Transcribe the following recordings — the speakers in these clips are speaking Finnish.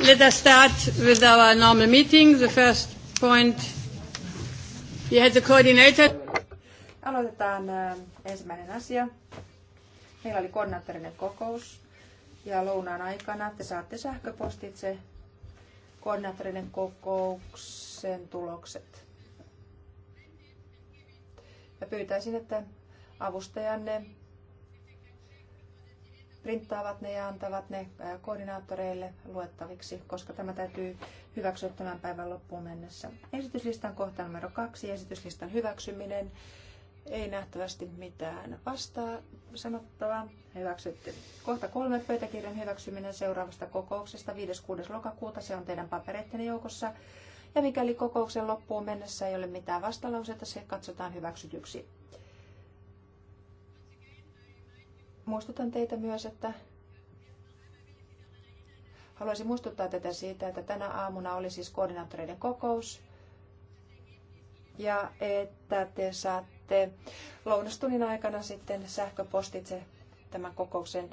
Let us start with our normal meeting. The first point, you had the coordinator. Aloitetaan äh, ensimmäinen asia. Meillä oli koordinaattorinen kokous ja lounaan aikana te saatte sähköpostitse koordinaattorinen kokouksen tulokset. Ja pyytäisin, että avustajanne printtaavat ne ja antavat ne koordinaattoreille luettaviksi, koska tämä täytyy hyväksyä tämän päivän loppuun mennessä. Esityslistan kohta numero kaksi, esityslistan hyväksyminen. Ei nähtävästi mitään vastaa sanottavaa. Hyväksytty. Kohta kolme pöytäkirjan hyväksyminen seuraavasta kokouksesta 5.6. lokakuuta. Se on teidän papereittenne joukossa. Ja mikäli kokouksen loppuun mennessä ei ole mitään vastalauseita, se katsotaan hyväksytyksi. Muistutan teitä myös, että haluaisin muistuttaa tätä siitä, että tänä aamuna oli siis koordinaattoreiden kokous ja että te saatte lounastunnin aikana sitten sähköpostitse tämän kokouksen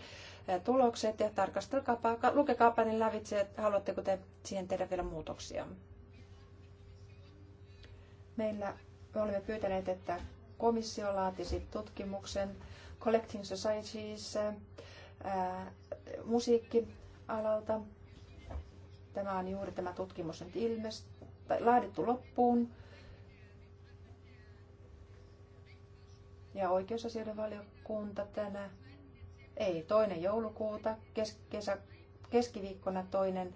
tulokset ja tarkastelkaapa, lukekaapa niin lävitse, että haluatteko te siihen tehdä vielä muutoksia. Meillä me olemme pyytäneet, että komissio laatisi tutkimuksen Collecting Societies ää, musiikkialalta. Tämä on juuri tämä tutkimus nyt ilmest, tai laadittu loppuun. Ja oikeusasioiden valiokunta tänä, ei toinen joulukuuta, kes, kesä, keskiviikkona toinen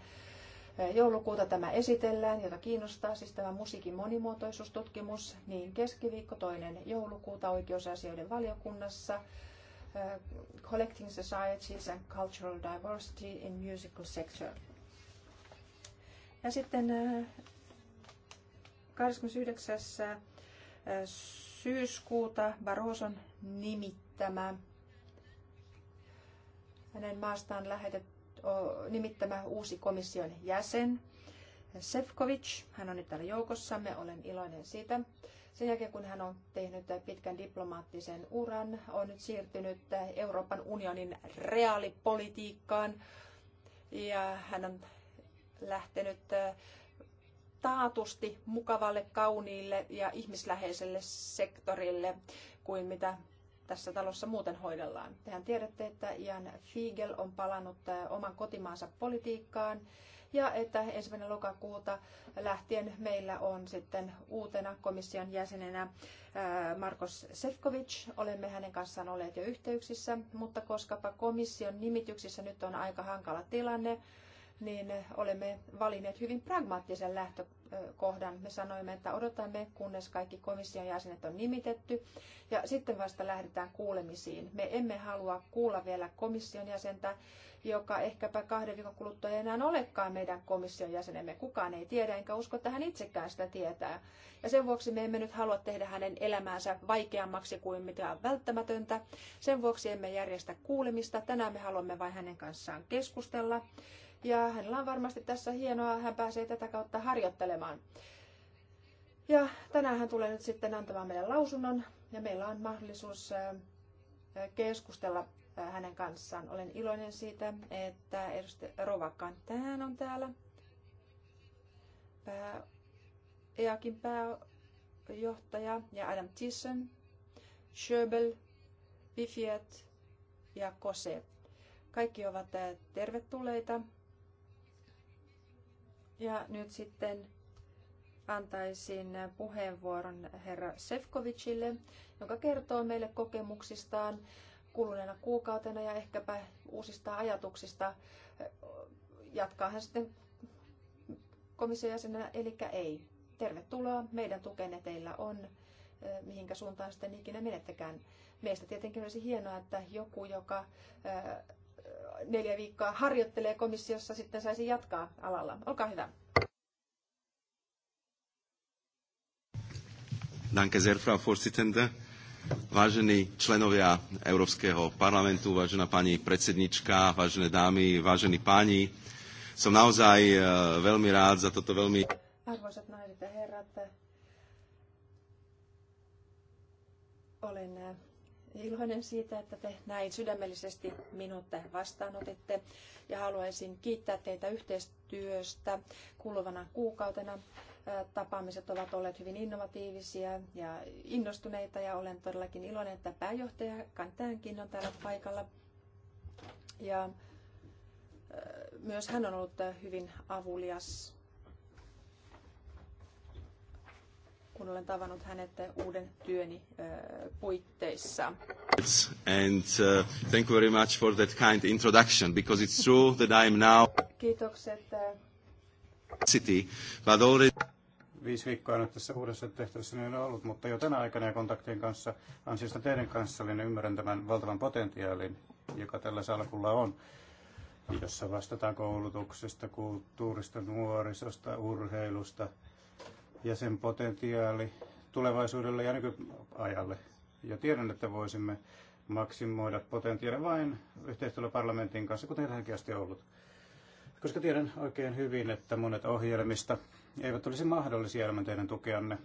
joulukuuta tämä esitellään, jota kiinnostaa siis tämä musiikin monimuotoisuustutkimus, niin keskiviikko toinen joulukuuta oikeusasioiden valiokunnassa Collecting Societies and Cultural Diversity in Musical Sector. Ja sitten 29. syyskuuta Barroson nimittämä hänen maastaan lähetetty nimittämä uusi komission jäsen, Sefcovic. Hän on nyt täällä joukossamme, olen iloinen siitä. Sen jälkeen, kun hän on tehnyt pitkän diplomaattisen uran, on nyt siirtynyt Euroopan unionin reaalipolitiikkaan. Ja hän on lähtenyt äh, taatusti mukavalle, kauniille ja ihmisläheiselle sektorille kuin mitä tässä talossa muuten hoidellaan. Tehän tiedätte, että Jan Fiegel on palannut äh, oman kotimaansa politiikkaan ja että ensimmäinen lokakuuta lähtien meillä on sitten uutena komission jäsenenä äh, Markus Sefcovic. Olemme hänen kanssaan olleet jo yhteyksissä, mutta koskapa komission nimityksissä nyt on aika hankala tilanne, niin olemme valinneet hyvin pragmaattisen lähtökohdan. Me sanoimme, että odotamme, kunnes kaikki komission jäsenet on nimitetty, ja sitten vasta lähdetään kuulemisiin. Me emme halua kuulla vielä komission jäsentä, joka ehkäpä kahden viikon kuluttua ei enää olekaan meidän komission jäsenemme. Kukaan ei tiedä, enkä usko, että hän itsekään sitä tietää. Ja sen vuoksi me emme nyt halua tehdä hänen elämäänsä vaikeammaksi kuin mitä on välttämätöntä. Sen vuoksi emme järjestä kuulemista. Tänään me haluamme vain hänen kanssaan keskustella ja hänellä on varmasti tässä hienoa, hän pääsee tätä kautta harjoittelemaan. Ja tänään hän tulee nyt sitten antamaan meidän lausunnon ja meillä on mahdollisuus keskustella hänen kanssaan. Olen iloinen siitä, että edustaja Rovakan tähän on täällä. Pää, EAKin pääjohtaja ja Adam Tissen, Schöbel, Vifiet ja Kose. Kaikki ovat tervetulleita ja nyt sitten antaisin puheenvuoron herra Sefkovicille, joka kertoo meille kokemuksistaan kuluneena kuukautena ja ehkäpä uusista ajatuksista. Jatkaa hän sitten komission jäsenenä, eli ei. Tervetuloa, meidän tukenne teillä on, mihinkä suuntaan sitten ikinä menettekään. Meistä tietenkin olisi hienoa, että joku, joka neljä viikkoa harjoittelee komissiossa, sitten saisi jatkaa alalla. Olkaa hyvä. Danke sehr, Frau Vorsitzende. Vážení členovia Európskeho parlamentu, vážená pani predsednička, vážené dámy, vážení páni, som naozaj e, veľmi rád za toto veľmi... Arvoisat naiset ja herrat, olen iloinen siitä, että te näin sydämellisesti minut vastaanotitte ja haluaisin kiittää teitä yhteistyöstä kuluvana kuukautena. Tapaamiset ovat olleet hyvin innovatiivisia ja innostuneita ja olen todellakin iloinen, että pääjohtaja Kantäänkin on täällä paikalla. Ja myös hän on ollut hyvin avulias kun olen tavannut hänet uuden työni puitteissa. And uh, thank you very much for that kind introduction, because it's true that I am now... Kiitokset. City, but already... Viisi viikkoa nyt tässä uudessa tehtävässä niin ollut, mutta jo tänä aikana ja kontaktien kanssa, ansiosta teidän kanssa, niin ymmärrän tämän valtavan potentiaalin, joka tällä salkulla on jossa vastataan koulutuksesta, kulttuurista, nuorisosta, urheilusta – ja sen potentiaali tulevaisuudelle ja nykyajalle. Ja tiedän, että voisimme maksimoida potentiaali vain yhteistyöllä parlamentin kanssa, kuten tähänkin asti ollut. Koska tiedän oikein hyvin, että monet ohjelmista eivät olisi mahdollisia ilman teidän tukeanne.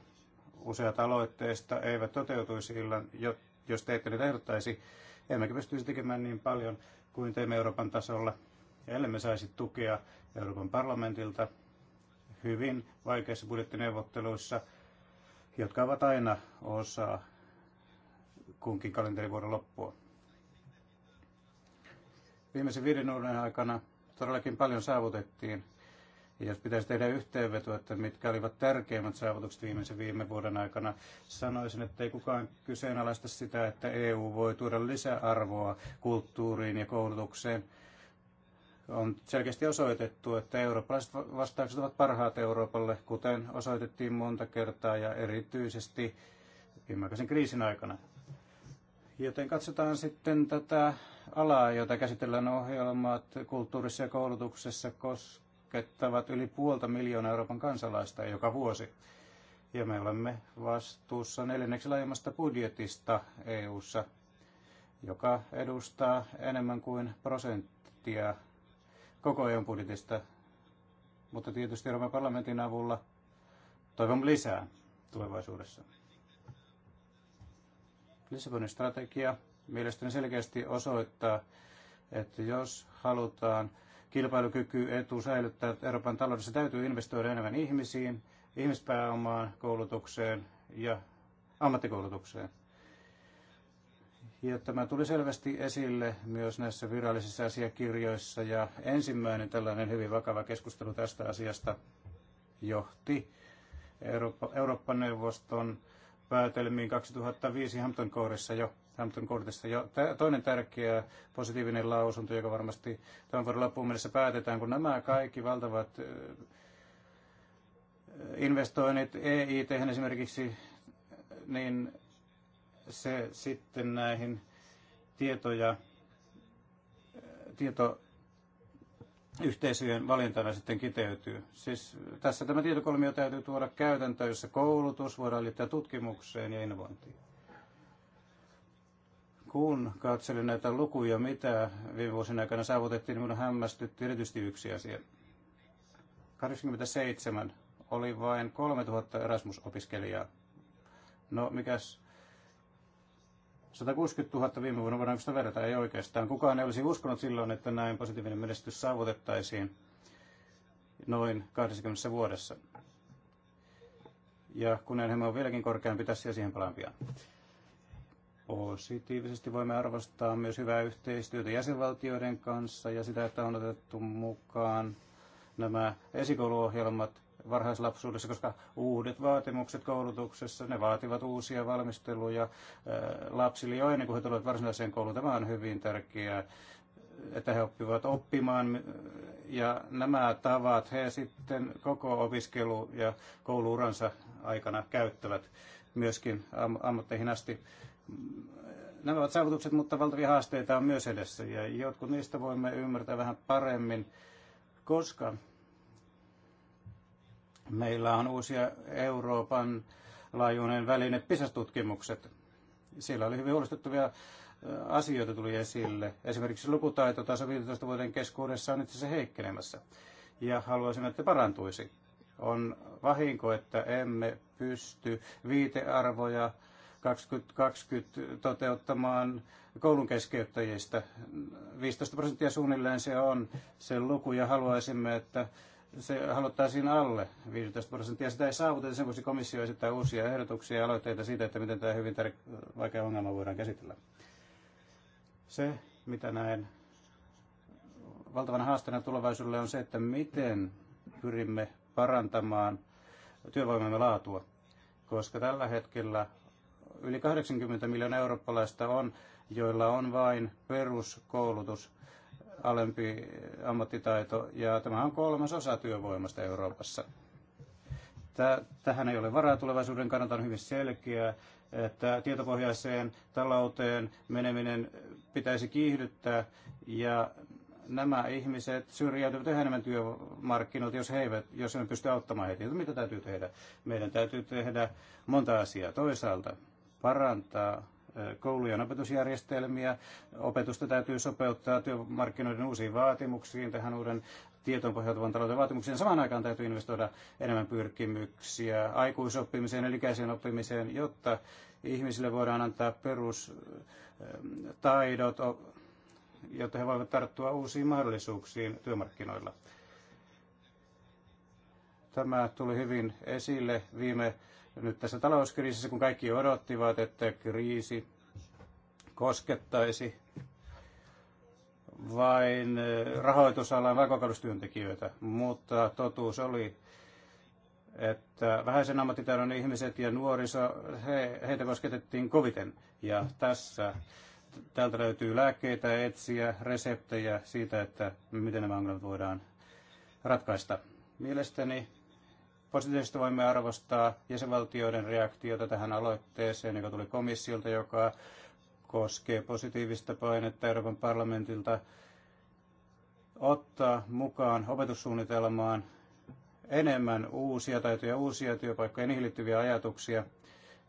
Useat aloitteista eivät toteutuisi illan, jos te ette niitä ehdottaisi. Emmekä pystyisi tekemään niin paljon kuin teemme Euroopan tasolla, ja me saisi tukea Euroopan parlamentilta hyvin vaikeissa budjettineuvotteluissa, jotka ovat aina osa kunkin kalenterivuoden loppua. Viimeisen viiden vuoden aikana todellakin paljon saavutettiin. Ja jos pitäisi tehdä yhteenveto, että mitkä olivat tärkeimmät saavutukset viimeisen viime vuoden aikana, sanoisin, että ei kukaan kyseenalaista sitä, että EU voi tuoda lisäarvoa kulttuuriin ja koulutukseen on selkeästi osoitettu, että eurooppalaiset vastaukset ovat parhaat Euroopalle, kuten osoitettiin monta kertaa ja erityisesti viimeaikaisen kriisin aikana. Joten katsotaan sitten tätä alaa, jota käsitellään ohjelmat kulttuurissa ja koulutuksessa koskettavat yli puolta miljoonaa Euroopan kansalaista joka vuosi. Ja me olemme vastuussa neljänneksi laajemmasta budjetista EU:ssa, joka edustaa enemmän kuin prosenttia koko EUn budjetista, mutta tietysti Euroopan parlamentin avulla toivon lisää tulevaisuudessa. Lissabonin strategia mielestäni selkeästi osoittaa, että jos halutaan kilpailukyky etu säilyttää Euroopan taloudessa, täytyy investoida enemmän ihmisiin, ihmispääomaan, koulutukseen ja ammattikoulutukseen. Ja tämä tuli selvästi esille myös näissä virallisissa asiakirjoissa ja ensimmäinen tällainen hyvin vakava keskustelu tästä asiasta johti Eurooppa, Eurooppa-neuvoston päätelmiin 2005 Hampton Courtissa jo. Hampton Courtissa jo. Toinen tärkeä positiivinen lausunto, joka varmasti tämän vuoden loppuun mennessä päätetään, kun nämä kaikki valtavat investoinnit EIT esimerkiksi, niin se sitten näihin tietoja, tietoyhteisöjen valintana sitten kiteytyy. Siis tässä tämä tietokolmio täytyy tuoda käytäntöön, jossa koulutus voidaan liittää tutkimukseen ja innovointiin. Kun katselin näitä lukuja, mitä viime vuosina aikana saavutettiin, niin minun hämmästytti erityisesti yksi asia. 87 oli vain 3000 Erasmus-opiskelijaa. No mikäs 160 000 viime vuonna voidaanko sitä verrata? Ei oikeastaan. Kukaan ei olisi uskonut silloin, että näin positiivinen menestys saavutettaisiin noin 20 vuodessa. Ja kun kunnianhimo on vieläkin korkeampi tässä ja siihen palaan pian. Positiivisesti voimme arvostaa myös hyvää yhteistyötä jäsenvaltioiden kanssa ja sitä, että on otettu mukaan nämä esikouluohjelmat varhaislapsuudessa, koska uudet vaatimukset koulutuksessa, ne vaativat uusia valmisteluja äh, lapsille jo ennen kuin he tulevat varsinaiseen kouluun. Tämä on hyvin tärkeää, että he oppivat oppimaan äh, ja nämä tavat he sitten koko opiskelu- ja kouluuransa aikana käyttävät myöskin am- ammatteihin asti nämä ovat saavutukset, mutta valtavia haasteita on myös edessä ja jotkut niistä voimme ymmärtää vähän paremmin, koska Meillä on uusia Euroopan laajuinen väline PISA-tutkimukset. Siellä oli hyvin huolestuttavia asioita tuli esille. Esimerkiksi lukutaito taas 15 vuoden keskuudessa on itse asiassa heikkenemässä. Ja haluaisimme, että parantuisi. On vahinko, että emme pysty viitearvoja 2020 toteuttamaan koulun keskeyttäjistä. 15 prosenttia suunnilleen se on se luku ja haluaisimme, että se siinä alle 15 prosenttia. Sitä ei saavuteta, sen vuoksi komissio esittää uusia ehdotuksia ja aloitteita siitä, että miten tämä hyvin tär- vaikea ongelma voidaan käsitellä. Se, mitä näen valtavana haasteena tulevaisuudelle on se, että miten pyrimme parantamaan työvoimamme laatua, koska tällä hetkellä yli 80 miljoonaa eurooppalaista on, joilla on vain peruskoulutus alempi ammattitaito, ja tämä on kolmas osa työvoimasta Euroopassa. Tähän ei ole varaa tulevaisuuden kannalta, on hyvin selkeää, että tietopohjaiseen talouteen meneminen pitäisi kiihdyttää, ja nämä ihmiset syrjäytyvät yhä enemmän työmarkkinoilta, jos he eivät, jos he pysty auttamaan heitä. Niin mitä täytyy tehdä? Meidän täytyy tehdä monta asiaa. Toisaalta parantaa koulujen opetusjärjestelmiä. Opetusta täytyy sopeuttaa työmarkkinoiden uusiin vaatimuksiin, tähän uuden tietoon pohjautuvan talouden vaatimuksiin. Samaan aikaan täytyy investoida enemmän pyrkimyksiä aikuisoppimiseen, elikäiseen oppimiseen, jotta ihmisille voidaan antaa perustaidot, eh, jotta he voivat tarttua uusiin mahdollisuuksiin työmarkkinoilla. Tämä tuli hyvin esille viime nyt tässä talouskriisissä, kun kaikki odottivat, että kriisi koskettaisi vain rahoitusalan valkokalustyöntekijöitä, mutta totuus oli, että vähäisen ammattitaidon ihmiset ja nuoriso, he, heitä kosketettiin koviten. Ja tässä täältä löytyy lääkkeitä, etsiä, reseptejä siitä, että miten nämä ongelmat voidaan ratkaista. Mielestäni Positiivisesti voimme arvostaa jäsenvaltioiden reaktiota tähän aloitteeseen, joka tuli komissiolta, joka koskee positiivista painetta Euroopan parlamentilta ottaa mukaan opetussuunnitelmaan enemmän uusia taitoja, uusia työpaikkoja, niihin liittyviä ajatuksia,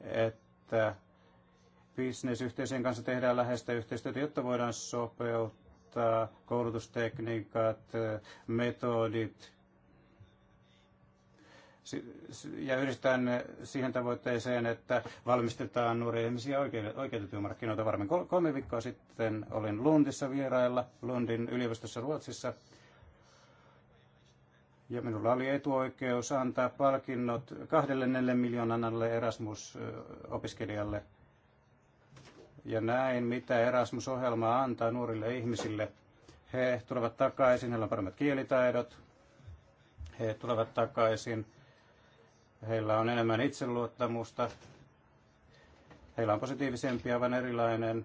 että bisnesyhteisöjen kanssa tehdään läheistä yhteistyötä, jotta voidaan sopeuttaa koulutustekniikat, metodit, ja yhdistetään ne siihen tavoitteeseen, että valmistetaan nuoria ihmisiä oikeita työmarkkinoita varmaan. Kolme viikkoa sitten olin Lundissa vierailla, Lundin yliopistossa Ruotsissa. Ja minulla oli etuoikeus antaa palkinnot miljoonan alle Erasmus-opiskelijalle. Ja näin, mitä Erasmus-ohjelma antaa nuorille ihmisille. He tulevat takaisin, heillä on paremmat kielitaidot, he tulevat takaisin – Heillä on enemmän itseluottamusta. Heillä on positiivisempi, aivan erilainen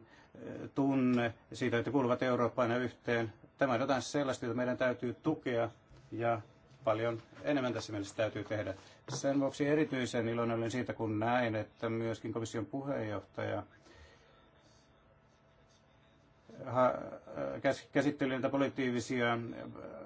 eh, tunne siitä, että kuuluvat Eurooppaan ja yhteen. Tämä on jotain sellaista, jota meidän täytyy tukea ja paljon enemmän tässä mielessä täytyy tehdä. Sen vuoksi erityisen iloinen olen siitä, kun näin, että myöskin komission puheenjohtaja käsitteli niitä positiivisia eh,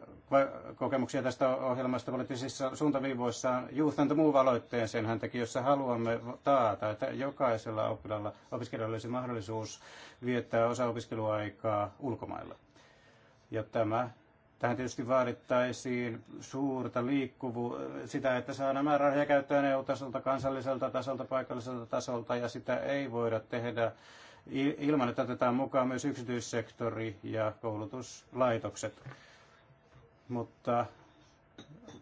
kokemuksia tästä ohjelmasta poliittisissa suuntaviivoissaan Youth and move sen hän teki, jossa haluamme taata, että jokaisella oppilalla opiskelijalla olisi mahdollisuus viettää osa opiskeluaikaa ulkomailla. Ja tämä Tähän tietysti vaadittaisiin suurta liikkuvuutta, sitä, että nämä rahoja käyttöön EU-tasolta, kansalliselta tasolta, paikalliselta tasolta, ja sitä ei voida tehdä ilman, että otetaan mukaan myös yksityissektori ja koulutuslaitokset mutta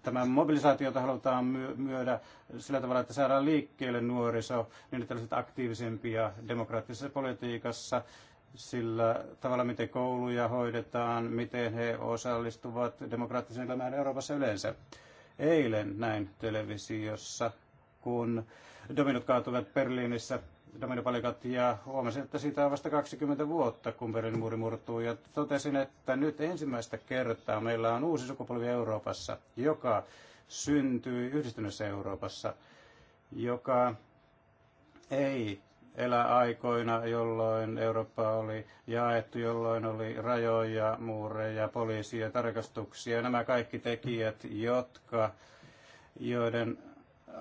tämä mobilisaatiota halutaan myödä sillä tavalla, että saadaan liikkeelle nuoriso, niin että olisivat aktiivisempia demokraattisessa politiikassa sillä tavalla, miten kouluja hoidetaan, miten he osallistuvat demokraattiseen elämään Euroopassa yleensä. Eilen näin televisiossa, kun dominot kaatuivat Berliinissä dominopalikat ja huomasin, että siitä on vasta 20 vuotta, kun Berliinin muuri murtuu. Ja totesin, että nyt ensimmäistä kertaa meillä on uusi sukupolvi Euroopassa, joka syntyi yhdistyneessä Euroopassa, joka ei elä aikoina, jolloin Eurooppa oli jaettu, jolloin oli rajoja, muureja, poliisia, tarkastuksia. Nämä kaikki tekijät, jotka, joiden äh,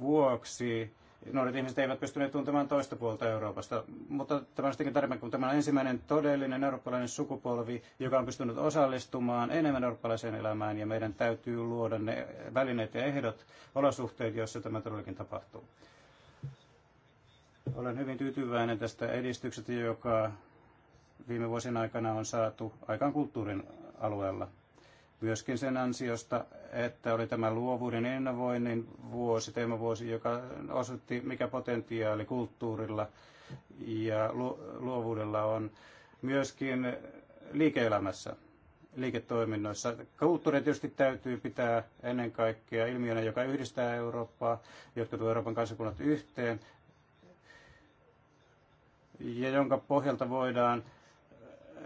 vuoksi nuoret ihmiset eivät pystyneet tuntemaan toista puolta Euroopasta. Mutta tämä on sittenkin tarpeen, kun tämä on ensimmäinen todellinen eurooppalainen sukupolvi, joka on pystynyt osallistumaan enemmän eurooppalaiseen elämään, ja meidän täytyy luoda ne välineet ja ehdot, olosuhteet, joissa tämä todellakin tapahtuu. Olen hyvin tyytyväinen tästä edistyksestä, joka viime vuosien aikana on saatu aikaan kulttuurin alueella myöskin sen ansiosta, että oli tämä luovuuden ennavoinnin vuosi, teemavuosi, joka osoitti, mikä potentiaali kulttuurilla ja luovuudella on myöskin liike-elämässä, liiketoiminnoissa. Kulttuuri tietysti täytyy pitää ennen kaikkea ilmiönä, joka yhdistää Eurooppaa, jotka tuo Euroopan kansakunnat yhteen, ja jonka pohjalta voidaan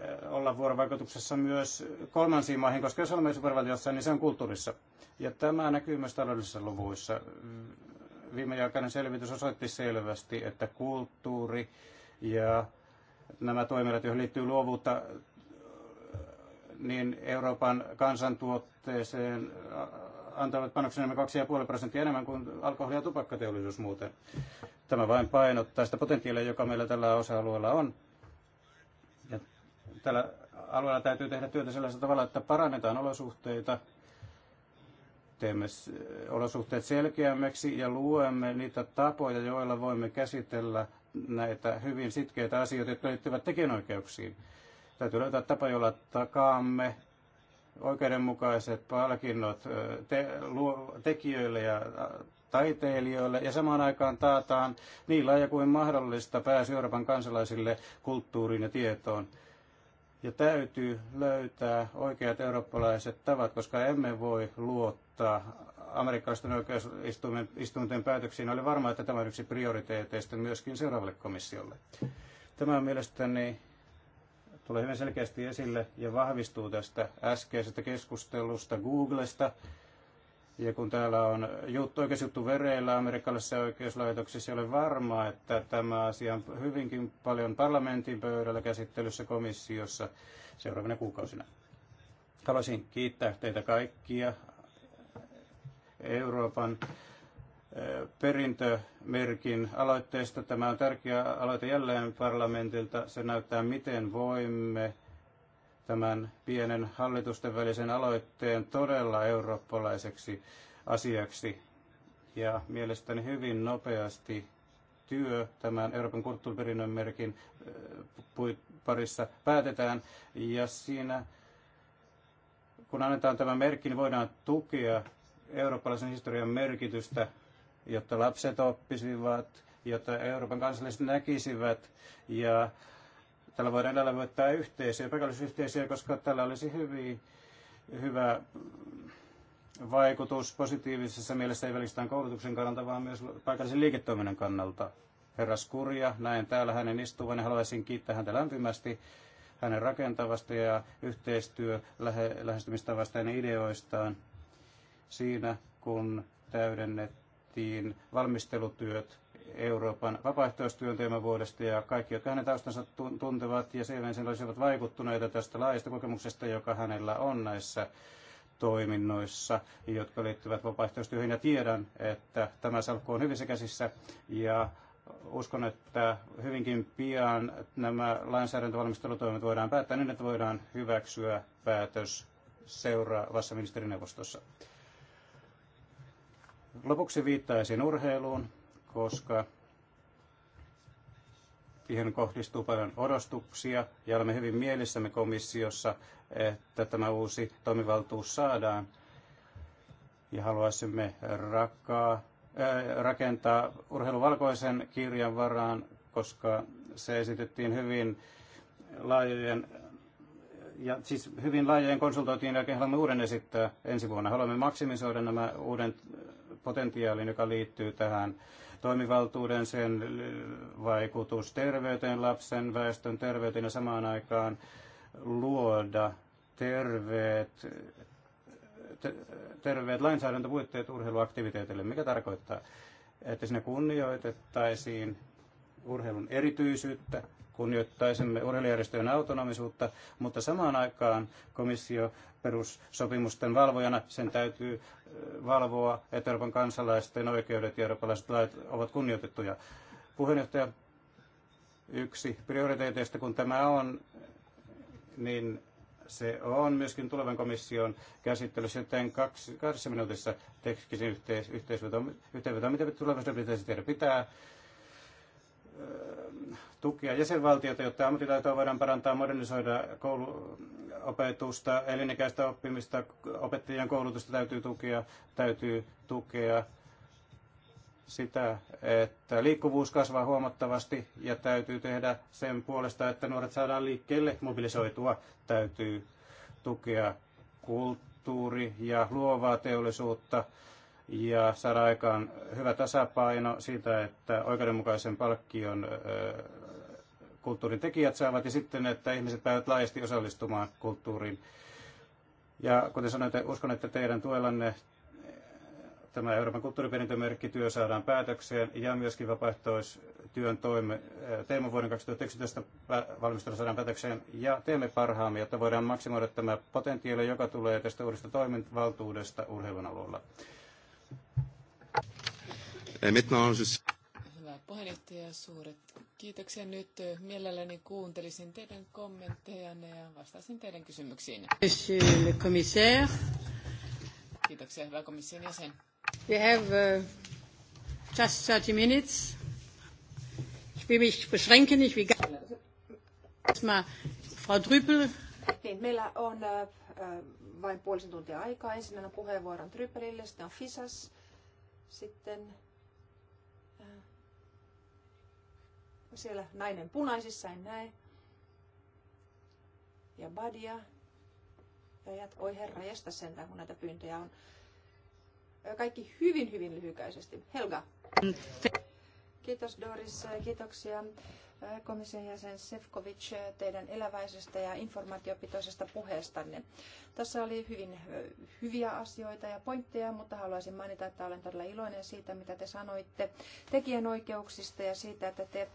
Äh, olla vuorovaikutuksessa myös kolmansiin maihin, koska jos olemme supervaltiossa, niin se on kulttuurissa. Ja tämä näkyy myös taloudellisissa luvuissa. Viimeaikainen selvitys osoitti selvästi, että kulttuuri ja nämä toimijat, joihin liittyy luovuutta, niin Euroopan kansantuotteeseen antavat panoksen 2,5 prosenttia enemmän kuin alkoholi- ja tupakkateollisuus muuten. Tämä vain painottaa sitä potentiaalia, joka meillä tällä osa-alueella on Tällä alueella täytyy tehdä työtä sellaisella tavalla, että parannetaan olosuhteita, teemme olosuhteet selkeämmiksi ja luemme niitä tapoja, joilla voimme käsitellä näitä hyvin sitkeitä asioita, jotka liittyvät tekijänoikeuksiin. Täytyy löytää tapa, jolla takaamme oikeudenmukaiset palkinnot te- luo- tekijöille ja taiteilijoille ja samaan aikaan taataan niillä ja kuin mahdollista pääsy Euroopan kansalaisille kulttuuriin ja tietoon. Ja täytyy löytää oikeat eurooppalaiset tavat, koska emme voi luottaa amerikkalaisten oikeusistuinten päätöksiin. Oli varmaa, että tämä on yksi prioriteeteista myöskin seuraavalle komissiolle. Tämä on mielestäni tulee hyvin selkeästi esille ja vahvistuu tästä äskeisestä keskustelusta Googlesta, ja kun täällä on juttu, oikeusjuttu vereillä amerikkalaisessa oikeuslaitoksessa, ei ole varmaa, että tämä asia on hyvinkin paljon parlamentin pöydällä käsittelyssä komissiossa seuraavina kuukausina. Haluaisin kiittää teitä kaikkia Euroopan eh, perintömerkin aloitteesta. Tämä on tärkeä aloite jälleen parlamentilta. Se näyttää, miten voimme tämän pienen hallitusten välisen aloitteen todella eurooppalaiseksi asiaksi. Ja mielestäni hyvin nopeasti työ tämän Euroopan kulttuuriperinnön merkin äh, parissa päätetään. Ja siinä, kun annetaan tämä merkki, niin voidaan tukea eurooppalaisen historian merkitystä, jotta lapset oppisivat, jotta Euroopan kansalaiset näkisivät ja Tällä voidaan elävöittää yhteisöjä, paikallisyhteisöjä, koska tällä olisi hyvin, hyvä vaikutus positiivisessa mielessä ei välistään koulutuksen kannalta, vaan myös paikallisen liiketoiminnan kannalta. Herra Skurja, näen täällä hänen istuvan ja haluaisin kiittää häntä lämpimästi hänen rakentavasta ja yhteistyö lähe, lähestymistavasta ja ideoistaan siinä, kun täydennettiin valmistelutyöt Euroopan vuodesta ja kaikki, jotka hänen taustansa tuntevat ja selvänsä olisivat vaikuttuneita tästä laajasta kokemuksesta, joka hänellä on näissä toiminnoissa, jotka liittyvät vapaaehtoistyöhön ja tiedän, että tämä salkku on hyvissä käsissä ja uskon, että hyvinkin pian nämä lainsäädäntövalmistelutoimet voidaan päättää niin, että voidaan hyväksyä päätös seuraavassa ministerineuvostossa. Lopuksi viittaisin urheiluun koska siihen kohdistuu paljon odostuksia ja olemme hyvin mielissämme komissiossa, että tämä uusi toimivaltuus saadaan ja haluaisimme rakkaa, ää, äh, rakentaa urheiluvalkoisen kirjan varaan, koska se esitettiin hyvin laajojen ja siis hyvin laajojen konsultointien jälkeen haluamme uuden esittää ensi vuonna. Haluamme maksimisoida nämä uuden potentiaalin, joka liittyy tähän toimivaltuuden, sen vaikutus terveyteen, lapsen väestön terveyteen ja samaan aikaan luoda terveet, terveet lainsäädäntöpuitteet urheiluaktiviteetille, mikä tarkoittaa, että sinne kunnioitettaisiin urheilun erityisyyttä, kunnioittaisimme urheilijärjestöjen autonomisuutta, mutta samaan aikaan komissio perussopimusten valvojana. Sen täytyy valvoa, että Euroopan kansalaisten oikeudet ja eurooppalaiset lait ovat kunnioitettuja. Puheenjohtaja, yksi prioriteeteista, kun tämä on, niin se on myöskin tulevan komission käsittelyssä, joten kaksi, kahdessa minuutissa tekisin yhteis, yhteisveto, mitä tulevaisuudessa pitäisi tehdä. Pitää tukea jäsenvaltioita, jotta ammattitaitoa voidaan parantaa, modernisoida kouluopetusta, elinikäistä oppimista, opettajien koulutusta täytyy tukea, täytyy tukea sitä, että liikkuvuus kasvaa huomattavasti ja täytyy tehdä sen puolesta, että nuoret saadaan liikkeelle mobilisoitua, täytyy tukea kulttuuri- ja luovaa teollisuutta ja saada aikaan hyvä tasapaino siitä, että oikeudenmukaisen palkkion kulttuurin tekijät saavat ja sitten, että ihmiset päävät laajasti osallistumaan kulttuuriin. Ja kuten sanoin, uskon, että teidän tuellanne tämä Euroopan kulttuuriperintömerkkityö saadaan päätökseen ja myöskin vapaaehtoistyön toime, teema vuoden 2011 valmistelu saadaan päätökseen ja teemme parhaamme, jotta voidaan maksimoida tämä potentiaali, joka tulee tästä uudesta toimintavaltuudesta urheilun alueella. Eh, Maintenant, je... Hyvä puheenjohtaja, suuret kiitoksia. Nyt eh, mielelläni kuuntelisin teidän kommenttejanne ja vastasin teidän kysymyksiin. Monsieur le commissaire. Kiitoksia, hyvä komission jäsen. We have uh, just 30 minutes. Ich will mich beschränken, ich will erstmal Frau Drüppel. Niin, meillä on äh, vain puolisen tuntia aikaa. Ensin on puheenvuoron Trypelille, sitten on Fisas, sitten Siellä nainen punaisissa, en näe. Ja Badia. Ja jat, oi herra, jästä sentään, kun näitä pyyntöjä on. Kaikki hyvin, hyvin lyhykäisesti. Helga. Mm, Kiitos Doris, kiitoksia komission jäsen Sefcovic teidän eläväisestä ja informaatiopitoisesta puheestanne. Tässä oli hyvin hyviä asioita ja pointteja, mutta haluaisin mainita, että olen todella iloinen siitä, mitä te sanoitte tekijänoikeuksista ja siitä, että te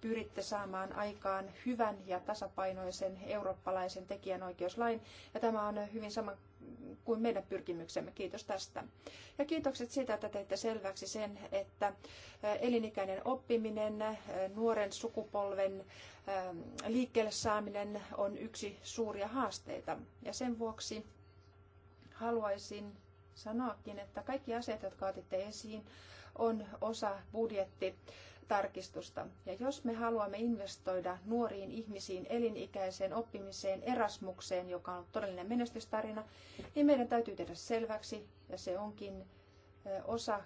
pyritte saamaan aikaan hyvän ja tasapainoisen eurooppalaisen tekijänoikeuslain. Ja tämä on hyvin sama kuin meidän pyrkimyksemme. Kiitos tästä. Ja kiitokset siitä, että teitte selväksi sen, että eh, elinikäinen oppiminen, eh, nuoren sukupolven eh, liikkeelle saaminen on yksi suuria haasteita. Ja sen vuoksi haluaisin sanoakin, että kaikki asiat, jotka otitte esiin, on osa budjetti tarkistusta. Ja jos me haluamme investoida nuoriin ihmisiin, elinikäiseen oppimiseen, erasmukseen, joka on todellinen menestystarina, niin meidän täytyy tehdä selväksi, ja se onkin osa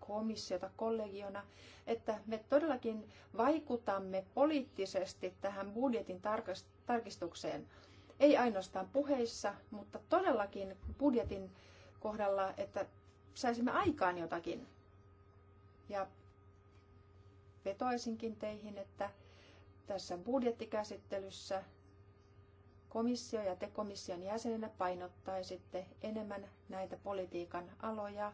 komissiota kollegiona, että me todellakin vaikutamme poliittisesti tähän budjetin tarkistukseen. Ei ainoastaan puheissa, mutta todellakin budjetin kohdalla, että saisimme aikaan jotakin. Ja vetoisinkin teihin, että tässä budjettikäsittelyssä komissio ja te komission jäsenenä painottaisitte enemmän näitä politiikan aloja.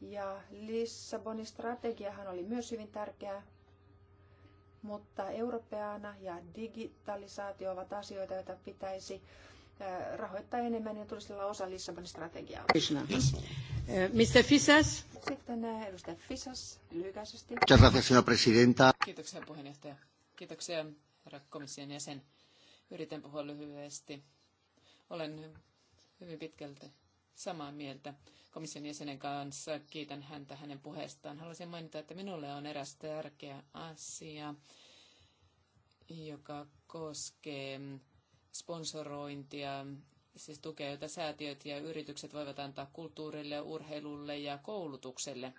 Ja Lissabonin strategiahan oli myös hyvin tärkeä, mutta europeana ja digitalisaatio ovat asioita, joita pitäisi rahoittaa enemmän ja tulisi olla osa Lissabonin strategiaa. Eh, Mr. Fisas. Sitten eh, edustaja Fisas lyhykäisesti. Kiitoksia puheenjohtaja. Kiitoksia herra komission jäsen. Yritän puhua lyhyesti. Olen hyvin pitkälti samaa mieltä komission jäsenen kanssa. Kiitän häntä hänen puheestaan. Haluaisin mainita, että minulle on eräs tärkeä asia, joka koskee sponsorointia, siis tukea, jota säätiöt ja yritykset voivat antaa kulttuurille, urheilulle ja koulutukselle.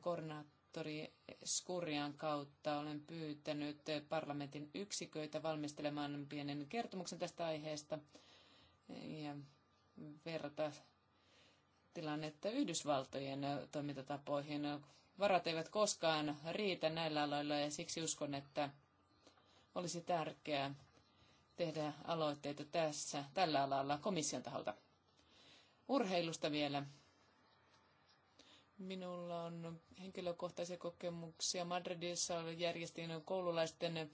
Koordinaattori Skurjan kautta olen pyytänyt parlamentin yksiköitä valmistelemaan pienen kertomuksen tästä aiheesta ja verrata tilannetta Yhdysvaltojen toimintatapoihin. Varat eivät koskaan riitä näillä aloilla ja siksi uskon, että olisi tärkeää tehdä aloitteita tässä, tällä alalla komission taholta. Urheilusta vielä. Minulla on henkilökohtaisia kokemuksia. Madridissa järjestin koululaisten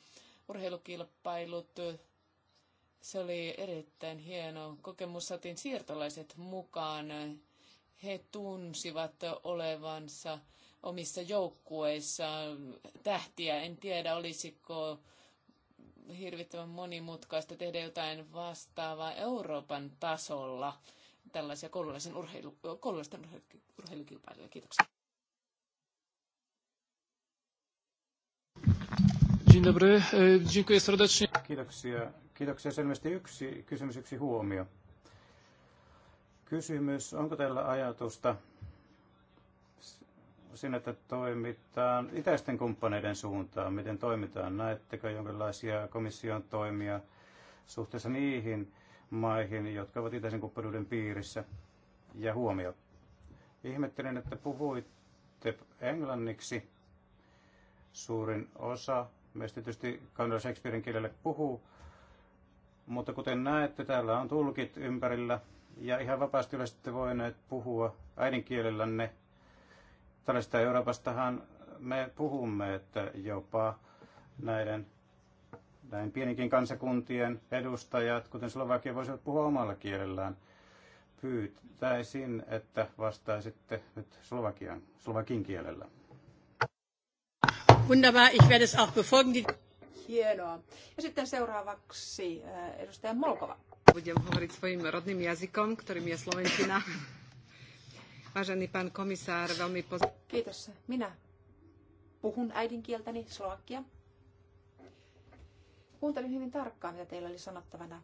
urheilukilpailut. Se oli erittäin hieno kokemus. Saatiin siirtolaiset mukaan. He tunsivat olevansa omissa joukkueissa tähtiä. En tiedä, olisiko hirvittävän monimutkaista tehdä jotain vastaavaa Euroopan tasolla tällaisia koululaisen urheilu, koululaisten urheilukilpailuja. Kiitoksia. E, Kiitoksia. Kiitoksia. Selvästi yksi kysymys, yksi huomio. Kysymys, onko teillä ajatusta sinne, että toimitaan itäisten kumppaneiden suuntaan. Miten toimitaan? Näettekö jonkinlaisia komission toimia suhteessa niihin maihin, jotka ovat itäisen kumppanuuden piirissä? Ja huomio. Ihmettelen, että puhuitte englanniksi. Suurin osa meistä tietysti Kandor Shakespearein kielellä puhuu, mutta kuten näette, täällä on tulkit ympärillä ja ihan vapaasti yleisesti voineet puhua äidinkielellänne Tällaista Euroopastahan me puhumme, että jopa näiden näin pienikin kansakuntien edustajat, kuten Slovakia, voisivat puhua omalla kielellään. Pyytäisin, että vastaisitte nyt Slovakian, Slovakin kielellä. Wunderbar, ich werde es auch befolgen. Hienoa. Ja sitten seuraavaksi äh, edustaja Molkova. Budem hovoriť svojim rodným jazykom, ktorým je slovenčina. Vážený pán komisár, veľmi poz... Kiitos. Minä puhun äidinkieltäni sloakkia. Kuuntelin hyvin tarkkaan, mitä teillä oli sanottavana.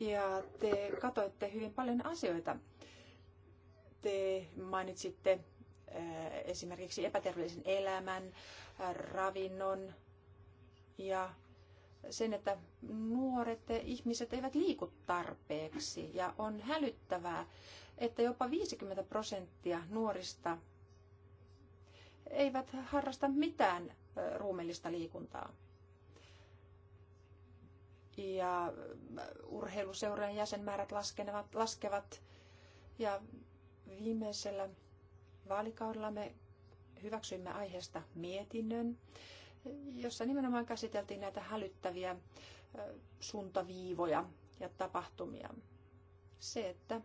Ja te katoitte hyvin paljon asioita. Te mainitsitte eh, esimerkiksi epäterveellisen elämän, eh, ravinnon ja sen, että nuoret ihmiset eivät liiku tarpeeksi. Ja on hälyttävää, että jopa 50 prosenttia nuorista eivät harrasta mitään ruumellista liikuntaa. Ja urheiluseurojen jäsenmäärät laskevat, laskevat. Ja viimeisellä vaalikaudella me hyväksyimme aiheesta mietinnön jossa nimenomaan käsiteltiin näitä hälyttäviä suuntaviivoja ja tapahtumia. Se, että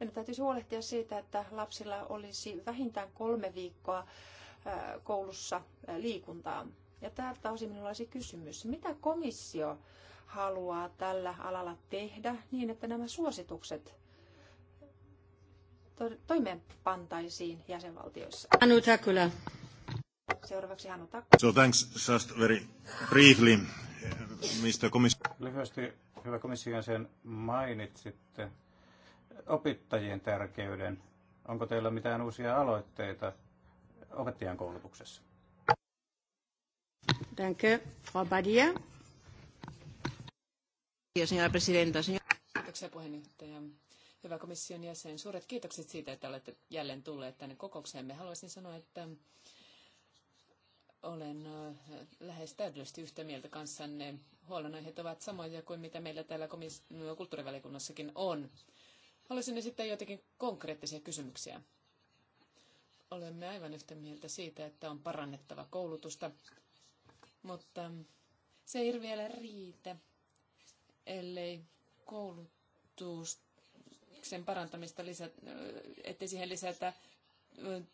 meidän täytyisi huolehtia siitä, että lapsilla olisi vähintään kolme viikkoa koulussa liikuntaa. Ja tältä osin minulla olisi kysymys, mitä komissio haluaa tällä alalla tehdä niin, että nämä suositukset toimeenpantaisiin jäsenvaltioissa? Anu Takula. Seuraavaksi Hannu Takko. So thanks just very briefly, Mr. Commissioner. Lyhyesti, hyvä komissio, sen mainitsitte opettajien tärkeyden. Onko teillä mitään uusia aloitteita opettajan koulutuksessa? Danke, Frau Badia. Señora presidenta, Kiitoksia puheenjohtaja. Hyvä komission jäsen, suuret kiitokset siitä, että olette jälleen tulleet tänne Me Haluaisin sanoa, että olen lähes täydellisesti yhtä mieltä kanssanne. Huolenaiheet ovat samoja kuin mitä meillä täällä komis- no, kulttuurivaliokunnassakin on. Haluaisin esittää joitakin konkreettisia kysymyksiä. Olemme aivan yhtä mieltä siitä, että on parannettava koulutusta, mutta se ei vielä riitä, ellei koulutuksen parantamista lisätä, ettei siihen lisätä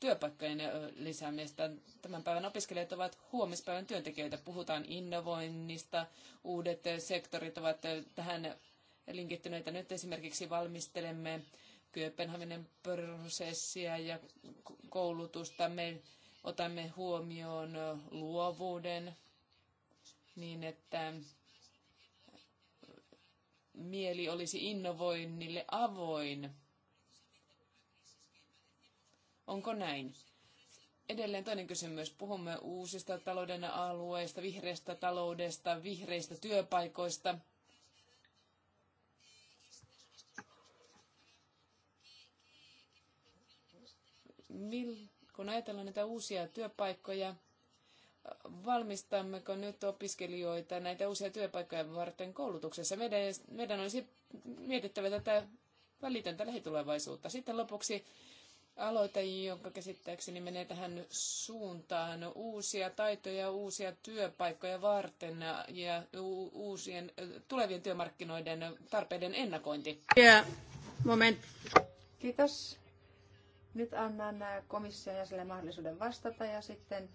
työpaikkojen lisäämistä. Tämän päivän opiskelijat ovat huomispäivän työntekijöitä. Puhutaan innovoinnista, uudet sektorit ovat tähän linkittyneitä. Nyt esimerkiksi valmistelemme Kööpenhaminen prosessia ja koulutusta. Me otamme huomioon luovuuden niin, että mieli olisi innovoinnille avoin Onko näin? Edelleen toinen kysymys. Puhumme uusista talouden alueista, vihreästä taloudesta, vihreistä työpaikoista. Mil, kun ajatellaan näitä uusia työpaikkoja, valmistammeko nyt opiskelijoita näitä uusia työpaikkoja varten koulutuksessa? Meidän, meidän olisi mietittävä tätä välitöntä lähitulevaisuutta. Sitten lopuksi aloite, jonka käsittääkseni menee tähän suuntaan uusia taitoja, uusia työpaikkoja varten ja uusien tulevien työmarkkinoiden tarpeiden ennakointi. Yeah. Moment. Kiitos. Nyt annan komission jäsenelle mahdollisuuden vastata ja sitten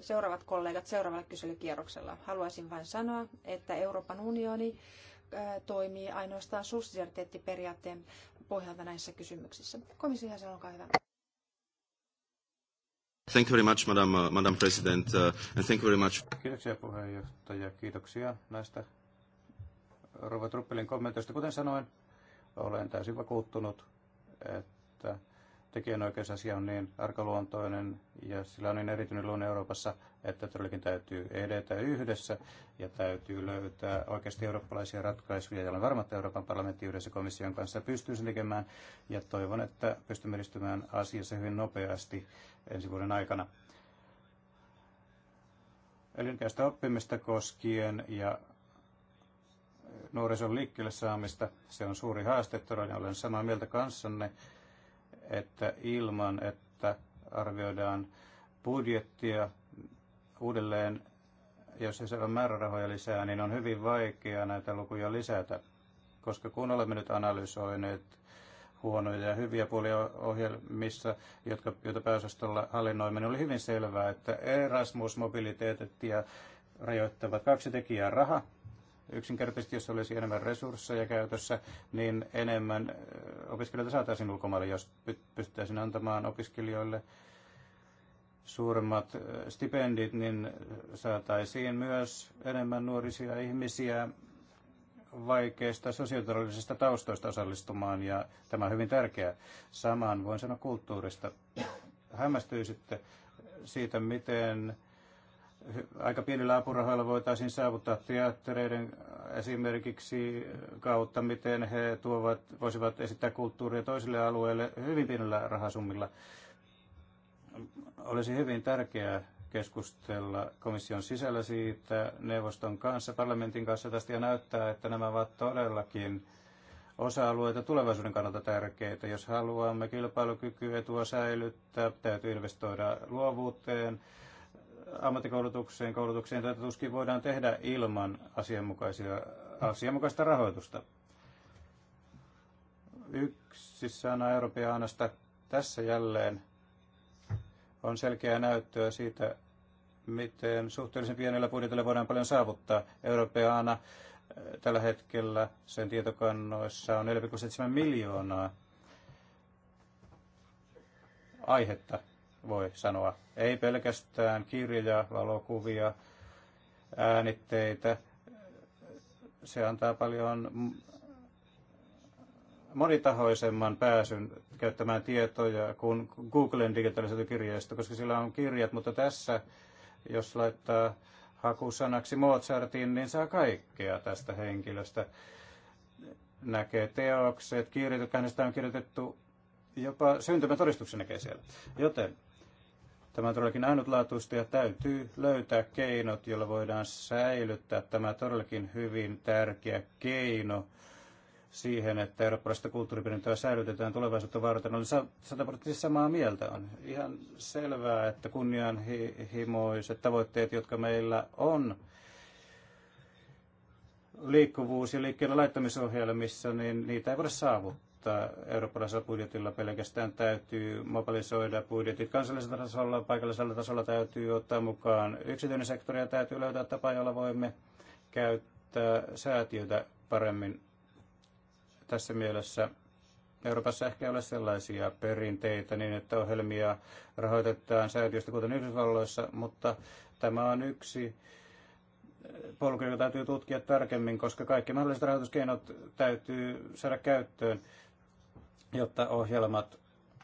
seuraavat kollegat seuraavalla kyselykierroksella. Haluaisin vain sanoa, että Euroopan unioni toimii ainoastaan subsidiariteettiperiaatteen pohjalta näissä kysymyksissä. Komission jäsen, olkaa hyvä. Thank you very much, Madam, uh, Madam President, uh, and thank you very much. Kiitoksia puheenjohtaja, kiitoksia näistä Rova Truppelin kommentoista. Kuten sanoin, olen täysin vakuuttunut, että tekijänoikeusasia on niin arkaluontoinen ja sillä on niin erityinen luonne Euroopassa, että todellakin täytyy edetä yhdessä ja täytyy löytää oikeasti eurooppalaisia ratkaisuja, ja olen varma, että Euroopan parlamentti yhdessä komission kanssa pystyy sen tekemään ja toivon, että pystymme edistymään asiassa hyvin nopeasti ensi vuoden aikana. Elinkäistä oppimista koskien ja nuorison liikkeelle saamista. Se on suuri haaste, todella olen samaa mieltä kanssanne että ilman, että arvioidaan budjettia uudelleen, jos ei saada määrärahoja lisää, niin on hyvin vaikea näitä lukuja lisätä, koska kun olemme nyt analysoineet huonoja ja hyviä puolia ohjelmissa, jotka, joita pääosastolla hallinnoimme, niin oli hyvin selvää, että Erasmus, mobiliteetit ja rajoittavat kaksi tekijää, raha Yksinkertaisesti, jos olisi enemmän resursseja käytössä, niin enemmän opiskelijoita saataisiin ulkomaille, jos pystyttäisiin antamaan opiskelijoille suuremmat stipendit, niin saataisiin myös enemmän nuorisia ihmisiä vaikeista sosiaaliturvallisista taustoista osallistumaan, ja tämä on hyvin tärkeää. Samaan voin sanoa kulttuurista. Hämmästyisitte siitä, miten aika pienillä apurahoilla voitaisiin saavuttaa teattereiden esimerkiksi kautta, miten he tuovat, voisivat esittää kulttuuria toisille alueille hyvin pienillä rahasummilla. Olisi hyvin tärkeää keskustella komission sisällä siitä, neuvoston kanssa, parlamentin kanssa tästä ja näyttää, että nämä ovat todellakin osa-alueita tulevaisuuden kannalta tärkeitä. Jos haluamme kilpailukykyä etua säilyttää, täytyy investoida luovuuteen, ammattikoulutukseen, koulutukseen tätä tuskin voidaan tehdä ilman asianmukaisia, asianmukaista rahoitusta. Yksi sana Europeanasta tässä jälleen on selkeää näyttöä siitä, miten suhteellisen pienellä budjetilla voidaan paljon saavuttaa. Europeana eh, tällä hetkellä sen tietokannoissa on 4,7 miljoonaa aihetta voi sanoa. Ei pelkästään kirjoja, valokuvia, äänitteitä. Se antaa paljon monitahoisemman pääsyn käyttämään tietoja kuin Googlen digitaalisesta kirjeistä, koska sillä on kirjat, mutta tässä, jos laittaa hakusanaksi Mozartin, niin saa kaikkea tästä henkilöstä. Näkee teokset, kirjoitukset, hänestä on kirjoitettu jopa syntymätodistuksen näkee siellä. Joten Tämä on todellakin ainutlaatuista ja täytyy löytää keinot, joilla voidaan säilyttää tämä todellakin hyvin tärkeä keino siihen, että eurooppalaista kulttuuriperintöä säilytetään tulevaisuutta varten. Olen sataprosenttisesti samaa mieltä. On ihan selvää, että kunnianhimoiset tavoitteet, jotka meillä on liikkuvuus- ja liikkeelle laittamisohjelmissa, niin niitä ei voida saavuttaa mutta eurooppalaisella budjetilla pelkästään täytyy mobilisoida budjetit kansallisella tasolla, paikallisella tasolla täytyy ottaa mukaan yksityinen sektori ja täytyy löytää tapa, jolla voimme käyttää säätiötä paremmin. Tässä mielessä Euroopassa ehkä ei ole sellaisia perinteitä niin, että ohjelmia rahoitetaan säätiöstä kuten Yhdysvalloissa, mutta tämä on yksi polku, joka täytyy tutkia tarkemmin, koska kaikki mahdolliset rahoituskeinot täytyy saada käyttöön jotta ohjelmat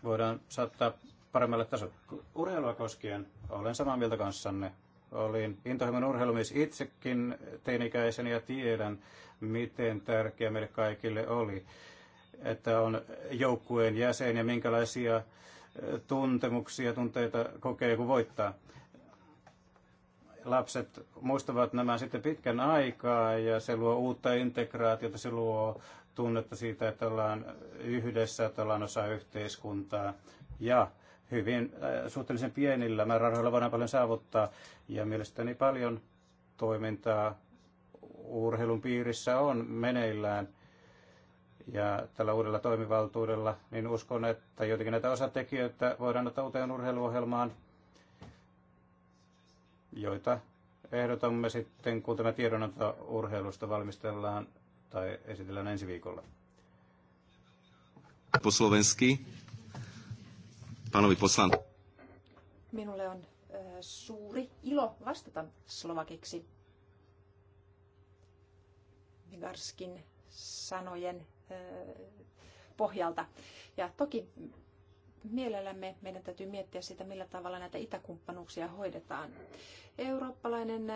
voidaan saattaa paremmalle tasolle. Urheilua koskien olen samaa mieltä kanssanne. Olin intohimon urheilumies itsekin teinikäisen ja tiedän, miten tärkeä meille kaikille oli, että on joukkueen jäsen ja minkälaisia eh, tuntemuksia, tunteita kokee, kun voittaa. Lapset muistavat nämä sitten pitkän aikaa ja se luo uutta integraatiota, se luo tunnetta siitä, että ollaan yhdessä, että ollaan osa yhteiskuntaa ja hyvin äh, suhteellisen pienillä määrärahoilla voidaan paljon saavuttaa ja mielestäni paljon toimintaa urheilun piirissä on meneillään ja tällä uudella toimivaltuudella, niin uskon, että jotenkin näitä osatekijöitä voidaan ottaa uuteen urheiluohjelmaan, joita ehdotamme sitten, kun tämä tiedonanto urheilusta valmistellaan tai esitellään ensi viikolla. Po slovenski. Panovi poslan. Minulle on suuri ilo vastata slovakiksi. Migarskin sanojen pohjalta. Ja toki mielellämme meidän täytyy miettiä sitä, millä tavalla näitä itäkumppanuuksia hoidetaan. Eurooppalainen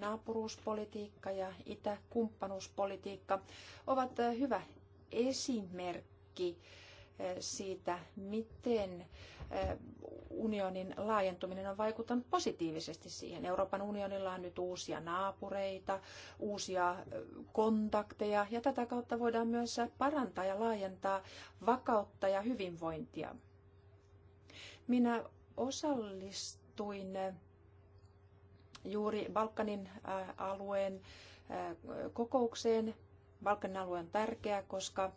naapuruuspolitiikka ja itäkumppanuuspolitiikka ovat hyvä esimerkki siitä, miten unionin laajentuminen on vaikuttanut positiivisesti siihen. Euroopan unionilla on nyt uusia naapureita, uusia kontakteja ja tätä kautta voidaan myös parantaa ja laajentaa vakautta ja hyvinvointia. Minä osallistuin juuri Balkanin alueen kokoukseen. Balkanin alue on tärkeä, koska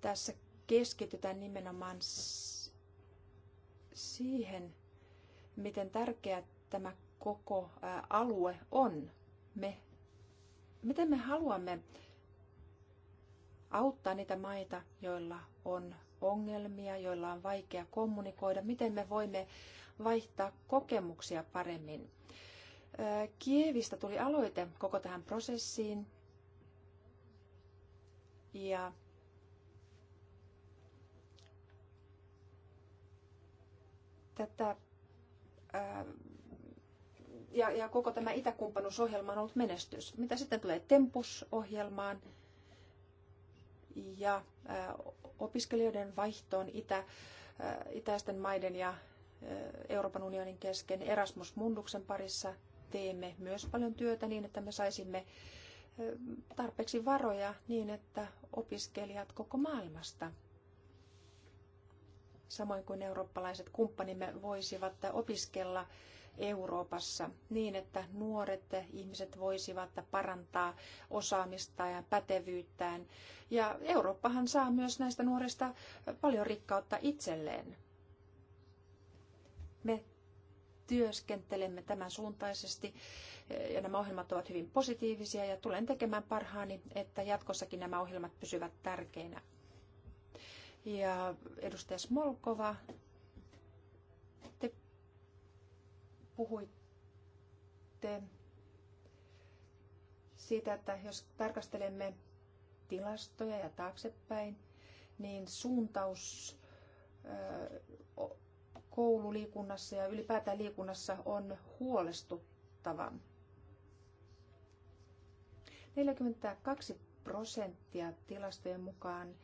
tässä keskitytään nimenomaan siihen, miten tärkeä tämä koko alue on. Me, miten me haluamme auttaa niitä maita, joilla on ongelmia, joilla on vaikea kommunikoida, miten me voimme vaihtaa kokemuksia paremmin. Kievistä tuli aloite koko tähän prosessiin ja tätä ja, ja koko tämä itäkumppanuusohjelma on ollut menestys. Mitä sitten tulee Tempus-ohjelmaan ja opiskelijoiden vaihtoon itä, itäisten maiden ja Euroopan unionin kesken Erasmus Munduksen parissa teemme myös paljon työtä niin, että me saisimme tarpeeksi varoja niin, että opiskelijat koko maailmasta – samoin kuin eurooppalaiset kumppanimme voisivat opiskella Euroopassa niin, että nuoret ihmiset voisivat parantaa osaamistaan ja pätevyyttään. Ja Eurooppahan saa myös näistä nuorista paljon rikkautta itselleen. Me työskentelemme tämän suuntaisesti ja nämä ohjelmat ovat hyvin positiivisia ja tulen tekemään parhaani, että jatkossakin nämä ohjelmat pysyvät tärkeinä. Ja edustaja Smolkova, te puhuitte siitä, että jos tarkastelemme tilastoja ja taaksepäin, niin suuntaus koululiikunnassa ja ylipäätään liikunnassa on huolestuttava. 42 prosenttia tilastojen mukaan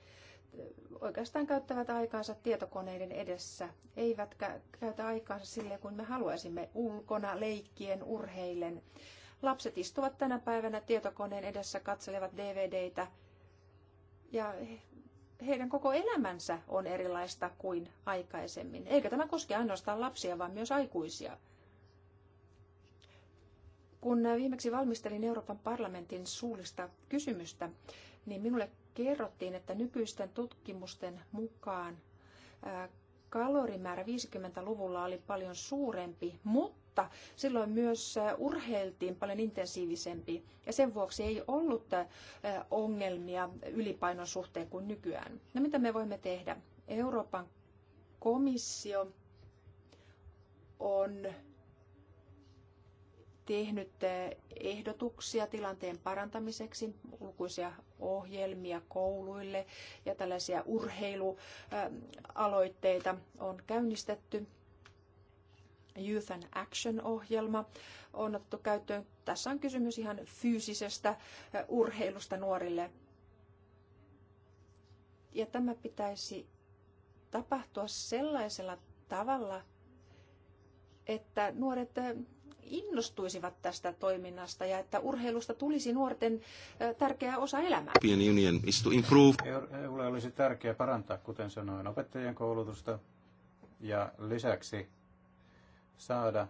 oikeastaan käyttävät aikaansa tietokoneiden edessä, eivät käytä aikaansa sille, kun me haluaisimme ulkona, leikkien, urheilen. Lapset istuvat tänä päivänä tietokoneen edessä, katselevat DVDitä ja heidän koko elämänsä on erilaista kuin aikaisemmin. Eikä tämä koske ainoastaan lapsia, vaan myös aikuisia. Kun viimeksi valmistelin Euroopan parlamentin suullista kysymystä, niin minulle kerrottiin, että nykyisten tutkimusten mukaan kalorimäärä 50-luvulla oli paljon suurempi, mutta silloin myös urheiltiin paljon intensiivisempi ja sen vuoksi ei ollut ongelmia ylipainon suhteen kuin nykyään. No mitä me voimme tehdä? Euroopan komissio on tehnyt eh, ehdotuksia tilanteen parantamiseksi, lukuisia ohjelmia kouluille ja tällaisia urheilualoitteita eh, on käynnistetty. Youth and Action-ohjelma on otettu käyttöön. Tässä on kysymys ihan fyysisestä eh, urheilusta nuorille. Ja tämä pitäisi tapahtua sellaisella tavalla, että nuoret innostuisivat tästä toiminnasta ja että urheilusta tulisi nuorten tärkeä osa elämää. Union is to improve. EUlle olisi tärkeää parantaa, kuten sanoin, opettajien koulutusta ja lisäksi saada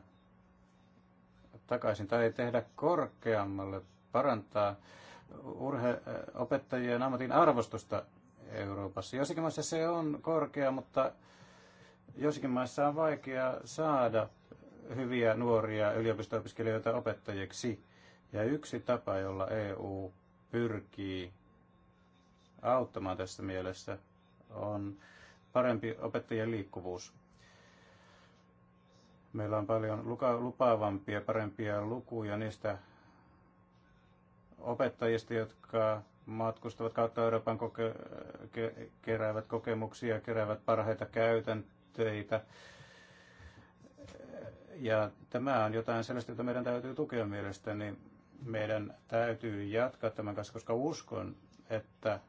takaisin tai tehdä korkeammalle, parantaa urhe- opettajien ammatin arvostusta Euroopassa. Jossakin maissa se on korkea, mutta joissakin maissa on vaikea saada hyviä nuoria yliopisto-opiskelijoita opettajiksi. Ja yksi tapa, jolla EU pyrkii auttamaan tässä mielessä, on parempi opettajien liikkuvuus. Meillä on paljon lupaavampia, parempia lukuja niistä opettajista, jotka matkustavat kautta Euroopan, koke- ke- keräävät kokemuksia, keräävät parhaita käytänteitä ja tämä on jotain sellaista, jota meidän täytyy tukea mielestäni. Meidän täytyy jatkaa tämän kanssa, koska uskon, että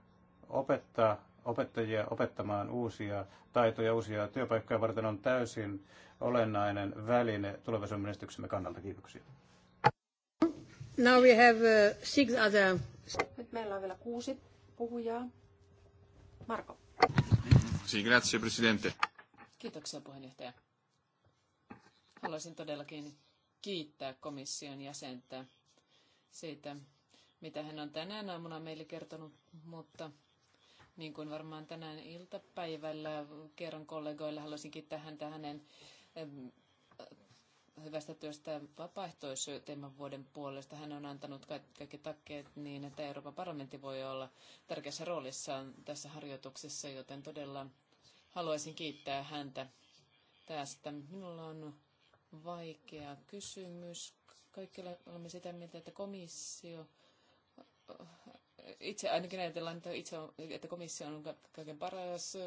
opettaa opettajia opettamaan uusia taitoja, uusia työpaikkoja varten on täysin olennainen väline tulevaisuuden menestyksemme kannalta. Kiitoksia. Now we have uh, six other... Nyt meillä on vielä kuusi puhujaa. Marko. Sì, grazie Presidente. Kiitoksia puheenjohtaja. Haluaisin todellakin kiittää komission jäsentä siitä, mitä hän on tänään aamuna meille kertonut, mutta niin kuin varmaan tänään iltapäivällä kerron kollegoille, haluaisin kiittää häntä hänen hyvästä työstä vapaaehtoisteeman vuoden puolesta. Hän on antanut kaikki takkeet niin, että Euroopan parlamentti voi olla tärkeässä roolissa tässä harjoituksessa, joten todella haluaisin kiittää häntä tästä. Minulla on vaikea kysymys. Kaikki olemme sitä mieltä, että komissio, itse ainakin ajatellaan, että, itse on, että komissio on kaiken paras.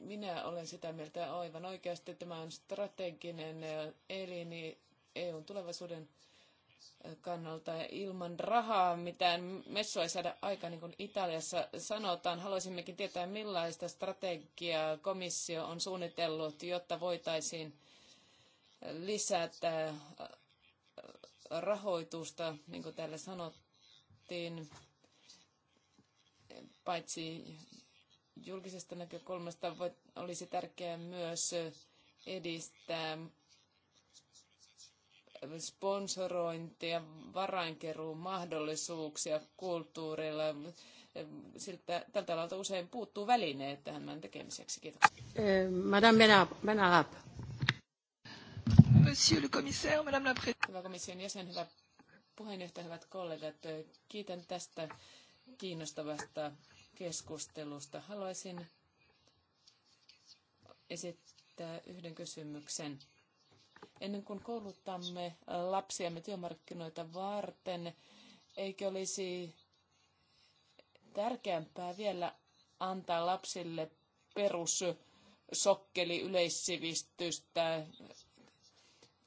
Minä olen sitä mieltä aivan oikeasti, että tämä on strateginen elin EUn tulevaisuuden kannalta ja ilman rahaa mitään messua ei saada aika, niin kuin Italiassa sanotaan. Haluaisimmekin tietää, millaista strategiaa komissio on suunnitellut, jotta voitaisiin lisätä äh, rahoitusta, niin kuin täällä sanottiin, paitsi julkisesta näkökulmasta olisi tärkeää myös edistää sponsorointia, varainkeruun mahdollisuuksia kulttuurilla. Siltä, tältä alalta usein puuttuu välineet tähän tekemiseksi. Kiitoksia. Eh, Madame Benarab. Monsieur le commissaire, madame la présidente. Hyvä komission jäsen, hyvä puheenjohtaja, hyvät kollegat. Kiitän tästä kiinnostavasta keskustelusta. Haluaisin esittää yhden kysymyksen. Ennen kuin kouluttamme lapsiamme työmarkkinoita varten, eikö olisi tärkeämpää vielä antaa lapsille perussokkeli yleissivistystä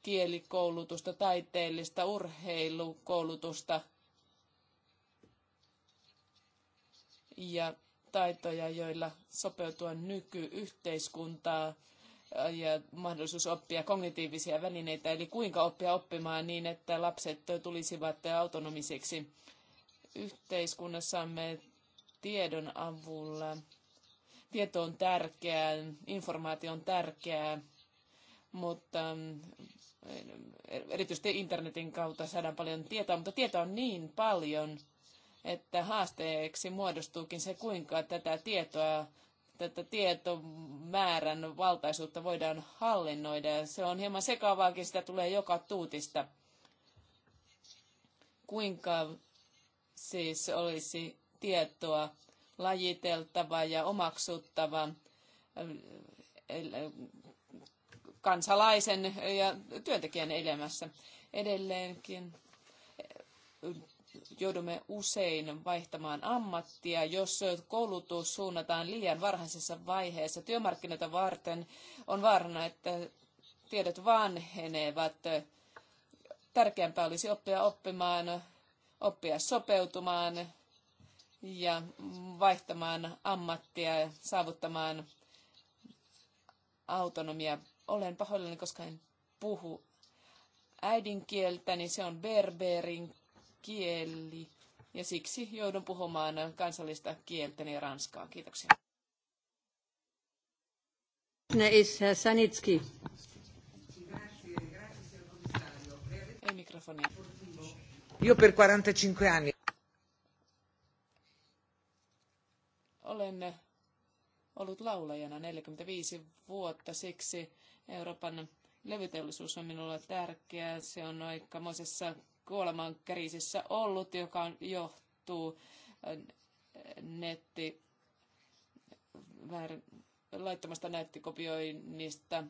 kielikoulutusta, taiteellista urheilukoulutusta ja taitoja, joilla sopeutua nykyyhteiskuntaa ja mahdollisuus oppia kognitiivisia välineitä, eli kuinka oppia oppimaan niin, että lapset tulisivat autonomisiksi yhteiskunnassamme tiedon avulla. Tieto on tärkeää, informaatio on tärkeää, mutta erityisesti internetin kautta saadaan paljon tietoa, mutta tietoa on niin paljon, että haasteeksi muodostuukin se, kuinka tätä tietoa, tätä tietomäärän valtaisuutta voidaan hallinnoida. Se on hieman sekavaakin, sitä tulee joka tuutista. Kuinka siis olisi tietoa lajiteltava ja omaksuttava kansalaisen ja työntekijän elämässä. Edelleenkin eh, joudumme usein vaihtamaan ammattia, jos koulutus suunnataan liian varhaisessa vaiheessa työmarkkinoita varten. On vaarana, että tiedot vanhenevat. Tärkeämpää olisi oppia oppimaan, oppia sopeutumaan ja vaihtamaan ammattia ja saavuttamaan autonomia olen pahoillani, koska en puhu äidinkieltä, niin se on berberin kieli. Ja siksi joudun puhumaan kansallista kieltäni ranskaa. Kiitoksia. Sanitski. Ei Mikrofoni. Io per 45 anni. Olen ollut laulajana 45 vuotta, siksi Euroopan levyteollisuus on minulle tärkeää. Se on aikamoisessa kriisissä ollut, joka johtuu äh, netti väärin, laittomasta nettikopioinnista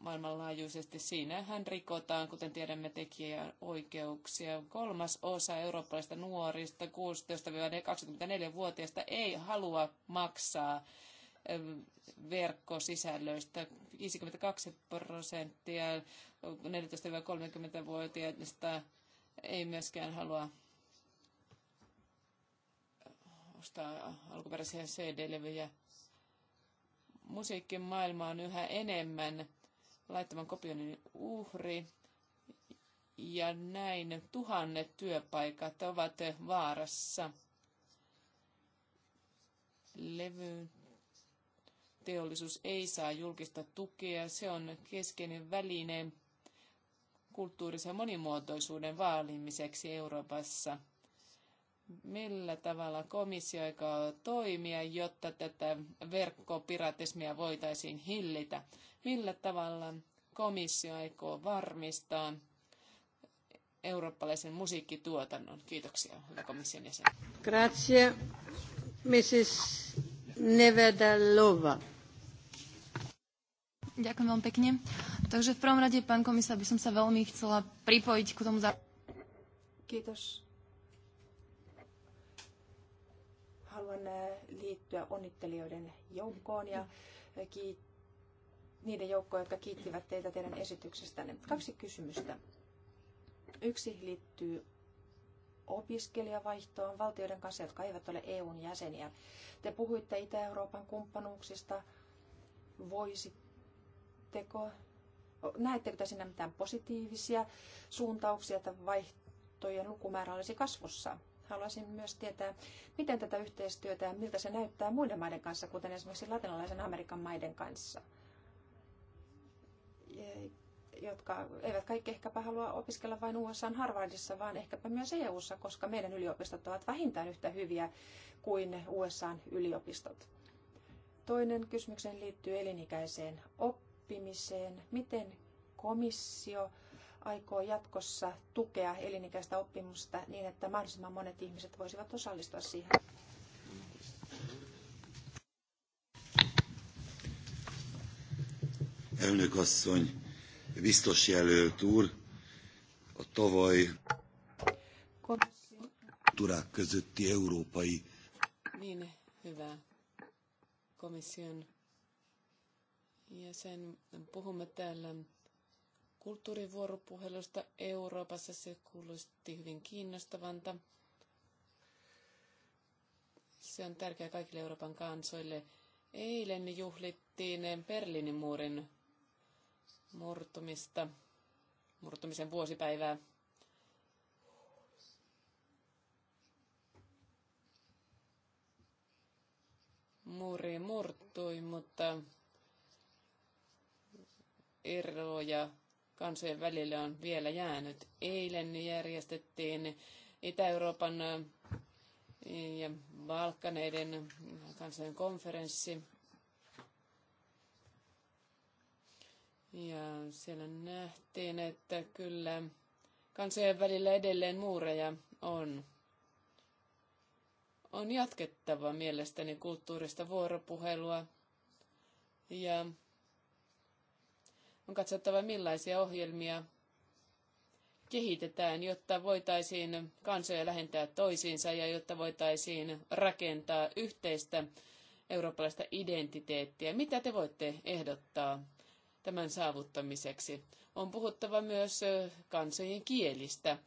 maailmanlaajuisesti. Siinähän rikotaan, kuten tiedämme, tekijän oikeuksia. Kolmas osa eurooppalaisista nuorista 16-24-vuotiaista ei halua maksaa verkkosisällöistä. 52 prosenttia 14-30-vuotiaista ei myöskään halua ostaa alkuperäisiä CD-levyjä. Musiikin maailma on yhä enemmän laittoman kopioinnin uhri ja näin tuhannet työpaikat ovat vaarassa. Levyn teollisuus ei saa julkista tukea. Se on keskeinen väline kulttuurisen monimuotoisuuden vaalimiseksi Euroopassa. Millä tavalla komissio aikaa toimia, jotta tätä verkkopiratismia voitaisiin hillitä? Millä tavalla komissio aikoo varmistaa eurooppalaisen musiikkituotannon? Kiitoksia, hyvä komission jäsen. Grazie, Mrs. Nevedalova. Ďakujem veľmi pekne. Takže v prvom rade, pán komisár, by som sa veľmi chcela pripojiť k tomu za... Kiitos. Haluan eh, liittyä onnittelijoiden joukkoon ja eh, kiittää niiden joukkoon, jotka kiittivät teitä teidän esityksestänne. Kaksi kysymystä. Yksi liittyy opiskelijavaihtoon valtioiden kanssa, jotka eivät ole EUn jäseniä. Te puhuitte Itä-Euroopan kumppanuuksista. Voisitteko, näettekö te sinne mitään positiivisia suuntauksia, että vaihtojen lukumäärä olisi kasvussa? Haluaisin myös tietää, miten tätä yhteistyötä ja miltä se näyttää muiden maiden kanssa, kuten esimerkiksi latinalaisen Amerikan maiden kanssa jotka eivät kaikki ehkäpä halua opiskella vain USA Harvardissa, vaan ehkäpä myös EU:ssa, koska meidän yliopistot ovat vähintään yhtä hyviä kuin USA yliopistot. Toinen kysymykseen liittyy elinikäiseen oppimiseen. Miten komissio aikoo jatkossa tukea elinikäistä oppimusta niin, että mahdollisimman monet ihmiset voisivat osallistua siihen? Elnök asszony, Biztos jelölt úr, a tavaly kultúrák közötti európai. Niin, hyvä. Komission jäsen. Puhumme täällä kulttuurivuoropuhelusta Euroopassa. Se kuulosti hyvin kiinnostavanta. Se on tärkeää kaikille Euroopan kansoille. Eilen juhlittiin Berliinin muurin murtumista, murtumisen vuosipäivää. Muuri murtui, mutta eroja kansojen välillä on vielä jäänyt. Eilen järjestettiin Itä-Euroopan ja Balkaneiden kansojen konferenssi Ja siellä nähtiin, että kyllä kansojen välillä edelleen muureja on. On jatkettava mielestäni kulttuurista vuoropuhelua ja on katsottava millaisia ohjelmia kehitetään, jotta voitaisiin kansoja lähentää toisiinsa ja jotta voitaisiin rakentaa yhteistä eurooppalaista identiteettiä. Mitä te voitte ehdottaa tämän saavuttamiseksi. On puhuttava myös kansojen kielistä.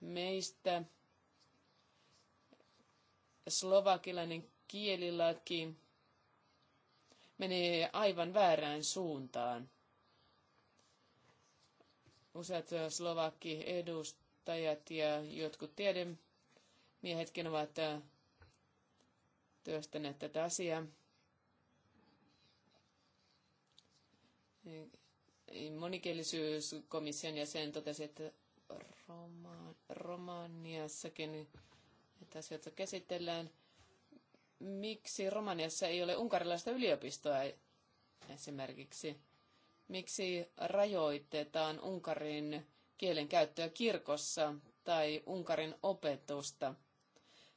Meistä slovakilainen kielilaki menee aivan väärään suuntaan. Useat slovakki edustajat ja jotkut tiedemiehetkin ovat työstäneet tätä asiaa. Niin, monikielisyyskomission jäsen totesi, että Roma, Romaniassakin että asioita käsitellään. Miksi Romaniassa ei ole unkarilaista yliopistoa esimerkiksi? Miksi rajoitetaan Unkarin kielen käyttöä kirkossa tai Unkarin opetusta?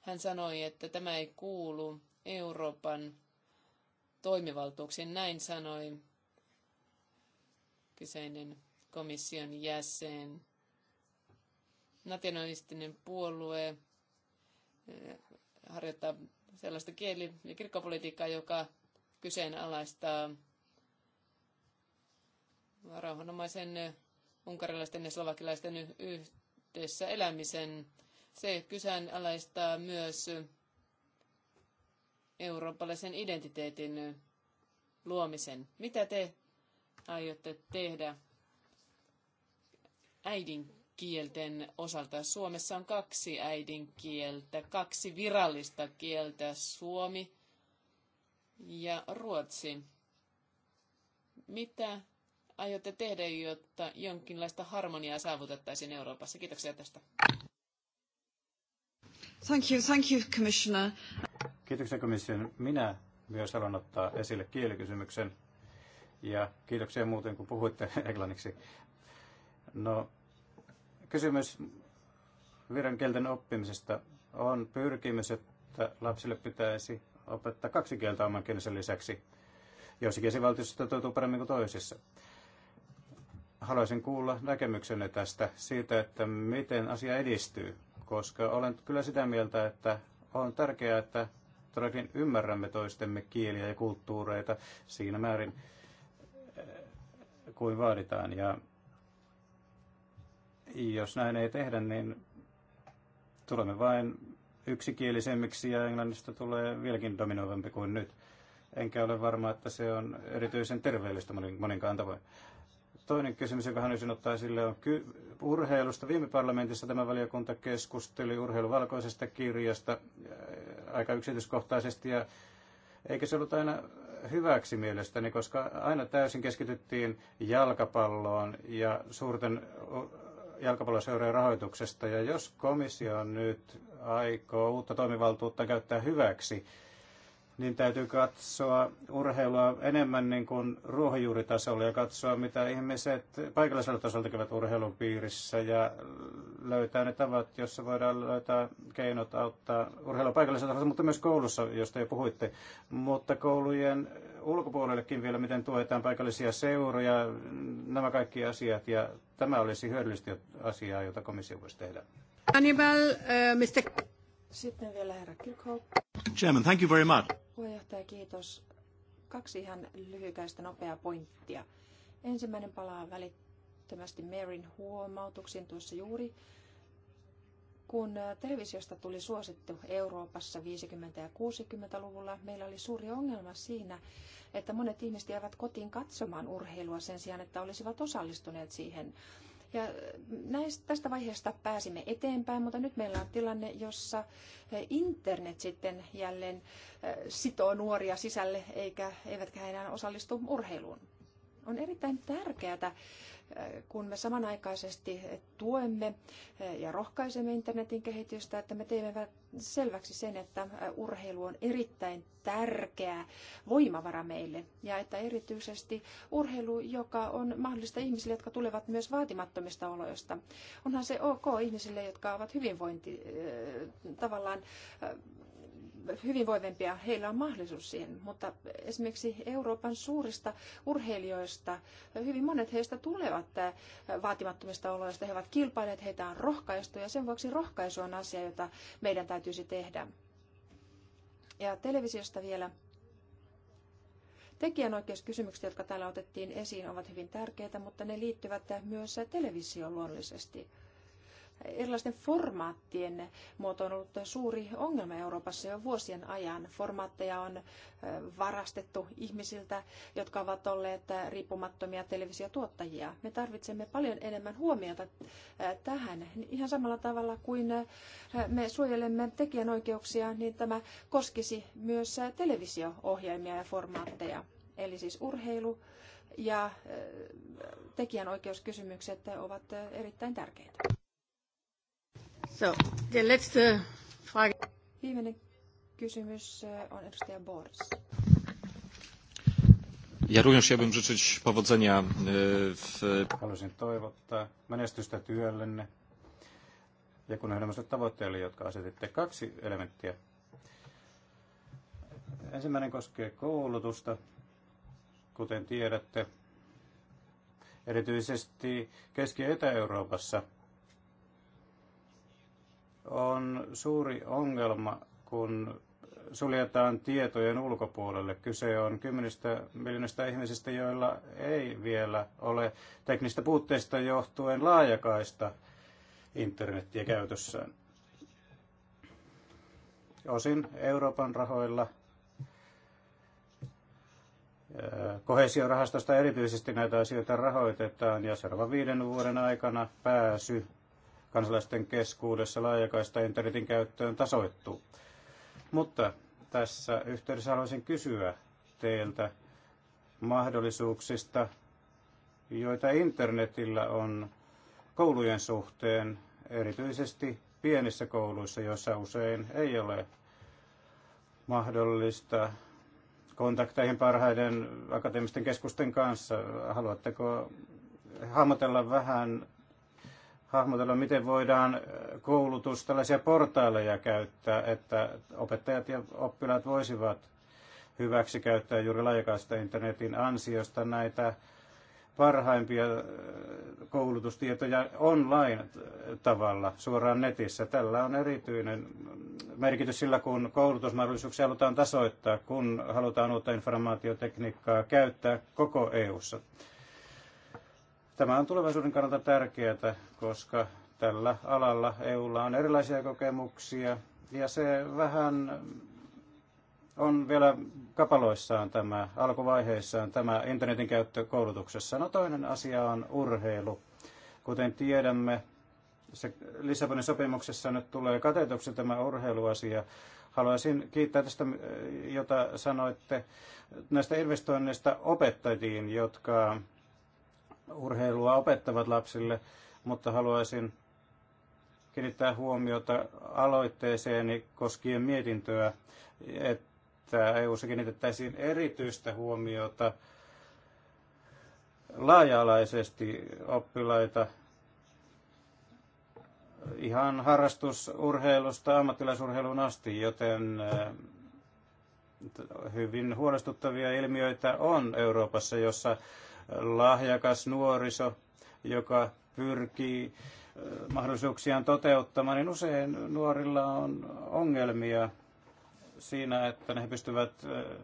Hän sanoi, että tämä ei kuulu Euroopan toimivaltuuksiin. Näin sanoi kyseinen komission jäsen. Nationalistinen puolue eh, harjoittaa sellaista kieli- ja kirkkopolitiikkaa, joka kyseenalaistaa rauhanomaisen eh, unkarilaisten ja slovakilaisten yhdessä elämisen. Se kyseenalaistaa myös eh, eurooppalaisen identiteetin luomisen. Mitä te aiotte tehdä äidinkielten osalta? Suomessa on kaksi äidinkieltä, kaksi virallista kieltä, suomi ja ruotsi. Mitä aiotte tehdä, jotta jonkinlaista harmoniaa saavutettaisiin Euroopassa? Kiitoksia tästä. Thank you, thank you, Commissioner. Kiitoksia komission. Minä myös haluan ottaa esille kielikysymyksen. Ja kiitoksia muuten, kun puhuitte englanniksi. No, kysymys virankielten kielten oppimisesta on pyrkimys, että lapsille pitäisi opettaa kaksi kieltä oman kielensä lisäksi. Joissakin esivaltioissa toteutuu paremmin kuin toisissa. Haluaisin kuulla näkemyksenne tästä siitä, että miten asia edistyy, koska olen kyllä sitä mieltä, että on tärkeää, että todellakin ymmärrämme toistemme kieliä ja kulttuureita siinä määrin, kuin vaaditaan. Ja jos näin ei tehdä, niin tulemme vain yksikielisemmiksi ja englannista tulee vieläkin dominoivampi kuin nyt. Enkä ole varma, että se on erityisen terveellistä moninkaan tavoin. Toinen kysymys, joka haluaisin ottaa sille, on ky- urheilusta. Viime parlamentissa tämä valiokunta keskusteli urheiluvalkoisesta kirjasta aika yksityiskohtaisesti ja eikä se ollut aina hyväksi mielestäni, koska aina täysin keskityttiin jalkapalloon ja suurten jalkapalloseurojen rahoituksesta. Ja jos komissio nyt aikoo uutta toimivaltuutta käyttää hyväksi, niin täytyy katsoa urheilua enemmän niin kuin ruohonjuuritasolla ja katsoa, mitä ihmiset paikallisella tasolla tekevät urheilun piirissä ja löytää ne tavat, joissa voidaan löytää keinot auttaa urheilua paikallisella tasolla, mutta myös koulussa, josta jo puhuitte. Mutta koulujen ulkopuolellekin vielä, miten tuetaan paikallisia seuroja, nämä kaikki asiat ja tämä olisi hyödyllistä asiaa, jota komissio voisi tehdä. Hannibal, uh, äh, Mr. Sitten vielä herra Kirkhope. Chairman, thank you very much. Puheenjohtaja, kiitos. Kaksi ihan lyhykäistä nopeaa pointtia. Ensimmäinen palaa välittömästi Maryn huomautuksiin tuossa juuri. Kun televisiosta tuli suosittu Euroopassa 50- ja 60-luvulla, meillä oli suuri ongelma siinä, että monet ihmiset jäävät kotiin katsomaan urheilua sen sijaan, että olisivat osallistuneet siihen. Ja näistä, tästä vaiheesta pääsimme eteenpäin, mutta nyt meillä on tilanne, jossa eh, internet sitten jälleen eh, sitoo nuoria sisälle, eikä, eivätkä he enää osallistu urheiluun. On erittäin tärkeää, äh, kun me samanaikaisesti tuemme ja rohkaisemme internetin kehitystä, että me teemme selväksi sen, että äh, urheilu on erittäin tärkeä voimavara meille ja että erityisesti urheilu, joka on mahdollista ihmisille, jotka tulevat myös vaatimattomista oloista. Onhan se ok ihmisille, jotka ovat hyvinvointi äh, tavallaan hyvinvoivempia, heillä on mahdollisuus siihen. Mutta esimerkiksi Euroopan suurista urheilijoista, hyvin monet heistä tulevat äh, vaatimattomista oloista. He ovat kilpailleet, heitä on rohkaistu ja sen vuoksi rohkaisu on asia, jota meidän täytyisi tehdä. Ja televisiosta vielä. Tekijänoikeuskysymykset, jotka täällä otettiin esiin, ovat hyvin tärkeitä, mutta ne liittyvät myös televisioon luonnollisesti erilaisten formaattien muoto on ollut suuri ongelma Euroopassa jo vuosien ajan. Formaatteja on varastettu ihmisiltä, jotka ovat olleet riippumattomia televisiotuottajia. Me tarvitsemme paljon enemmän huomiota tähän. Ihan samalla tavalla kuin me suojelemme tekijänoikeuksia, niin tämä koskisi myös televisio-ohjelmia ja formaatteja. Eli siis urheilu, ja tekijänoikeuskysymykset ovat erittäin tärkeitä. So, der letzte uh, Frage. Viimeinen kysymys äh, on edustaja Bors. Ja również chciałbym życzyć powodzenia e, w... Haluaisin toivottaa menestystä työllenne ja kunnianhimoisille tavoitteille, jotka asetitte kaksi elementtiä. Ensimmäinen koskee koulutusta. Kuten tiedätte, erityisesti Keski- ja Etä-Euroopassa – on suuri ongelma, kun suljetaan tietojen ulkopuolelle. Kyse on kymmenistä miljoonista ihmisistä, joilla ei vielä ole teknistä puutteista johtuen laajakaista internettiä käytössään. Osin Euroopan rahoilla, kohesiorahastosta erityisesti näitä asioita rahoitetaan ja seuraavan viiden vuoden aikana pääsy kansalaisten keskuudessa laajakaista internetin käyttöön tasoittuu. Mutta tässä yhteydessä haluaisin kysyä teiltä mahdollisuuksista, joita internetillä on koulujen suhteen, erityisesti pienissä kouluissa, joissa usein ei ole mahdollista kontakteihin parhaiden akateemisten keskusten kanssa. Haluatteko hahmotella vähän hahmotella, miten voidaan äh, koulutus tällaisia portaaleja käyttää, että opettajat ja oppilaat voisivat hyväksi käyttää juuri laajakaista internetin ansiosta näitä parhaimpia äh, koulutustietoja online-tavalla suoraan netissä. Tällä on erityinen merkitys sillä, kun koulutusmahdollisuuksia halutaan tasoittaa, kun halutaan uutta informaatiotekniikkaa käyttää koko EU:ssa. Tämä on tulevaisuuden kannalta tärkeää, koska tällä alalla EUlla on erilaisia kokemuksia ja se vähän on vielä kapaloissaan tämä, alkuvaiheissaan tämä internetin käyttö koulutuksessa. No toinen asia on urheilu. Kuten tiedämme, se Lissabonin sopimuksessa nyt tulee katetuksi tämä urheiluasia. Haluaisin kiittää tästä, jota sanoitte, näistä investoinneista opettajiin, jotka urheilua opettavat lapsille, mutta haluaisin kiinnittää huomiota aloitteeseeni koskien mietintöä, että EU-ssa kiinnitettäisiin erityistä huomiota laaja-alaisesti oppilaita ihan harrastusurheilusta ammattilaisurheiluun asti, joten äh, hyvin huolestuttavia ilmiöitä on Euroopassa, jossa lahjakas nuoriso, joka pyrkii eh, mahdollisuuksiaan toteuttamaan, niin usein nuorilla on ongelmia siinä, että ne pystyvät eh,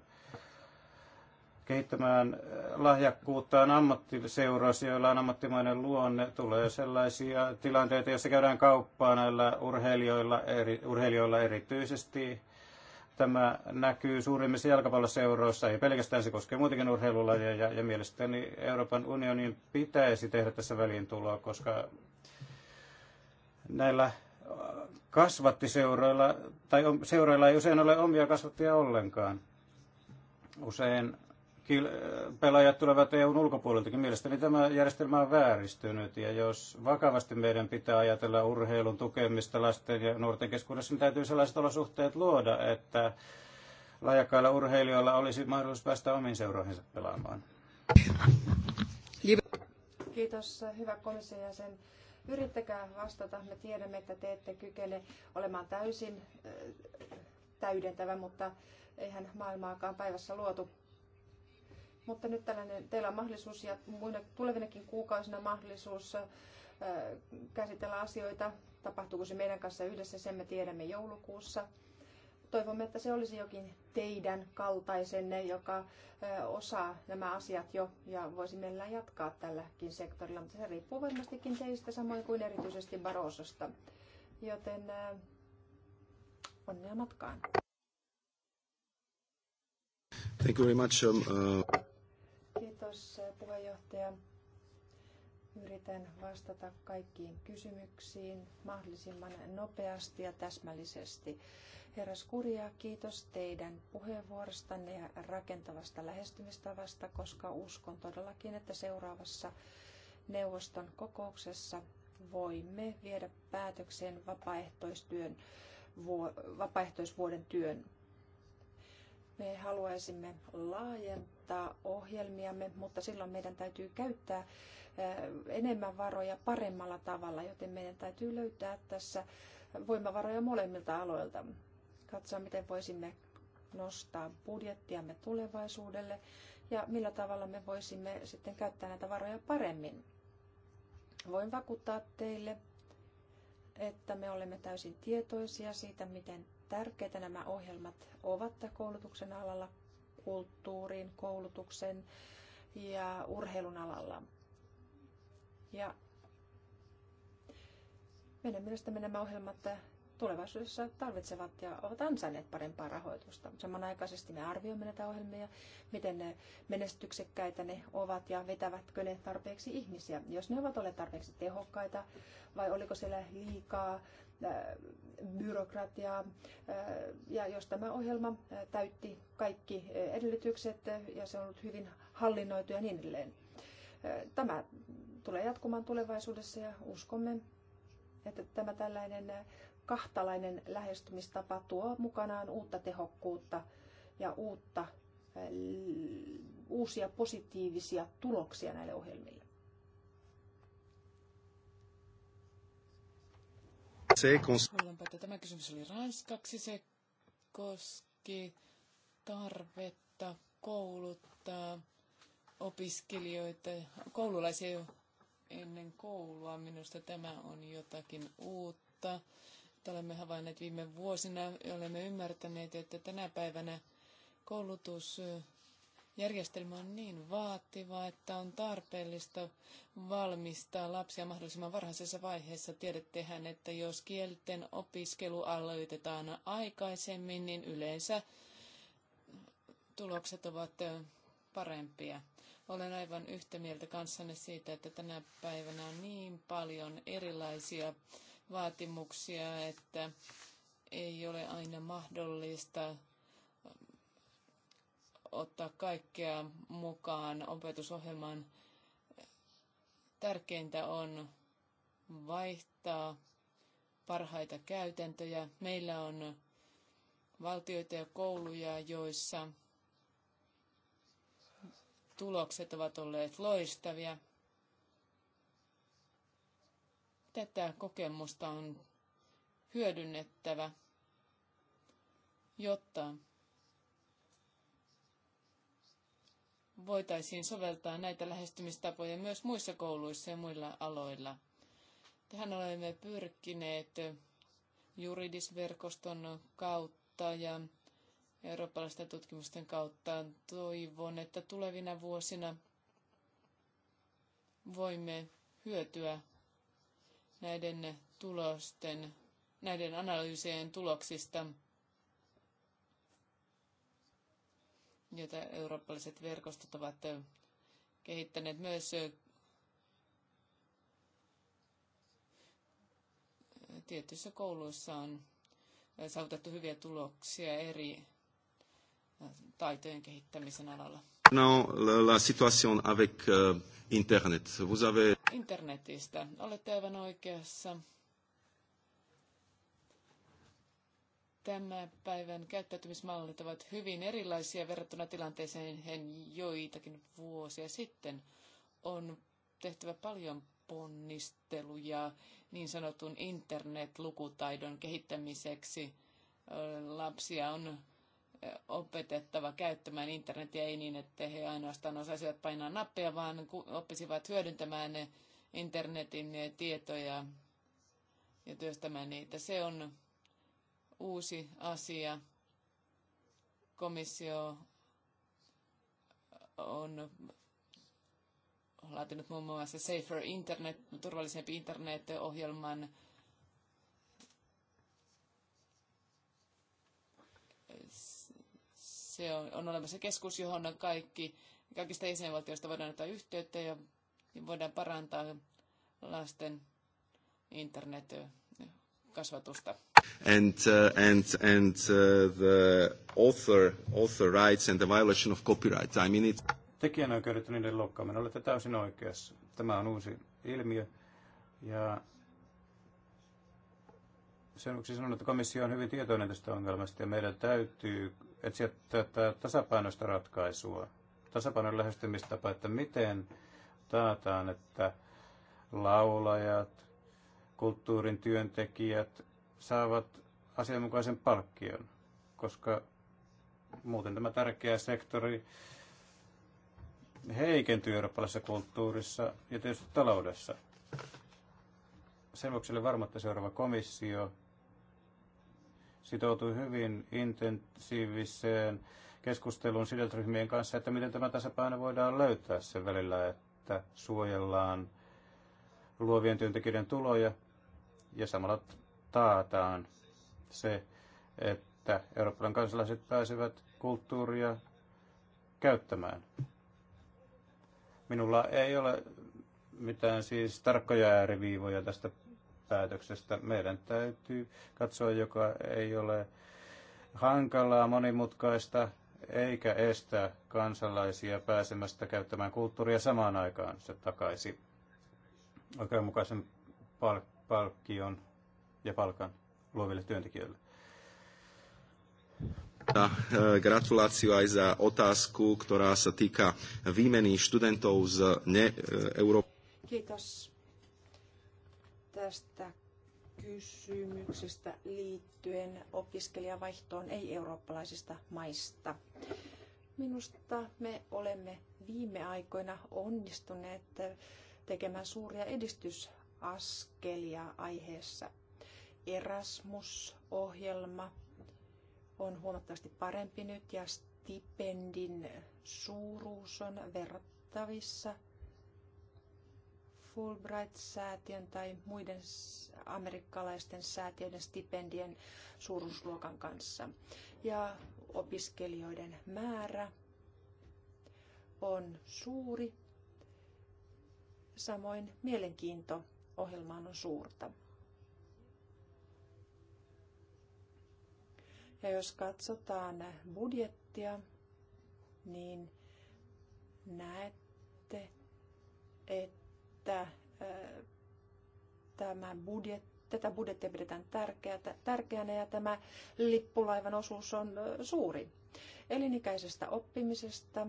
kehittämään eh, lahjakkuuttaan ammattiseuroissa, joilla on ammattimainen luonne. Tulee sellaisia tilanteita, joissa käydään kauppaa näillä urheilijoilla, eri, urheilijoilla erityisesti Tämä näkyy suurimmissa jalkapalloseuroissa, ei pelkästään se koskee muitakin urheilulajeja, ja, ja mielestäni Euroopan unionin pitäisi tehdä tässä väliintuloa, koska näillä kasvattiseuroilla, tai seuroilla ei usein ole omia kasvattia ollenkaan. Usein Äh, pelaajat tulevat EUn ulkopuoleltakin. Mielestäni tämä järjestelmä on vääristynyt ja jos vakavasti meidän pitää ajatella urheilun tukemista lasten ja nuorten keskuudessa, niin täytyy sellaiset olosuhteet luoda, että lajakkailla urheilijoilla olisi mahdollisuus päästä omiin seuroihinsa pelaamaan. Kiitos, hyvä komission jäsen. Yrittäkää vastata. Me tiedämme, että te ette kykene olemaan täysin äh, täydentävä, mutta eihän maailmaakaan päivässä luotu. Mutta nyt tällainen, teillä on mahdollisuus ja muina tulevinakin kuukausina mahdollisuus käsitellä asioita. Tapahtuuko se meidän kanssa yhdessä, sen me tiedämme joulukuussa. Toivomme, että se olisi jokin teidän kaltaisenne, joka osaa nämä asiat jo ja voisi mielellään jatkaa tälläkin sektorilla, mutta se riippuu varmastikin teistä samoin kuin erityisesti Barososta. Joten onnea matkaan. Thank you very much. Um, uh... Kiitos puheenjohtaja. Yritän vastata kaikkiin kysymyksiin mahdollisimman nopeasti ja täsmällisesti. Herra Skuria, kiitos teidän puheenvuorostanne ja rakentavasta lähestymistavasta, koska uskon todellakin, että seuraavassa neuvoston kokouksessa voimme viedä päätökseen vapaaehtoistyön, vapaaehtoisvuoden työn. Me haluaisimme laajempaa tuottaa ohjelmiamme, mutta silloin meidän täytyy käyttää eh, enemmän varoja paremmalla tavalla, joten meidän täytyy löytää tässä voimavaroja molemmilta aloilta. Katsoa, miten voisimme nostaa budjettiamme tulevaisuudelle ja millä tavalla me voisimme sitten käyttää näitä varoja paremmin. Voin vakuuttaa teille, että me olemme täysin tietoisia siitä, miten tärkeitä nämä ohjelmat ovat koulutuksen alalla kulttuurin, koulutuksen ja urheilun alalla. Ja meidän mielestämme nämä ohjelmat tulevaisuudessa tarvitsevat ja ovat ansainneet parempaa rahoitusta. Samanaikaisesti me arvioimme näitä ohjelmia, miten ne menestyksekkäitä ne ovat ja vetävätkö ne tarpeeksi ihmisiä. Jos ne ovat olleet tarpeeksi tehokkaita vai oliko siellä liikaa Äh, byrokratiaa. Äh, ja jos tämä ohjelma äh, täytti kaikki edellytykset ja se on ollut hyvin hallinnoitu ja niin edelleen. Tämä tulee jatkumaan tulevaisuudessa ja uskomme, että tämä tällainen kahtalainen lähestymistapa tuo mukanaan uutta tehokkuutta ja uutta, uusia positiivisia tuloksia näille ohjelmille. se Luulenpa, että tämä kysymys oli ranskaksi. Se koski tarvetta kouluttaa opiskelijoita, koululaisia jo ennen koulua. Minusta tämä on jotakin uutta. Että olemme havainneet viime vuosina ja olemme ymmärtäneet, että tänä päivänä koulutus Järjestelmä on niin vaativa, että on tarpeellista valmistaa lapsia mahdollisimman varhaisessa vaiheessa. Tiedettehän, että jos kielten opiskelu aloitetaan aikaisemmin, niin yleensä tulokset ovat parempia. Olen aivan yhtä mieltä kanssanne siitä, että tänä päivänä on niin paljon erilaisia vaatimuksia, että ei ole aina mahdollista ottaa kaikkea mukaan opetusohjelmaan. Tärkeintä on vaihtaa parhaita käytäntöjä. Meillä on valtioita ja kouluja, joissa tulokset ovat olleet loistavia. Tätä kokemusta on hyödynnettävä, jotta voitaisiin soveltaa näitä lähestymistapoja myös muissa kouluissa ja muilla aloilla. Tähän olemme pyrkineet juridisverkoston kautta ja eurooppalaisten tutkimusten kautta. Toivon, että tulevina vuosina voimme hyötyä näiden tulosten, näiden analyysien tuloksista – joita eurooppalaiset verkostot ovat kehittäneet myös tietyissä kouluissa on saavutettu hyviä tuloksia eri taitojen kehittämisen alalla. No, la, situation avec internet. Vous avez... Internetistä. Olette aivan oikeassa. tämän päivän käyttäytymismallit ovat hyvin erilaisia verrattuna tilanteeseen joitakin vuosia sitten. On tehtävä paljon ponnisteluja niin sanotun internet-lukutaidon kehittämiseksi. Lapsia on opetettava käyttämään internetiä ei niin, että he ainoastaan osaisivat painaa nappeja, vaan oppisivat hyödyntämään internetin tietoja ja työstämään niitä. Se on uusi asia. Komissio on laatinut muun muassa Safer Internet, turvallisempi internet-ohjelman. Se on, on olemassa keskus, johon kaikki, kaikista jäsenvaltioista voidaan ottaa yhteyttä ja voidaan parantaa lasten internet-kasvatusta and, uh, uh, the author, author rights and the violation of copyright. I mean it... Tekijänoikeudet ja niiden loukkaaminen. Olette täysin oikeassa. Tämä on uusi ilmiö. Ja sen vuoksi sanon, että komissio on hyvin tietoinen tästä ongelmasta ja meidän täytyy etsiä tätä tasapainoista ratkaisua, tasapainon lähestymistapa, että miten taataan, että laulajat, kulttuurin työntekijät, saavat asianmukaisen palkkion, koska muuten tämä tärkeä sektori heikentyy eurooppalaisessa kulttuurissa ja tietysti taloudessa. Sen vuoksi oli varma, että seuraava komissio sitoutui hyvin intensiiviseen keskusteluun sidosryhmien kanssa, että miten tämä tasapaino voidaan löytää sen välillä, että suojellaan luovien työntekijöiden tuloja ja samalla taataan se, että Euroopan kansalaiset pääsevät kulttuuria käyttämään. Minulla ei ole mitään siis tarkkoja ääriviivoja tästä päätöksestä. Meidän täytyy katsoa, joka ei ole hankalaa, monimutkaista, eikä estä kansalaisia pääsemästä käyttämään kulttuuria samaan aikaan se takaisin oikeudenmukaisen pal- palkkion ja palkan luoville työntekijöille. E, Gratuláciu aj za otázku, ktorá sa týka výmeny študentov z ne e, Euro- Kiitos tästä kysymyksestä liittyen opiskelijavaihtoon ei-eurooppalaisista maista. Minusta me olemme viime aikoina onnistuneet tekemään suuria edistysaskelia aiheessa. Erasmus-ohjelma on huomattavasti parempi nyt ja stipendin suuruus on verrattavissa Fulbright-säätiön tai muiden amerikkalaisten säätiöiden stipendien suuruusluokan kanssa. Ja opiskelijoiden määrä on suuri, samoin mielenkiinto ohjelmaan on suurta. Ja jos katsotaan budjettia, niin näette, että äh, tämä budjet, tätä budjettia pidetään tärkeänä ja tämä lippulaivan osuus on äh, suuri. Elinikäisestä oppimisesta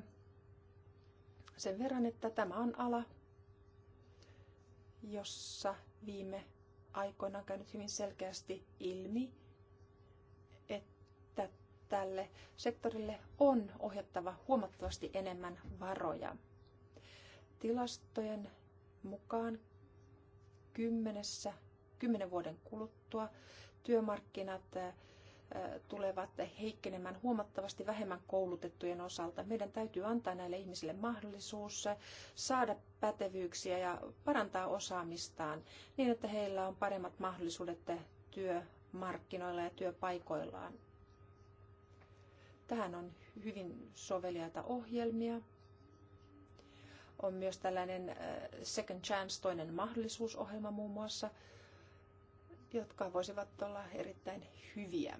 sen verran, että tämä on ala, jossa viime aikoina on käynyt hyvin selkeästi ilmi, että tälle sektorille on ohjattava huomattavasti enemmän varoja. Tilastojen mukaan kymmenessä, kymmenen vuoden kuluttua työmarkkinat tulevat heikkenemään huomattavasti vähemmän koulutettujen osalta. Meidän täytyy antaa näille ihmisille mahdollisuus saada pätevyyksiä ja parantaa osaamistaan niin, että heillä on paremmat mahdollisuudet työmarkkinoilla ja työpaikoillaan. Tähän on hyvin soveliaita ohjelmia. On myös tällainen äh, Second Chance, toinen mahdollisuusohjelma muun muassa, jotka voisivat olla erittäin hyviä.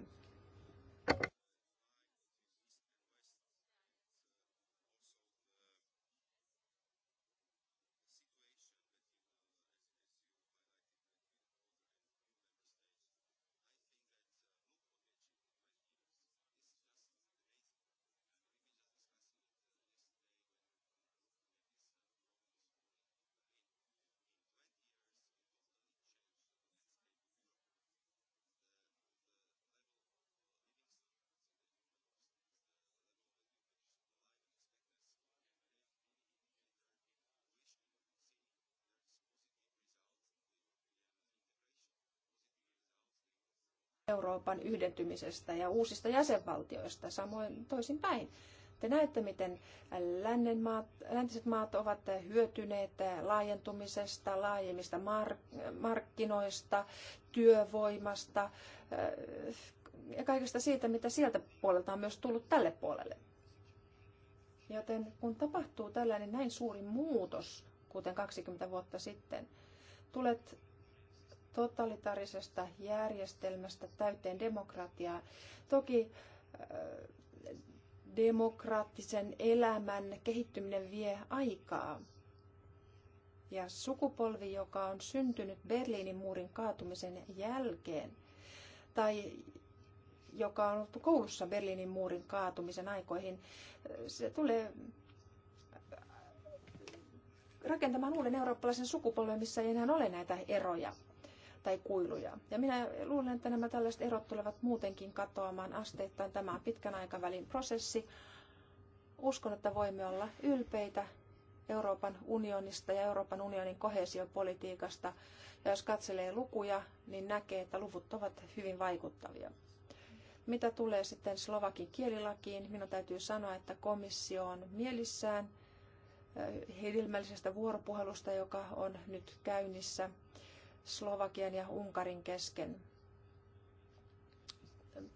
Euroopan yhdentymisestä ja uusista jäsenvaltioista, samoin toisinpäin. Te näette, miten lännen maat, läntiset maat ovat hyötyneet laajentumisesta, laajemmista mark, markkinoista, työvoimasta äh, ja kaikesta siitä, mitä sieltä puolelta on myös tullut tälle puolelle. Joten kun tapahtuu tällainen näin suuri muutos, kuten 20 vuotta sitten, tulet totalitarisesta järjestelmästä täyteen demokratiaan. Toki äh, demokraattisen elämän kehittyminen vie aikaa. Ja sukupolvi, joka on syntynyt Berliinin muurin kaatumisen jälkeen, tai joka on ollut koulussa Berliinin muurin kaatumisen aikoihin, se tulee rakentamaan uuden eurooppalaisen sukupolven, missä ei enää ole näitä eroja tai kuiluja. Ja minä luulen, että nämä tällaiset erot tulevat muutenkin katoamaan asteittain. Tämä on pitkän aikavälin prosessi. Uskon, että voimme olla ylpeitä Euroopan unionista ja Euroopan unionin kohesiopolitiikasta. Ja jos katselee lukuja, niin näkee, että luvut ovat hyvin vaikuttavia. Mitä tulee sitten Slovakin kielilakiin, minun täytyy sanoa, että komissio on mielissään hedelmällisestä vuoropuhelusta, joka on nyt käynnissä Slovakian ja Unkarin kesken.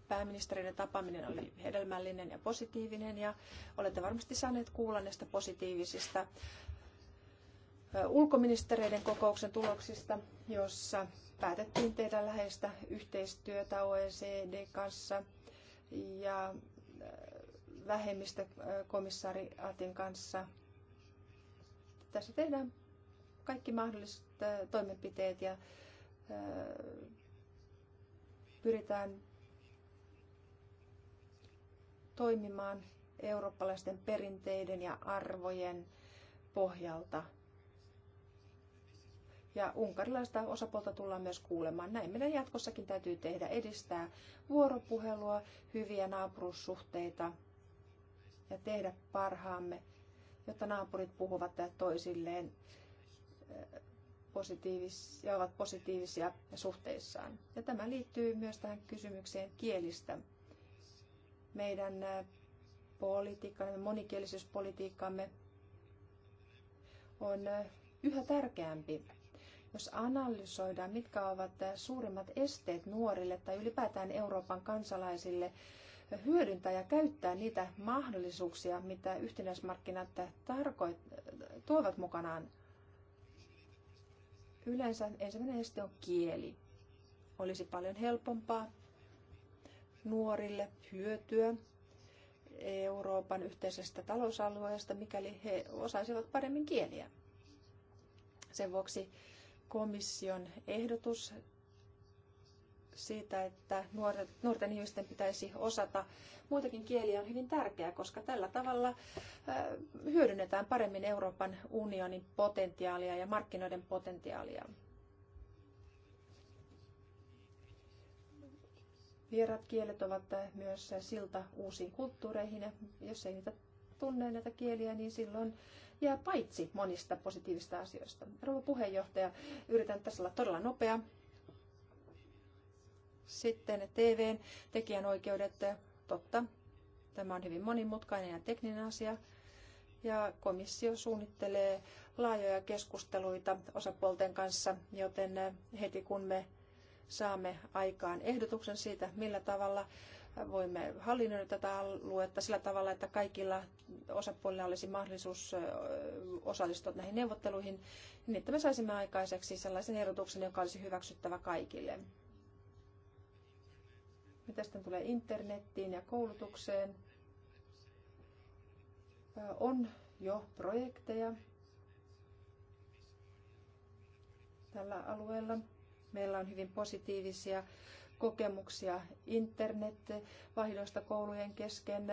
Pääministerin tapaaminen oli hedelmällinen ja positiivinen ja olette varmasti saaneet kuulla näistä positiivisista ulkoministereiden kokouksen tuloksista, jossa päätettiin tehdä läheistä yhteistyötä OECD kanssa ja vähemmistökomissaari Atin kanssa. Tässä tehdään kaikki mahdolliset toimenpiteet ja pyritään toimimaan eurooppalaisten perinteiden ja arvojen pohjalta. Ja unkarilaista osapuolta tullaan myös kuulemaan. Näin meidän jatkossakin täytyy tehdä, edistää vuoropuhelua, hyviä naapurussuhteita ja tehdä parhaamme, jotta naapurit puhuvat toisilleen positiivis, ja ovat positiivisia suhteissaan. Ja tämä liittyy myös tähän kysymykseen kielistä. Meidän politiikkamme, monikielisyyspolitiikkamme on yhä tärkeämpi. Jos analysoidaan, mitkä ovat suurimmat esteet nuorille tai ylipäätään Euroopan kansalaisille hyödyntää ja käyttää niitä mahdollisuuksia, mitä yhtenäismarkkinat tuovat mukanaan Yleensä ensimmäinen este on kieli. Olisi paljon helpompaa nuorille hyötyä Euroopan yhteisestä talousalueesta, mikäli he osaisivat paremmin kieliä. Sen vuoksi komission ehdotus siitä, että nuoret, nuorten ihmisten pitäisi osata muitakin kieliä on hyvin tärkeää, koska tällä tavalla hyödynnetään paremmin Euroopan unionin potentiaalia ja markkinoiden potentiaalia. Vieraat kielet ovat myös silta uusiin kulttuureihin. Jos ei niitä tunne näitä kieliä, niin silloin jää paitsi monista positiivista asioista. Rouva puheenjohtaja, yritän tässä olla todella nopea. Sitten TVn tekijänoikeudet, totta. Tämä on hyvin monimutkainen ja tekninen asia. Ja komissio suunnittelee laajoja keskusteluita osapuolten kanssa, joten eh, heti kun me saamme aikaan ehdotuksen siitä, millä tavalla eh, voimme hallinnoida tätä aluetta sillä tavalla, että kaikilla osapuolilla olisi mahdollisuus eh, osallistua näihin neuvotteluihin, niin että me saisimme aikaiseksi sellaisen ehdotuksen, joka olisi hyväksyttävä kaikille. Mitä sitten tulee internettiin ja koulutukseen? On jo projekteja tällä alueella. Meillä on hyvin positiivisia kokemuksia internetvaihdoista koulujen kesken,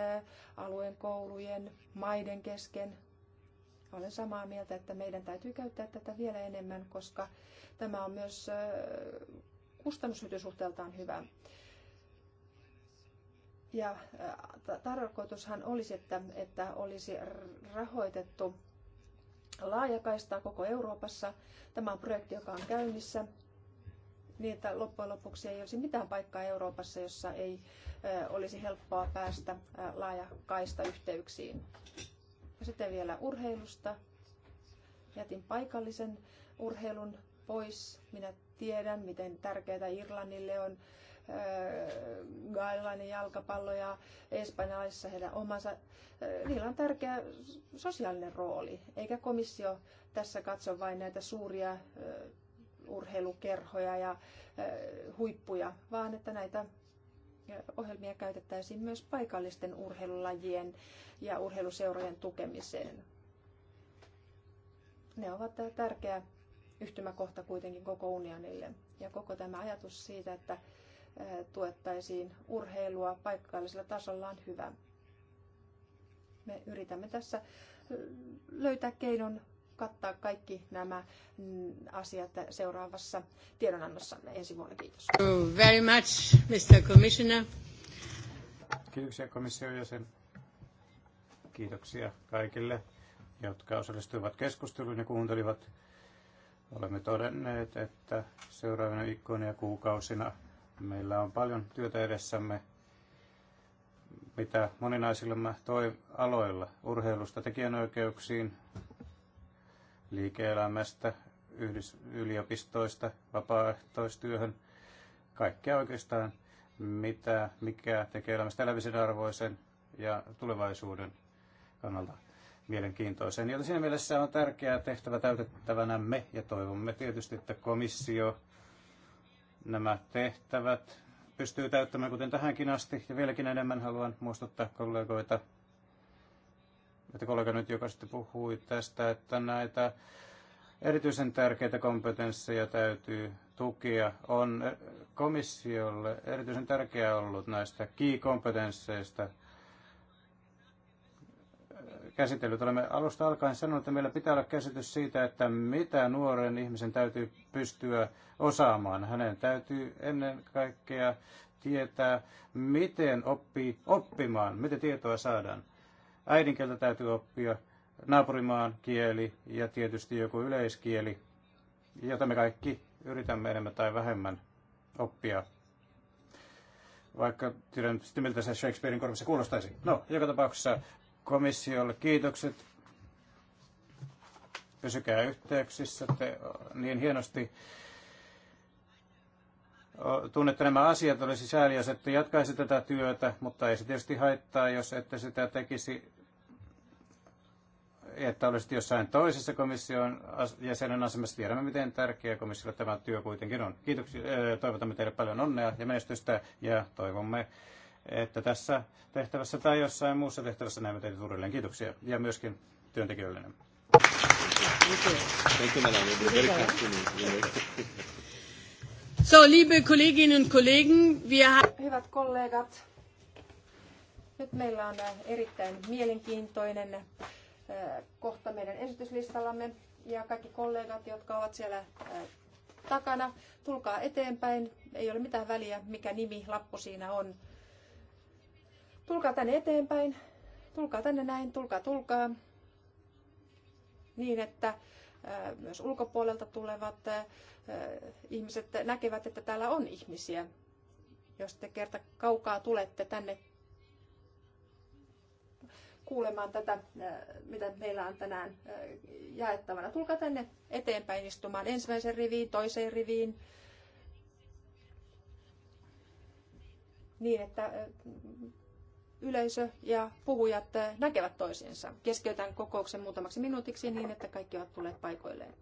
alueen koulujen, maiden kesken. Olen samaa mieltä, että meidän täytyy käyttää tätä vielä enemmän, koska tämä on myös kustannushyötysuhteeltaan hyvä. Ja tarkoitushan olisi, että, että olisi rahoitettu laajakaistaa koko Euroopassa. Tämä on projekti, joka on käynnissä niin, että loppujen lopuksi ei olisi mitään paikkaa Euroopassa, jossa ei olisi helppoa päästä laajakaista yhteyksiin. Sitten vielä urheilusta. Jätin paikallisen urheilun pois. Minä tiedän, miten tärkeää Irlannille on Gaellanin jalkapallo ja Espanjalaisissa heidän omansa, niillä on tärkeä sosiaalinen rooli. Eikä komissio tässä katso vain näitä suuria urheilukerhoja ja huippuja, vaan että näitä ohjelmia käytettäisiin myös paikallisten urheilulajien ja urheiluseurojen tukemiseen. Ne ovat tärkeä yhtymäkohta kuitenkin koko unionille. Ja koko tämä ajatus siitä, että tuettaisiin urheilua paikallisella tasolla on hyvä. Me yritämme tässä löytää keinon kattaa kaikki nämä mm, asiat seuraavassa tiedonannossamme ensi vuonna. Kiitos. Very much, Mr. Commissioner. Kiitoksia komission jäsen. Kiitoksia kaikille, jotka osallistuivat keskusteluun ja kuuntelivat. Olemme todenneet, että seuraavina viikkoina ja kuukausina Meillä on paljon työtä edessämme, mitä moninaisilla toi aloilla, urheilusta tekijänoikeuksiin, liike-elämästä, yhdys, yliopistoista, vapaaehtoistyöhön, kaikkea oikeastaan, mitä, mikä tekee elämästä elämisen arvoisen ja tulevaisuuden kannalta mielenkiintoisen. Joten siinä mielessä on tärkeää tehtävä täytettävänämme ja toivomme tietysti, että komissio nämä tehtävät pystyy täyttämään kuten tähänkin asti. Ja vieläkin enemmän haluan muistuttaa kollegoita, että kollega nyt, joka sitten puhui tästä, että näitä erityisen tärkeitä kompetensseja täytyy tukea. On komissiolle erityisen tärkeää ollut näistä key-kompetensseista – käsitellyt. Olemme alusta alkaen sanoneet, että meillä pitää olla käsitys siitä, että mitä nuoren ihmisen täytyy pystyä osaamaan. Hänen täytyy ennen kaikkea tietää, miten oppii oppimaan, miten tietoa saadaan. Äidinkieltä täytyy oppia, naapurimaan kieli ja tietysti joku yleiskieli, jota me kaikki yritämme enemmän tai vähemmän oppia vaikka tiedän sitten miltä se Shakespearein korvissa kuulostaisi. No, joka tapauksessa komissiolle kiitokset. Pysykää yhteyksissä. Te niin hienosti tunnette nämä asiat, olisi sääli, jos ette jatkaisi tätä työtä, mutta ei se tietysti haittaa, jos ette sitä tekisi, että olisit jossain toisessa komission jäsenen asemassa. Tiedämme, miten tärkeä komissiolle tämä työ kuitenkin on. Kiitoksia, toivotamme teille paljon onnea ja menestystä ja toivomme että tässä tehtävässä tai jossain muussa tehtävässä näemme teitä uudelleen. Kiitoksia ja myöskin työntekijöille. So, liebe Kolleginnen und Kollegen, wir Hyvät kollegat, nyt meillä on äh, erittäin mielenkiintoinen äh, kohta meidän esityslistallamme. Ja kaikki kollegat, jotka ovat siellä äh, takana, tulkaa eteenpäin. Ei ole mitään väliä, mikä nimi, lappu siinä on. Tulkaa tänne eteenpäin, tulkaa tänne näin, tulkaa, tulkaa. Niin, että myös ulkopuolelta tulevat ihmiset näkevät, että täällä on ihmisiä. Jos te kerta kaukaa tulette tänne kuulemaan tätä, mitä meillä on tänään jaettavana. Tulkaa tänne eteenpäin istumaan ensimmäisen riviin, toiseen riviin. Niin, että yleisö ja puhujat eh, näkevät toisiinsa. Keskeytän kokouksen muutamaksi minuutiksi niin, että kaikki ovat tulleet paikoilleen.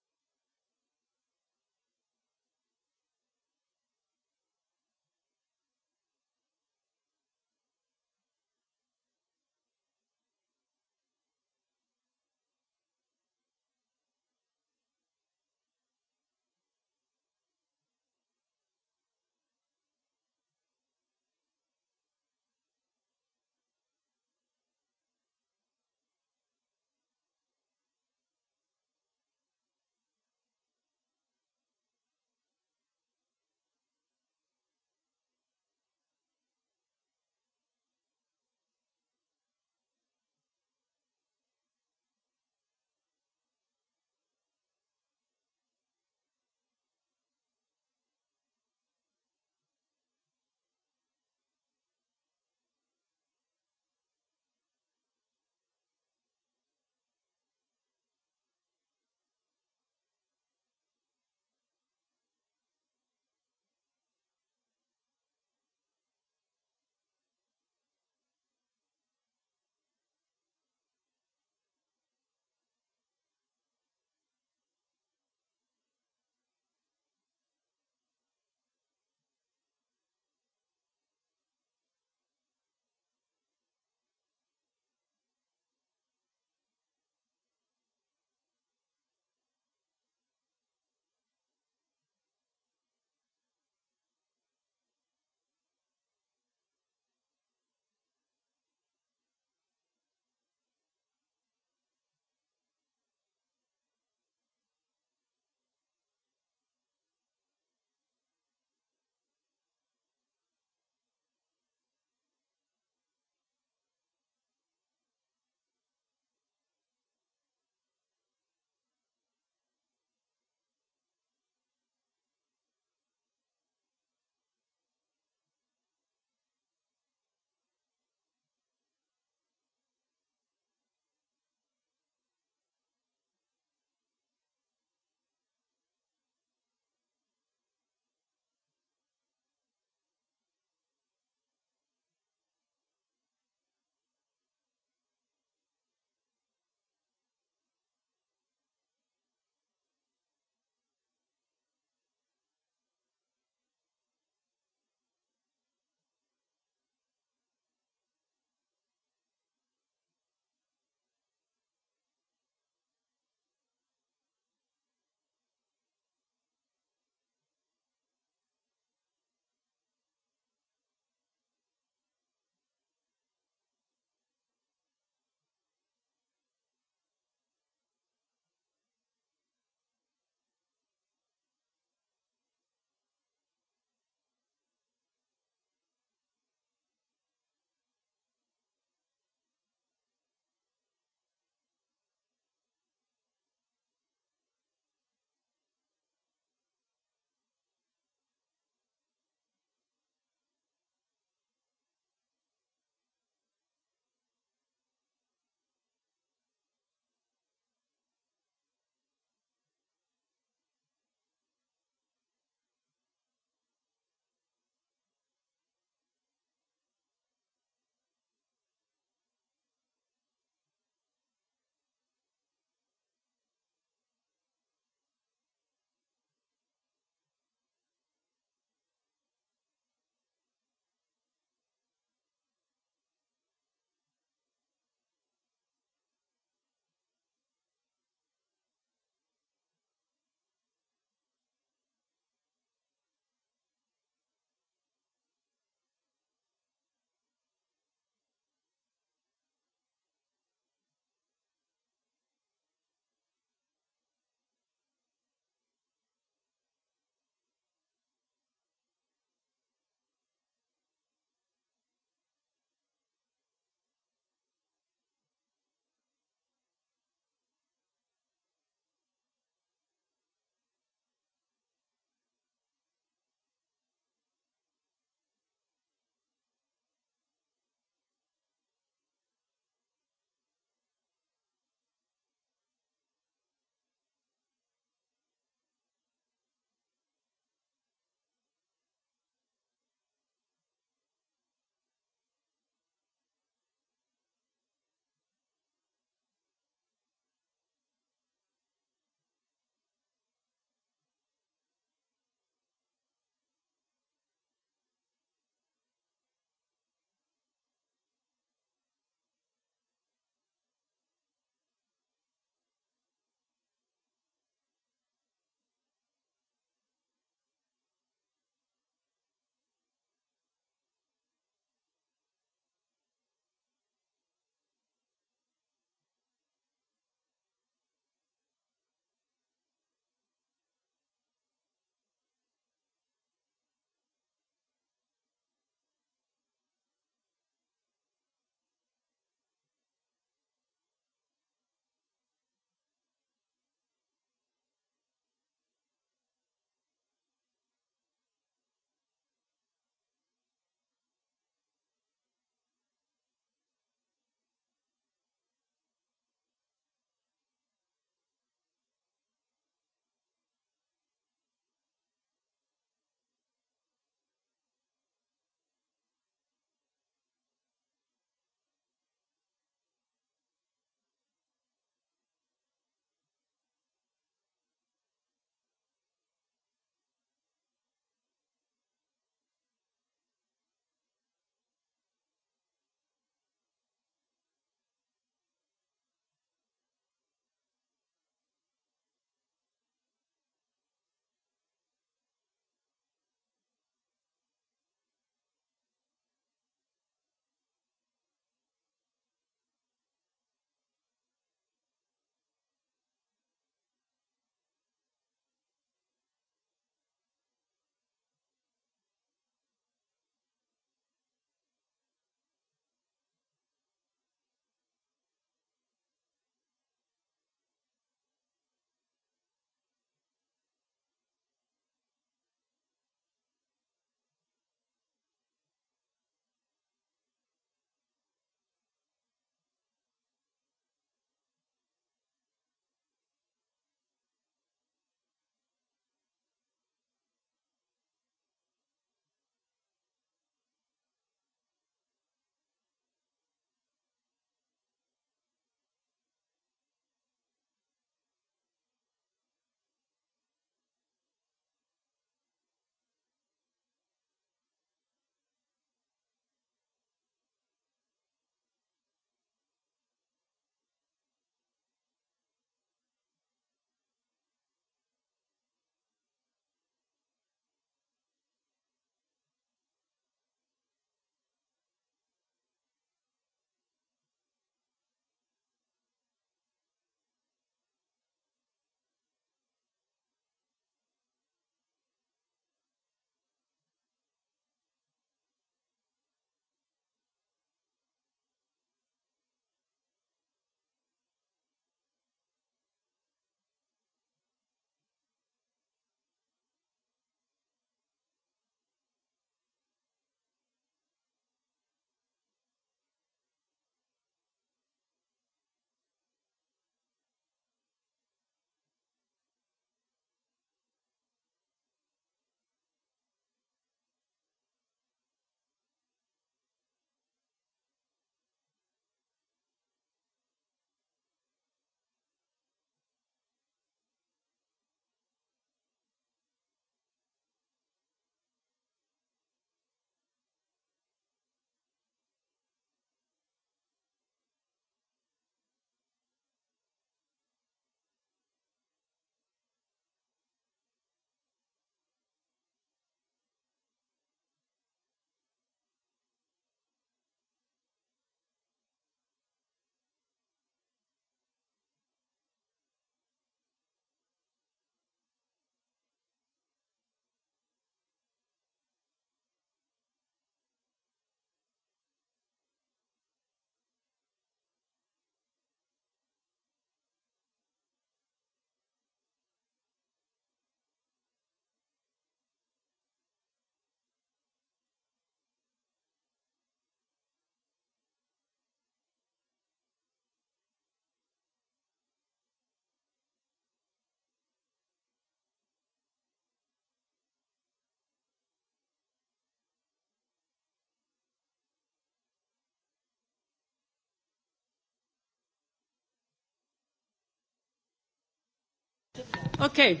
Okay.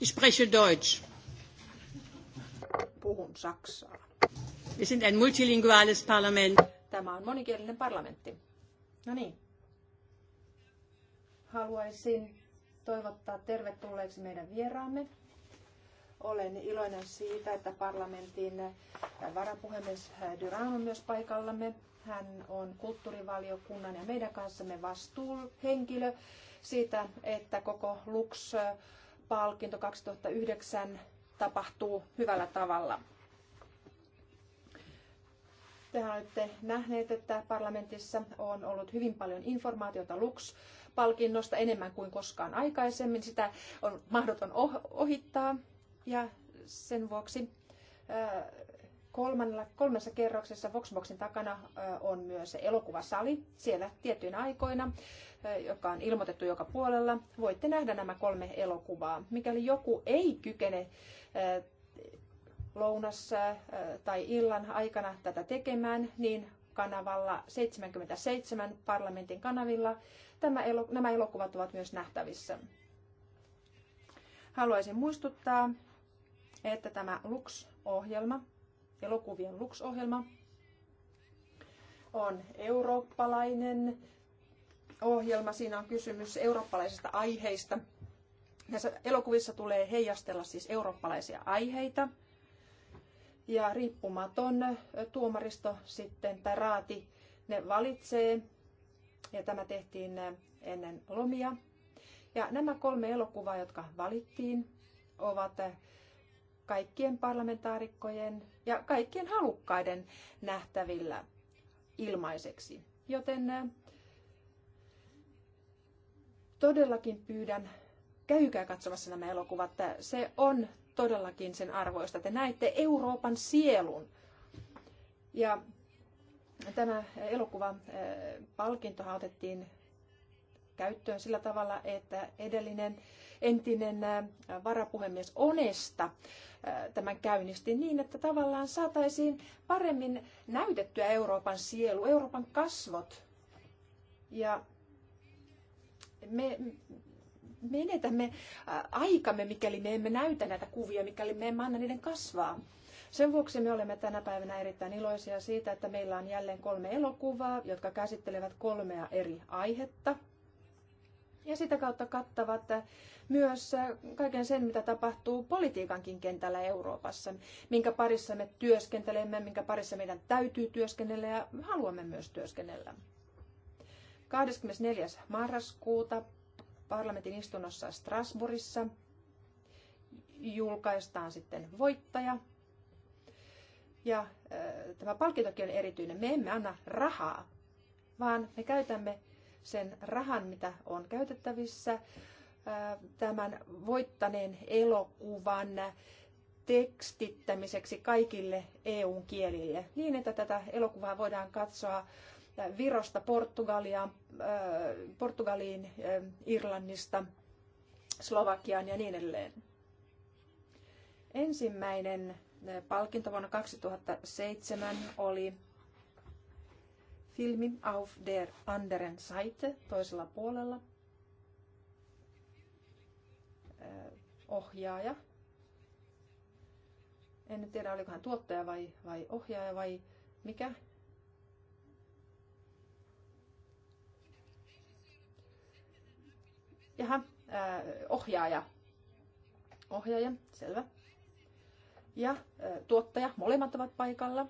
Ich spreche Deutsch. Puhun saksaa. Wir sind ein multilinguales Parlament. Tämä on monikielinen parlamentti. No niin. Haluaisin toivottaa tervetulleeksi meidän vieraamme. Olen iloinen siitä, että parlamentin varapuhemies Duran on myös paikallamme. Hän on kulttuurivaliokunnan ja meidän kanssamme vastuuhenkilö siitä, että koko Lux-palkinto 2009 tapahtuu hyvällä tavalla. Tehän olette nähneet, että parlamentissa on ollut hyvin paljon informaatiota Lux-palkinnosta enemmän kuin koskaan aikaisemmin. Sitä on mahdoton ohittaa ja sen vuoksi kolmannella, kolmessa kerroksessa Voxboxin takana on myös elokuvasali. Siellä tiettyinä aikoina, joka on ilmoitettu joka puolella, voitte nähdä nämä kolme elokuvaa. Mikäli joku ei kykene lounassa tai illan aikana tätä tekemään, niin kanavalla 77 parlamentin kanavilla tämä elo, nämä elokuvat ovat myös nähtävissä. Haluaisin muistuttaa, että tämä Lux-ohjelma elokuvien Lux-ohjelma on eurooppalainen ohjelma. Siinä on kysymys eurooppalaisista aiheista. Näissä elokuvissa tulee heijastella siis eurooppalaisia aiheita. Ja riippumaton tuomaristo sitten tai raati ne valitsee. Ja tämä tehtiin ennen lomia. Ja nämä kolme elokuvaa, jotka valittiin, ovat kaikkien parlamentaarikkojen ja kaikkien halukkaiden nähtävillä ilmaiseksi. Joten äh, todellakin pyydän, käykää katsomassa nämä elokuvat. Se on todellakin sen arvoista. Te näette Euroopan sielun. Ja tämä äh, elokuvan äh, palkintohan otettiin käyttöön sillä tavalla, että edellinen entinen äh, varapuhemies Onesta äh, tämän käynnisti niin, että tavallaan saataisiin paremmin näytettyä Euroopan sielu, Euroopan kasvot. Ja me menetämme äh, aikamme, mikäli me emme näytä näitä kuvia, mikäli me emme anna niiden kasvaa. Sen vuoksi me olemme tänä päivänä erittäin iloisia siitä, että meillä on jälleen kolme elokuvaa, jotka käsittelevät kolmea eri aihetta – ja sitä kautta kattavat myös kaiken sen, mitä tapahtuu politiikankin kentällä Euroopassa, minkä parissa me työskentelemme, minkä parissa meidän täytyy työskennellä ja haluamme myös työskennellä. 24. marraskuuta parlamentin istunnossa Strasbourgissa julkaistaan sitten voittaja. Ja äh, tämä palkintokin on erityinen. Me emme anna rahaa, vaan me käytämme sen rahan, mitä on käytettävissä, tämän voittaneen elokuvan tekstittämiseksi kaikille eu kielille, niin että tätä elokuvaa voidaan katsoa Virosta Portugaliaan, Portugaliin, Irlannista, Slovakiaan ja niin edelleen. Ensimmäinen palkinto vuonna 2007 oli Filmin auf der anderen Seite toisella puolella. Äh, ohjaaja. En nyt tiedä, oliko hän tuottaja vai, vai ohjaaja vai mikä. Jaha, äh, ohjaaja. Ohjaaja, selvä. Ja äh, tuottaja, molemmat ovat paikalla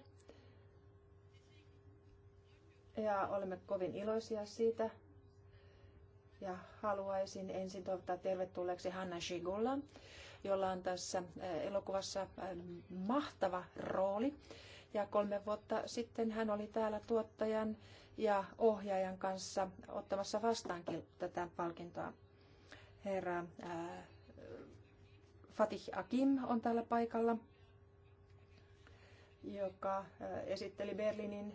ja olemme kovin iloisia siitä. Ja haluaisin ensin toivottaa tervetulleeksi Hanna Shigulla, jolla on tässä eh, elokuvassa eh, mahtava rooli. Ja kolme vuotta sitten hän oli täällä tuottajan ja ohjaajan kanssa ottamassa vastaankin tätä palkintoa. Herra ää, eh, Fatih Akim on täällä paikalla, joka esitteli Berliinin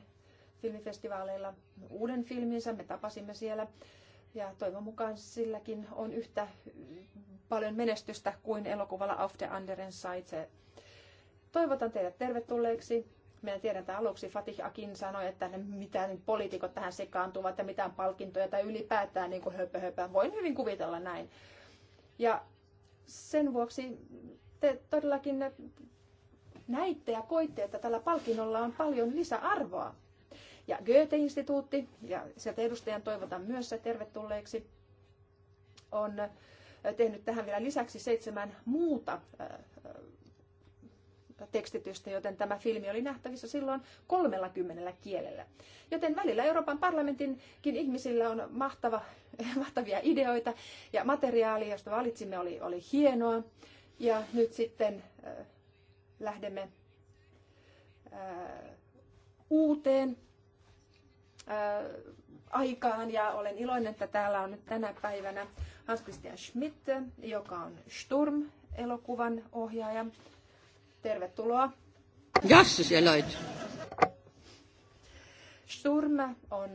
filmifestivaaleilla uuden filminsä. Me tapasimme siellä ja toivon mukaan silläkin on yhtä paljon menestystä kuin elokuvalla After Anderen Sight. Toivotan teidät tervetulleeksi. Minä tiedän, että aluksi Fatih Akin sanoi, että mitään poliitikot tähän sekaantuvat, että mitään palkintoja tai ylipäätään niin höpö, höpö. Voin hyvin kuvitella näin. Ja sen vuoksi te todellakin näitte ja koitte, että tällä palkinnolla on paljon lisäarvoa ja Goethe-instituutti, ja sieltä edustajan toivotan myös tervetulleeksi, on äh, tehnyt tähän vielä lisäksi seitsemän muuta äh, äh, tekstitystä, joten tämä filmi oli nähtävissä silloin 30 kielellä. Joten välillä Euroopan parlamentinkin ihmisillä on mahtava, mahtavia ideoita ja materiaali, josta valitsimme, oli, oli hienoa. Ja nyt sitten äh, lähdemme äh, uuteen aikaan ja olen iloinen, että täällä on nyt tänä päivänä Hans Christian Schmidt, joka on Sturm-elokuvan ohjaaja. Tervetuloa. Jassi ja Leute. Sturm on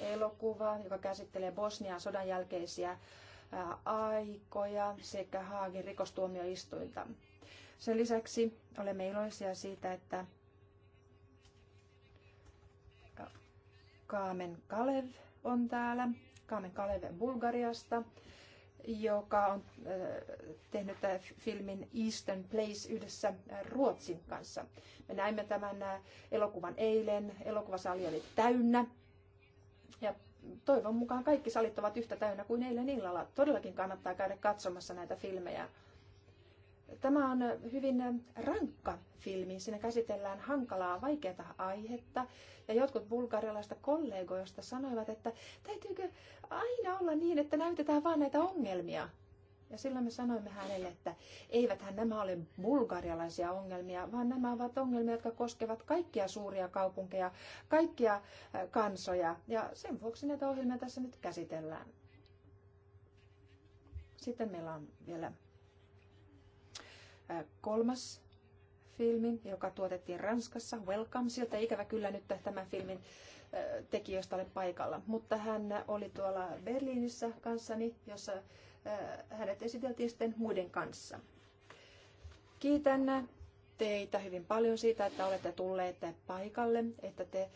elokuva, joka käsittelee Bosnian sodan jälkeisiä aikoja sekä Haagin rikostuomioistuinta. Sen lisäksi olemme iloisia siitä, että Kaamen Kalev on täällä. Kaamen Kalev Bulgariasta, joka on äh, tehnyt filmin Eastern Place yhdessä äh, Ruotsin kanssa. Me näimme tämän äh, elokuvan eilen. Elokuvasali oli täynnä. Ja toivon mukaan kaikki salit ovat yhtä täynnä kuin eilen illalla. Todellakin kannattaa käydä katsomassa näitä filmejä. Tämä on hyvin rankka filmi. Siinä käsitellään hankalaa, vaikeata aihetta. Ja jotkut bulgarialaista kollegoista sanoivat, että täytyykö aina olla niin, että näytetään vain näitä ongelmia. Ja silloin me sanoimme hänelle, että eiväthän nämä ole bulgarialaisia ongelmia, vaan nämä ovat ongelmia, jotka koskevat kaikkia suuria kaupunkeja, kaikkia kansoja. Ja sen vuoksi näitä ohjelmia tässä nyt käsitellään. Sitten meillä on vielä kolmas filmi, joka tuotettiin Ranskassa, Welcome. Siltä ikävä kyllä nyt tämän filmin tekijöistä ole paikalla. Mutta hän oli tuolla Berliinissä kanssani, jossa hänet esiteltiin sitten muiden kanssa. Kiitän teitä hyvin paljon siitä, että olette tulleet paikalle, että te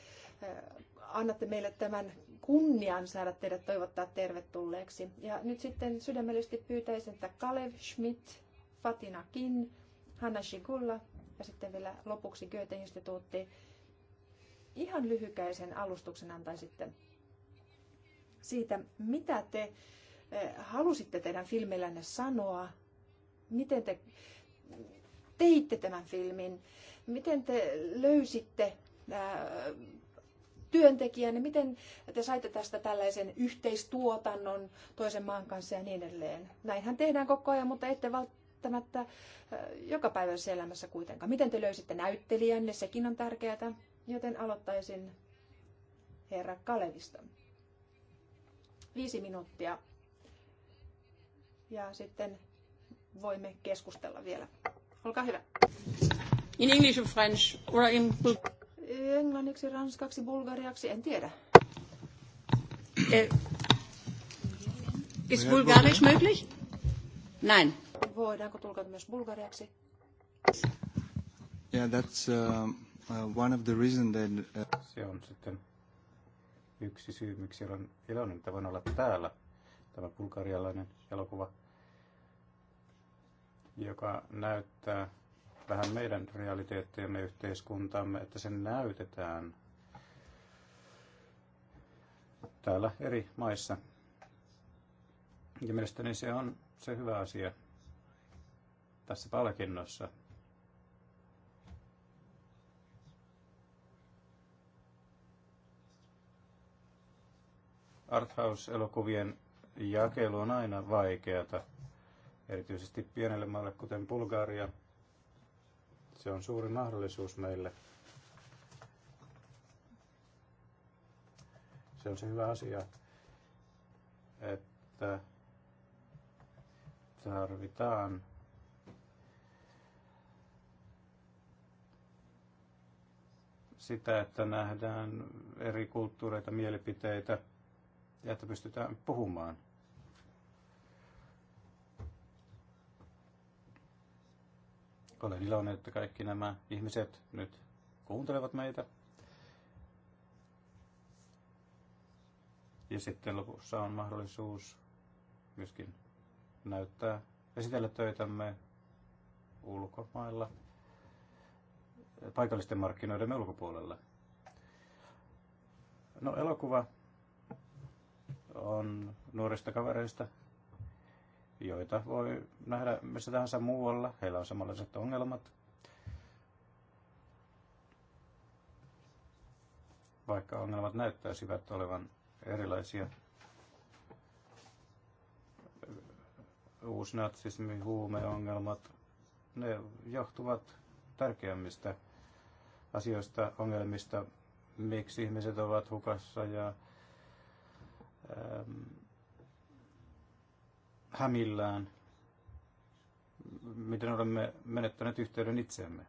annatte meille tämän kunnian saada teidät toivottaa tervetulleeksi. Ja nyt sitten sydämellisesti pyytäisin, että Kalev Schmidt Fatina Kin, Hanna Shigulla ja sitten vielä lopuksi Goethe-instituutti. Ihan lyhykäisen alustuksen antaisitte siitä, mitä te eh, halusitte teidän filmillänne sanoa, miten te teitte tämän filmin, miten te löysitte eh, työntekijänne, miten te saitte tästä tällaisen yhteistuotannon toisen maan kanssa ja niin edelleen. Näinhän tehdään koko ajan, mutta ette välttämättä äh, jokapäiväisessä elämässä kuitenkaan. Miten te löysitte näyttelijänne, sekin on tärkeää, joten aloittaisin herra Kalevista. Viisi minuuttia ja sitten voimme keskustella vielä. Olkaa hyvä. In English and French or in... Englanniksi, ranskaksi, bulgariaksi, en tiedä. Eh, Ist bulgarisch möglich? Nein. Voidaanko tulkata myös bulgariaksi? Yeah, that's uh, uh, one of the reason that... Uh... Se on sitten yksi syy, miksi olen iloinen, että voin olla täällä. Tämä bulgarialainen elokuva, joka näyttää vähän meidän realiteettiamme yhteiskuntaamme, että sen näytetään täällä eri maissa. Ja mielestäni se on se hyvä asia, tässä palkinnossa. Arthouse-elokuvien jakelu on aina vaikeata, erityisesti pienelle maalle kuten Bulgaria. Se on suuri mahdollisuus meille. Se on se hyvä asia, että tarvitaan sitä, että nähdään eri kulttuureita, mielipiteitä ja että pystytään puhumaan. Olen iloinen, että kaikki nämä ihmiset nyt kuuntelevat meitä. Ja sitten lopussa on mahdollisuus myöskin näyttää, esitellä töitämme ulkomailla paikallisten markkinoiden ulkopuolelle. No elokuva on nuorista kavereista, joita voi nähdä missä tahansa muualla. Heillä on samanlaiset ongelmat. Vaikka ongelmat näyttäisivät olevan erilaisia. Uusnatsismi, huumeongelmat, ne johtuvat tärkeämmistä asioista, ongelmista, miksi ihmiset ovat hukassa ja ähm, hämillään, miten olemme menettäneet yhteyden itseemme.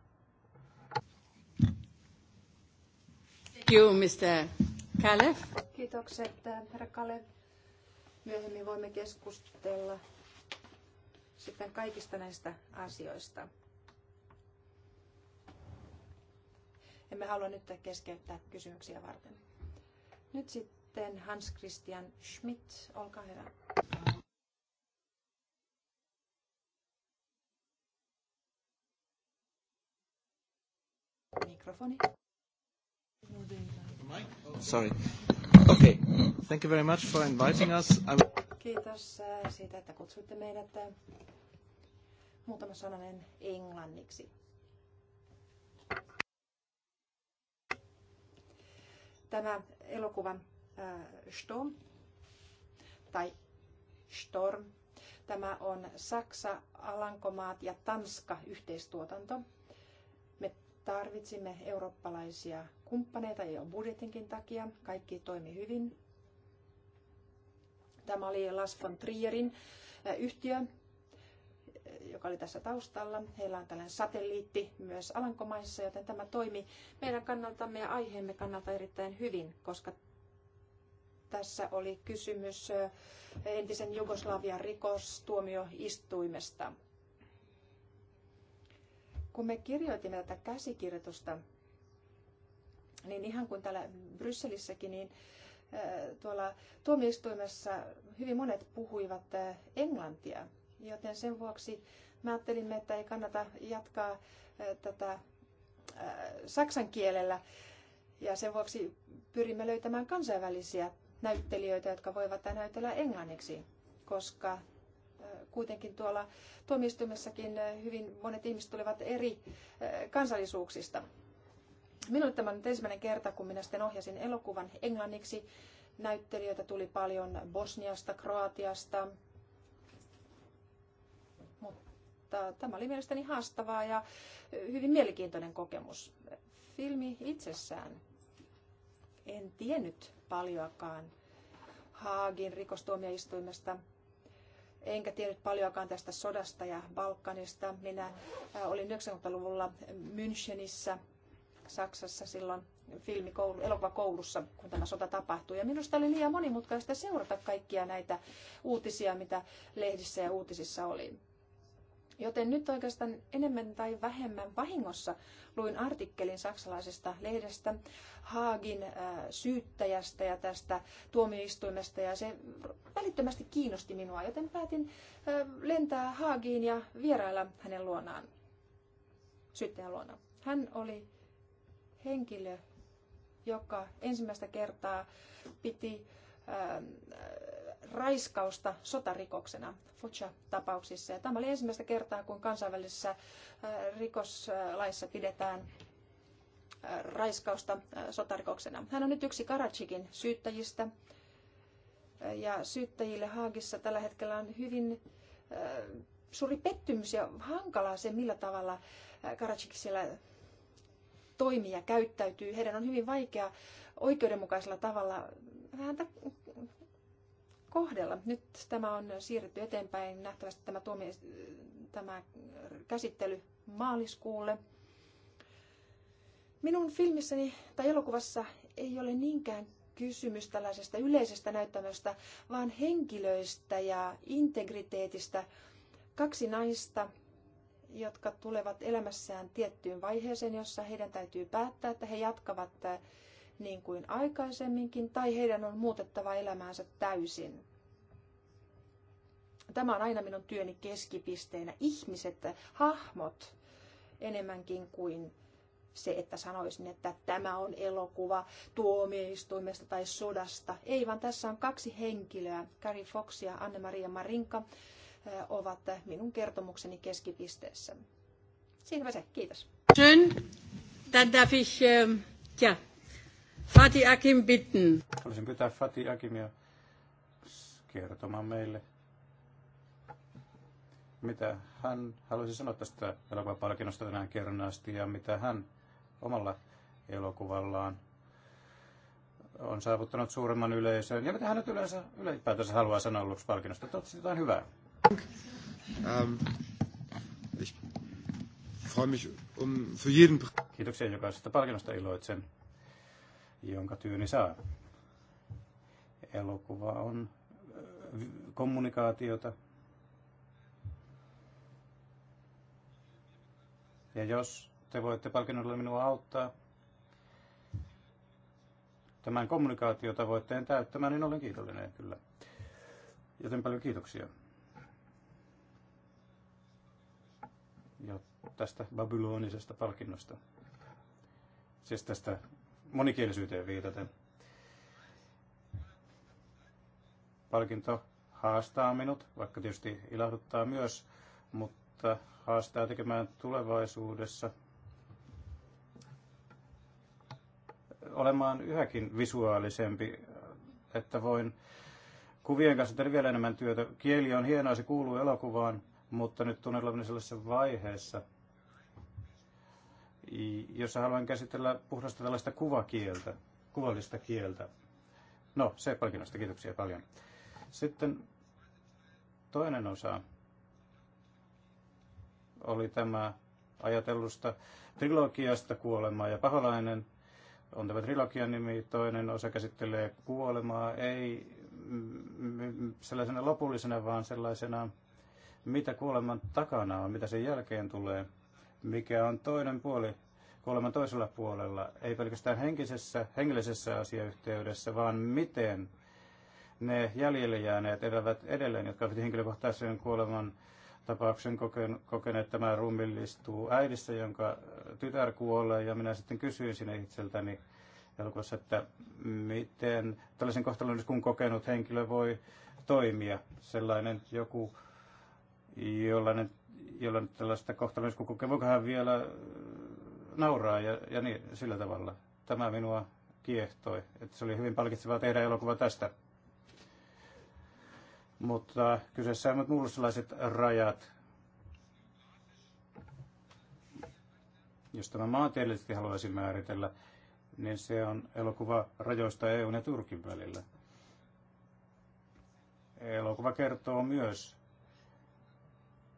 Kalev. Kiitokset, herra Kalev. Myöhemmin voimme keskustella sitten kaikista näistä asioista. Emme halua nyt keskeyttää kysymyksiä varten. Nyt sitten Hans Christian Schmidt, olkaa hyvä. Mikrofoni. Sorry. Okay. Thank you very much for inviting us. I'm... Kiitos äh, siitä, että kutsuitte meidät. Äh, muutama sananen englanniksi. tämä äh, Storm tai Storm. Tämä on Saksa, Alankomaat ja Tanska yhteistuotanto. Me tarvitsimme eurooppalaisia kumppaneita jo budjetinkin takia. Kaikki toimi hyvin. Tämä oli Las von Trierin äh, yhtiö, joka oli tässä taustalla. Heillä on tällainen satelliitti myös Alankomaissa, joten tämä toimi meidän kannaltamme ja aiheemme kannalta erittäin hyvin, koska tässä oli kysymys entisen Jugoslavian rikostuomioistuimesta. Kun me kirjoitimme tätä käsikirjoitusta, niin ihan kuin täällä Brysselissäkin, niin tuolla tuomioistuimessa hyvin monet puhuivat englantia, joten sen vuoksi mä ajattelimme, että ei kannata jatkaa tätä saksan kielellä. Ja sen vuoksi pyrimme löytämään kansainvälisiä näyttelijöitä, jotka voivat näytellä englanniksi, koska kuitenkin tuolla tuomistumessakin hyvin monet ihmiset tulevat eri kansallisuuksista. Minulle tämä on nyt ensimmäinen kerta, kun minä sitten ohjasin elokuvan englanniksi. Näyttelijöitä tuli paljon Bosniasta, Kroatiasta, mutta tämä oli mielestäni haastavaa ja hyvin mielenkiintoinen kokemus. Filmi itsessään. En tiennyt paljoakaan Haagin rikostuomioistuimesta, enkä tiennyt paljoakaan tästä sodasta ja Balkanista. Minä olin 90-luvulla Münchenissä, Saksassa silloin filmikoulu, elokuvakoulussa, kun tämä sota tapahtui. Ja minusta oli liian monimutkaista seurata kaikkia näitä uutisia, mitä lehdissä ja uutisissa oli. Joten nyt oikeastaan enemmän tai vähemmän vahingossa luin artikkelin saksalaisesta lehdestä Haagin äh, syyttäjästä ja tästä tuomioistuimesta ja se välittömästi kiinnosti minua, joten päätin äh, lentää Haagiin ja vierailla hänen luonaan, syyttäjän luona. Hän oli henkilö, joka ensimmäistä kertaa piti äh, raiskausta sotarikoksena Fucha-tapauksissa. Ja tämä oli ensimmäistä kertaa, kun kansainvälisessä äh, rikoslaissa pidetään äh, raiskausta äh, sotarikoksena. Hän on nyt yksi Karachikin syyttäjistä. Ja syyttäjille Haagissa tällä hetkellä on hyvin suuri pettymys ja hankalaa se, millä tavalla Karachik siellä toimii ja käyttäytyy. Heidän on hyvin vaikea oikeudenmukaisella tavalla häntä kohdella. Nyt tämä on siirretty eteenpäin, nähtävästi tämä, tuomi, äh, tämä käsittely maaliskuulle. Minun filmissäni tai elokuvassa ei ole niinkään kysymys tällaisesta yleisestä näyttämöstä, vaan henkilöistä ja integriteetistä. Kaksi naista, jotka tulevat elämässään tiettyyn vaiheeseen, jossa heidän täytyy päättää, että he jatkavat äh, niin kuin aikaisemminkin, tai heidän on muutettava elämäänsä täysin. Tämä on aina minun työni keskipisteenä. Ihmiset, hahmot enemmänkin kuin se, että sanoisin, että tämä on elokuva tuomioistuimesta tai sodasta. Ei, vaan tässä on kaksi henkilöä, Kari Fox ja Anne-Maria Marinka, eh, ovat minun kertomukseni keskipisteessä. Siinäpä se, kiitos. Schön. Dann darf ich, ähm, ja, Fatih Akin bitten. Haluaisin pyytää Fatih Akimia kertomaan meille, mitä hän haluaisi sanoa tästä elokuvapalkinnosta tänään kerran asti ja mitä hän omalla elokuvallaan on saavuttanut suuremman yleisön. Ja mitä hän nyt yleensä ylipäätänsä haluaa sanoa Lux palkinnosta? Toivottavasti jotain hyvää. Um, ich freue mich um für jeden... Kiitoksia jokaisesta palkinnosta iloitsen jonka tyyni saa. Elokuva on kommunikaatiota. Ja jos te voitte palkinnolla minua auttaa tämän kommunikaatiotavoitteen täyttämään, niin olen kiitollinen kyllä. Joten paljon kiitoksia. Ja tästä babylonisesta palkinnosta. Siis tästä monikielisyyteen viitaten. Palkinto haastaa minut, vaikka tietysti ilahduttaa myös, mutta haastaa tekemään tulevaisuudessa olemaan yhäkin visuaalisempi, että voin kuvien kanssa tehdä vielä enemmän työtä. Kieli on hienoa, se kuuluu elokuvaan, mutta nyt tunnen olevani sellaisessa vaiheessa, jossa haluan käsitellä puhdasta tällaista kuvakieltä, kuvallista kieltä. No, se palkinnosta, kiitoksia paljon. Sitten toinen osa oli tämä ajatellusta trilogiasta kuolema ja paholainen. On tämä trilogian nimi, toinen osa käsittelee kuolemaa, ei sellaisena lopullisena, vaan sellaisena, mitä kuoleman takana on, mitä sen jälkeen tulee – mikä on toinen puoli Kolman toisella puolella, ei pelkästään henkisessä, hengellisessä asiayhteydessä, vaan miten ne jäljelle jääneet elävät edelleen, jotka ovat henkilökohtaisen kuoleman tapauksen kokeneet. Tämä rummillistuu äidissä, jonka tytär kuolee, ja minä sitten kysyin sinne itseltäni elokuvassa, että miten tällaisen kohtalon kun kokenut henkilö voi toimia, sellainen joku jollainen jolla nyt tällaista kohtaloiskua kokee, voiko hän vielä äh, nauraa ja, ja niin, sillä tavalla. Tämä minua kiehtoi. Että se oli hyvin palkitsevaa tehdä elokuva tästä. Mutta kyseessä on muunlaiset rajat. Jos tämä maantieteellisesti haluaisi määritellä, niin se on elokuva rajoista EUn ja Turkin välillä. Elokuva kertoo myös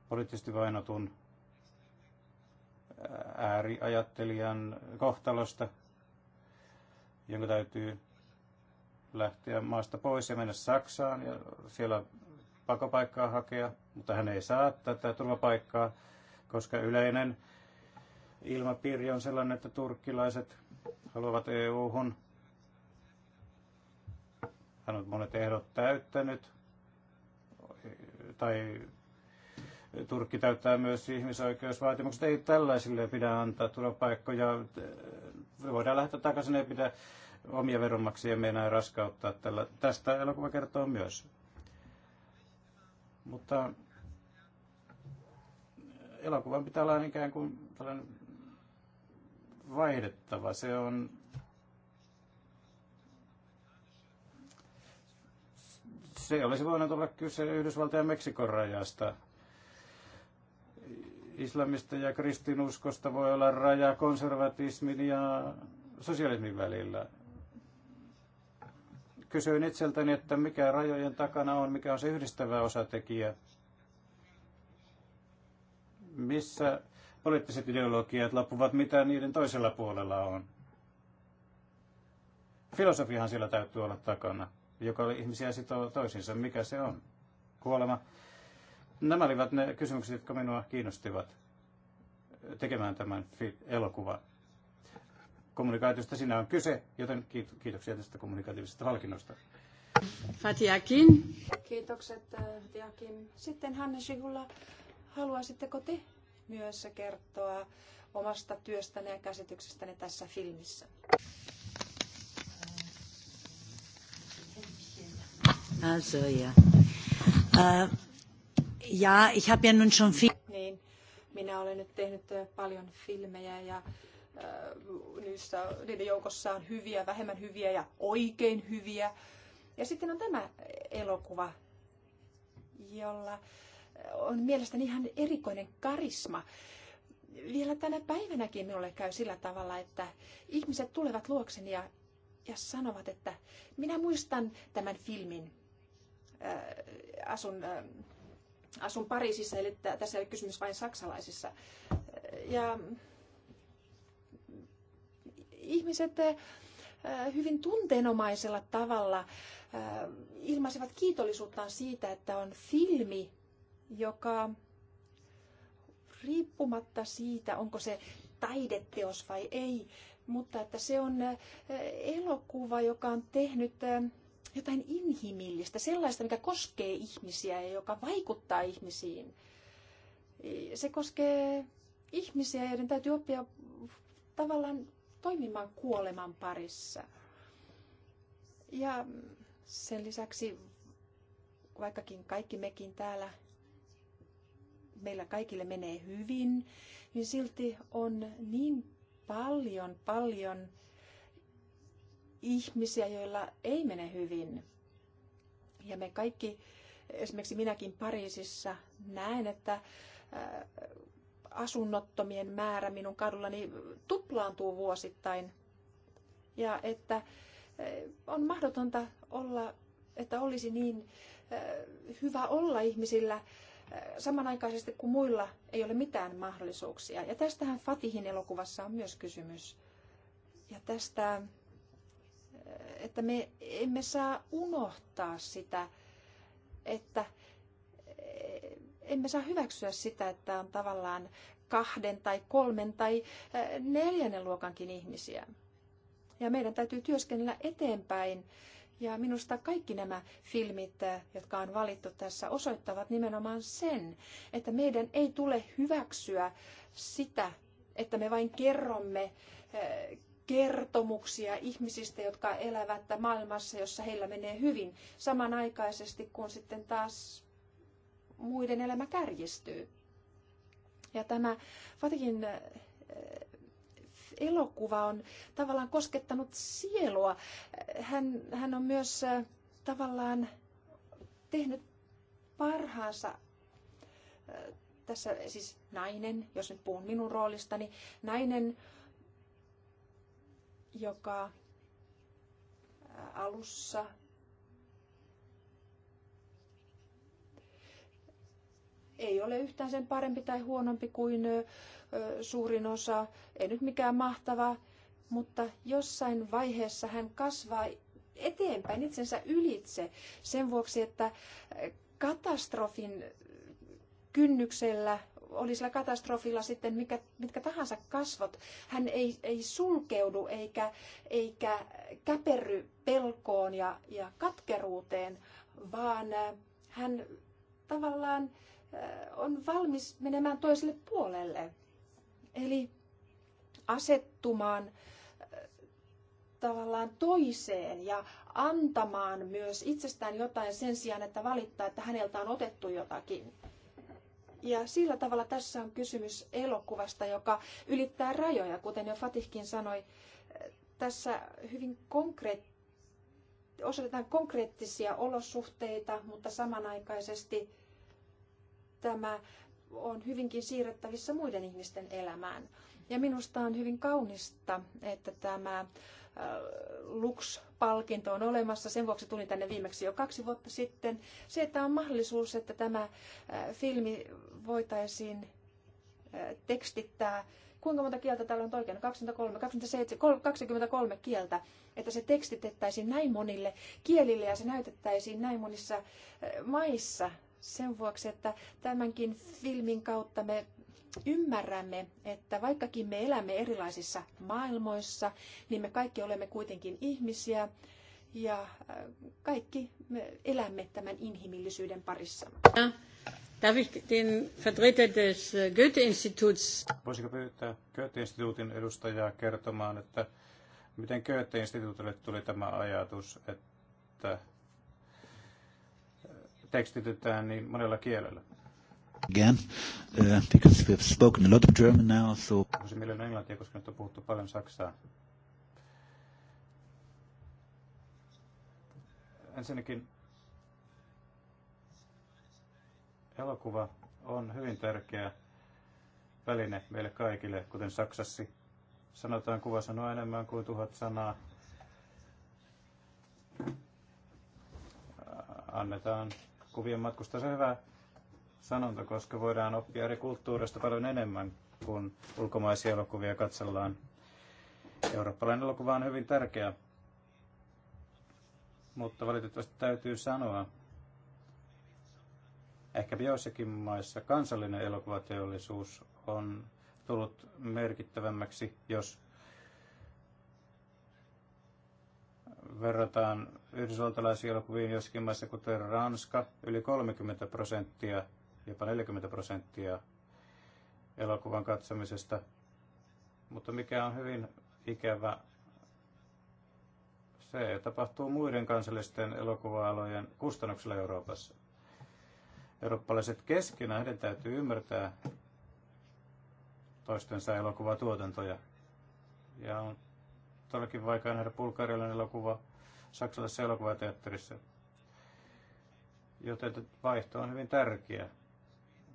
poliittisesti vainotun ääriajattelijan kohtalosta, jonka täytyy lähteä maasta pois ja mennä Saksaan ja siellä pakopaikkaa hakea, mutta hän ei saa tätä turvapaikkaa, koska yleinen ilmapiiri on sellainen, että turkkilaiset haluavat EU-hun. Hän on monet ehdot täyttänyt tai Turkki täyttää myös ihmisoikeusvaatimukset. Ei tällaisille pidä antaa turvapaikkoja. Voidaan lähteä takaisin, ei pidä omia veronmaksajia meinaa raskauttaa. Tällä. Tästä elokuva kertoo myös. Mutta elokuvan pitää olla ikään kuin tällainen vaihdettava. Se on se olisi voinut olla kyse Yhdysvaltain ja Meksikon rajasta, islamista ja kristinuskosta voi olla raja konservatismin ja sosialismin välillä. Kysyin itseltäni, että mikä rajojen takana on, mikä on se yhdistävä osatekijä. Missä poliittiset ideologiat loppuvat, mitä niiden toisella puolella on. Filosofiahan siellä täytyy olla takana, joka ihmisiä sitoo toisiinsa. Mikä se on? Kuolema, Nämä olivat ne kysymykset, jotka minua kiinnostivat tekemään tämän elokuvan. Kommunikaatiosta siinä on kyse, joten kiitoksia tästä kommunikatiivisesta palkinnosta. Fatiakin. Kiitokset äh, Fatiakin. Sitten Hanne Sigulla, haluaisitteko te myös kertoa omasta työstäne ja käsityksestäne tässä filmissä? Äh, also ja, ich habe ja nun schon viel... Niin, minä olen nyt tehnyt äh, paljon filmejä ja äh, niistä, niiden joukossa on hyviä, vähemmän hyviä ja oikein hyviä. Ja sitten on tämä elokuva, jolla äh, on mielestäni ihan erikoinen karisma. Vielä tänä päivänäkin minulle käy sillä tavalla, että ihmiset tulevat luokseni ja, ja sanovat, että minä muistan tämän filmin. Äh, asun äh, Asun Pariisissa, eli tässä ei ole kysymys vain saksalaisissa. Ja ihmiset eh, eh, hyvin tunteenomaisella tavalla eh, ilmaisivat kiitollisuuttaan siitä, että on filmi, joka riippumatta siitä, onko se taideteos vai ei, mutta että se on elokuva, joka on tehnyt jotain inhimillistä, sellaista, mikä koskee ihmisiä ja joka vaikuttaa ihmisiin. Se koskee ihmisiä, joiden täytyy oppia tavallaan toimimaan kuoleman parissa. Ja sen lisäksi, vaikkakin kaikki mekin täällä, meillä kaikille menee hyvin, niin silti on niin paljon, paljon ihmisiä, joilla ei mene hyvin. Ja me kaikki, esimerkiksi minäkin Pariisissa, näen, että äh, asunnottomien määrä minun kadullani tuplaantuu vuosittain. Ja että äh, on mahdotonta olla, että olisi niin äh, hyvä olla ihmisillä samanaikaisesti kuin muilla ei ole mitään mahdollisuuksia. Ja tästähän Fatihin elokuvassa on myös kysymys. Ja tästä että me emme saa unohtaa sitä, että emme saa hyväksyä sitä, että on tavallaan kahden tai kolmen tai eh, neljännen luokankin ihmisiä. Ja meidän täytyy työskennellä eteenpäin. Ja minusta kaikki nämä filmit, eh, jotka on valittu tässä, osoittavat nimenomaan sen, että meidän ei tule hyväksyä sitä, että me vain kerromme eh, kertomuksia ihmisistä, jotka elävät maailmassa, jossa heillä menee hyvin, samanaikaisesti kun sitten taas muiden elämä kärjistyy. Ja tämä Fatikin äh, elokuva on tavallaan koskettanut sielua. Hän, hän on myös äh, tavallaan tehnyt parhaansa äh, tässä siis nainen, jos nyt puhun minun roolistani, nainen joka alussa ei ole yhtään sen parempi tai huonompi kuin suurin osa, ei nyt mikään mahtava, mutta jossain vaiheessa hän kasvaa eteenpäin itsensä ylitse sen vuoksi, että katastrofin kynnyksellä oli sillä katastrofilla sitten mikä, mitkä tahansa kasvot, hän ei, ei sulkeudu eikä, eikä käperry pelkoon ja, ja katkeruuteen, vaan äh, hän tavallaan äh, on valmis menemään toiselle puolelle. Eli asettumaan äh, tavallaan toiseen ja antamaan myös itsestään jotain sen sijaan, että valittaa, että häneltä on otettu jotakin. Ja sillä tavalla tässä on kysymys elokuvasta, joka ylittää rajoja, kuten jo Fatihkin sanoi. Tässä hyvin konkreet, osoitetaan konkreettisia olosuhteita, mutta samanaikaisesti tämä on hyvinkin siirrettävissä muiden ihmisten elämään. Ja minusta on hyvin kaunista, että tämä Lux-palkinto on olemassa. Sen vuoksi tulin tänne viimeksi jo kaksi vuotta sitten. Se, että on mahdollisuus, että tämä filmi voitaisiin tekstittää, kuinka monta kieltä täällä on oikein, 23, 27, 23 kieltä, että se tekstitettäisiin näin monille kielille ja se näytettäisiin näin monissa maissa sen vuoksi, että tämänkin filmin kautta me ymmärrämme, että vaikkakin me elämme erilaisissa maailmoissa, niin me kaikki olemme kuitenkin ihmisiä ja kaikki me elämme tämän inhimillisyyden parissa. Darf ich den Vertreter des äh, Goethe-Instituts? Voisiko pyytää Goethe-instituutin edustajaa kertomaan, että miten Goethe-instituutille tuli tämä ajatus, että äh, tekstitetään niin monella kielellä? Again, uh, because we've spoken a lot of German now, so... Voisin mielelläni englantia, koska nyt on puhuttu paljon saksaa. Ensinnäkin Elokuva on hyvin tärkeä väline meille kaikille, kuten Saksassa Sanotaan kuva sanoa enemmän kuin tuhat sanaa. Annetaan kuvien matkusta se hyvä sanonta, koska voidaan oppia eri kulttuurista paljon enemmän, kuin ulkomaisia elokuvia katsellaan. Eurooppalainen elokuva on hyvin tärkeä, mutta valitettavasti täytyy sanoa, Ehkä joissakin maissa kansallinen elokuvateollisuus on tullut merkittävämmäksi, jos verrataan yhdysvaltalaisiin elokuviin joissakin maissa, kuten Ranska, yli 30 prosenttia, jopa 40 prosenttia elokuvan katsomisesta. Mutta mikä on hyvin ikävä, se tapahtuu muiden kansallisten elokuva-alojen kustannuksella Euroopassa eurooppalaiset keskenään, heidän täytyy ymmärtää toistensa elokuvatuotantoja. Ja on todellakin vaikea nähdä bulgarialainen elokuva saksalaisessa elokuvateatterissa. Joten vaihto on hyvin tärkeä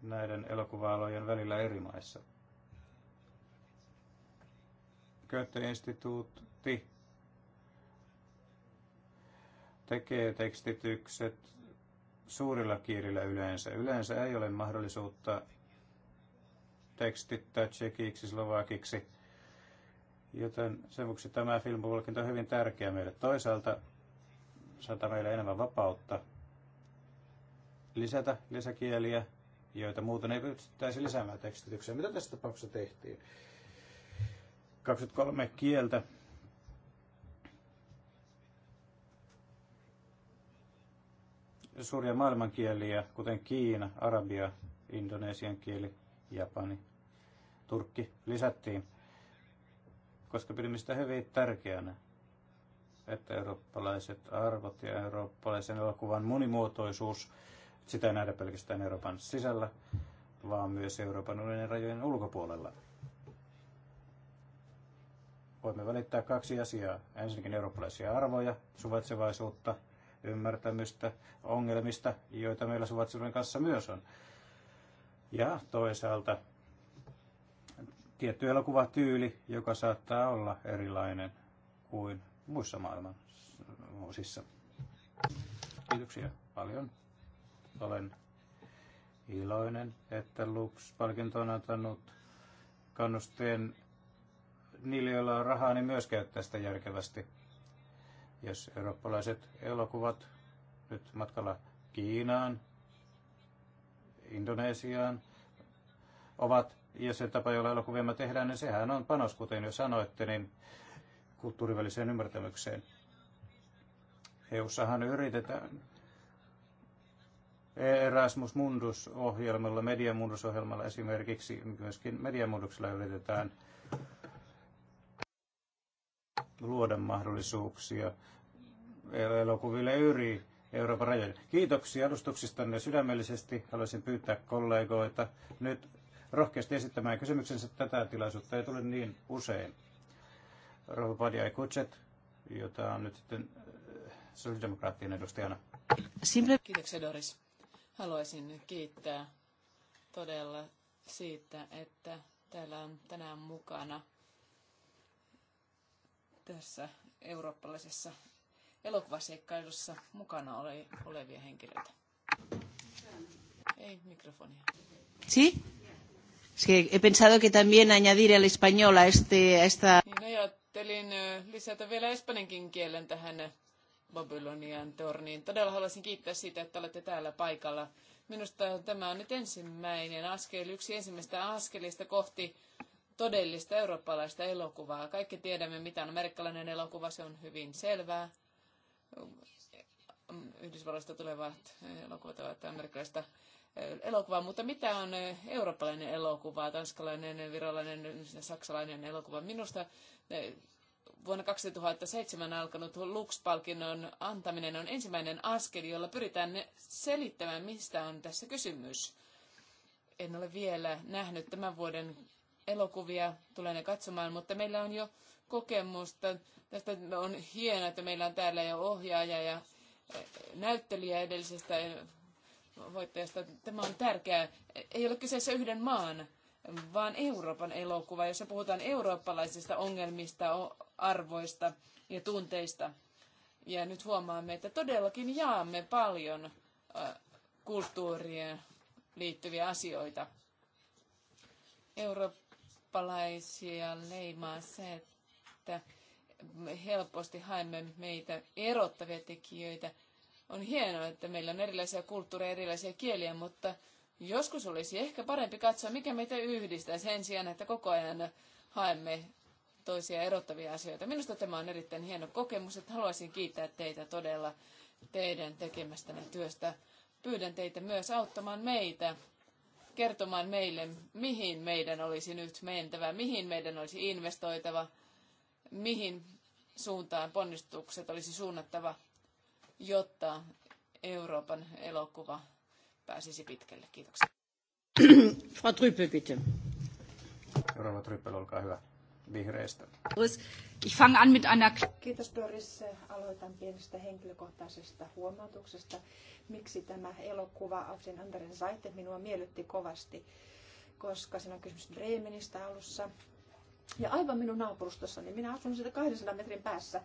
näiden elokuva-alojen välillä eri maissa. Goethe-instituutti tekee tekstitykset suurilla kiirillä yleensä. Yleensä ei ole mahdollisuutta tekstittää tsekiksi, slovakiksi, joten sen vuoksi tämä filmipalkinto on hyvin tärkeä meille. Toisaalta saattaa meille enemmän vapautta lisätä lisäkieliä, joita muuten ei pystyttäisi lisäämään tekstitykseen. Mitä tässä tapauksessa tehtiin? 23 kieltä suuria maailmankieliä, kuten Kiina, Arabia, Indonesian kieli, Japani, Turkki lisättiin, koska pidimme sitä hyvin tärkeänä, että eurooppalaiset arvot ja eurooppalaisen elokuvan monimuotoisuus, sitä ei nähdä pelkästään Euroopan sisällä, vaan myös Euroopan unionin rajojen ulkopuolella. Voimme välittää kaksi asiaa. Ensinnäkin eurooppalaisia arvoja, suvaitsevaisuutta – ymmärtämystä ongelmista, joita meillä suvaitsevuuden kanssa myös on. Ja toisaalta tietty elokuvatyyli, joka saattaa olla erilainen kuin muissa maailman osissa. Kiitoksia paljon. Olen iloinen, että Lux-palkinto on antanut kannusteen niille, joilla on rahaa, niin myös käyttää sitä järkevästi. Jos eurooppalaiset elokuvat nyt matkalla Kiinaan, Indonesiaan ovat, ja se tapa, jolla elokuvia tehdään, niin sehän on panos, kuten jo sanoitte, niin kulttuuriväliseen ymmärtämykseen. EU-sahan yritetään Erasmus Mundus-ohjelmalla, Media Mundus-ohjelmalla esimerkiksi, myöskin Media yritetään luoda mahdollisuuksia elokuville yri Euroopan rajoille. Kiitoksia alustuksistanne sydämellisesti. Haluaisin pyytää kollegoita nyt rohkeasti esittämään kysymyksensä. Tätä tilaisuutta ei tule niin usein. Padiai Kutset, jota on nyt sitten äh, sosiaalidemokraattien edustajana. Kiitoksia Doris. Haluaisin kiittää todella siitä, että täällä on tänään mukana – tässä eurooppalaisessa elokuvaseikkailussa mukana ole, olevia henkilöitä. Ei mikrofonia. Sí? Es que he pensado que también añadir el español a este... A esta... Niin no, ajattelin lisätä vielä espanjankin kielen tähän Babylonian torniin. Todella haluaisin kiittää siitä, että olette täällä paikalla. Minusta tämä on nyt ensimmäinen askel, yksi ensimmäistä askelista kohti todellista eurooppalaista elokuvaa. Kaikki tiedämme, mitä on amerikkalainen elokuva, se on hyvin selvää. Yhdysvalloista tulevat elokuvat ovat amerikkalaista eh, elokuvaa, mutta mitä on eh, eurooppalainen elokuva, tanskalainen, virolainen, saksalainen elokuva? Minusta eh, vuonna 2007 alkanut Lux-palkinnon antaminen on ensimmäinen askel, jolla pyritään selittämään, mistä on tässä kysymys. En ole vielä nähnyt tämän vuoden elokuvia tulee ne katsomaan, mutta meillä on jo kokemusta. Tästä on hienoa, että meillä on täällä jo ohjaaja ja eh, näyttelijä edellisestä eh, voittajasta. Tämä on tärkeää. Ei ole kyseessä yhden maan, vaan Euroopan elokuva, jossa puhutaan eurooppalaisista ongelmista, arvoista ja tunteista. Ja nyt huomaamme, että todellakin jaamme paljon eh, kulttuurien liittyviä asioita. Eurooppa eurooppalaisia leimaa se, että helposti haemme meitä erottavia tekijöitä. On hienoa, että meillä on erilaisia kulttuureja, erilaisia kieliä, mutta joskus olisi ehkä parempi katsoa, mikä meitä yhdistää sen sijaan, että koko ajan haemme toisia erottavia asioita. Minusta tämä on erittäin hieno kokemus, että haluaisin kiittää teitä todella teidän tekemästänne työstä. Pyydän teitä myös auttamaan meitä kertomaan meille, mihin meidän olisi nyt mentävä, mihin meidän olisi investoitava, mihin suuntaan ponnistukset olisi suunnattava, jotta Euroopan elokuva pääsisi pitkälle. Kiitoksia. Frau Tryppel, bitte. Seuraava Tryppel, olkaa hyvä vihreistä. Ich fange an mit einer... Kiitos Doris. Aloitan pienestä henkilökohtaisesta huomautuksesta. Miksi tämä elokuva Auf den anderen Seite minua miellytti kovasti, koska siinä on kysymys Bremenistä alussa. Ja aivan minun naapurustossani, minä asun sitä 200 metrin päässä.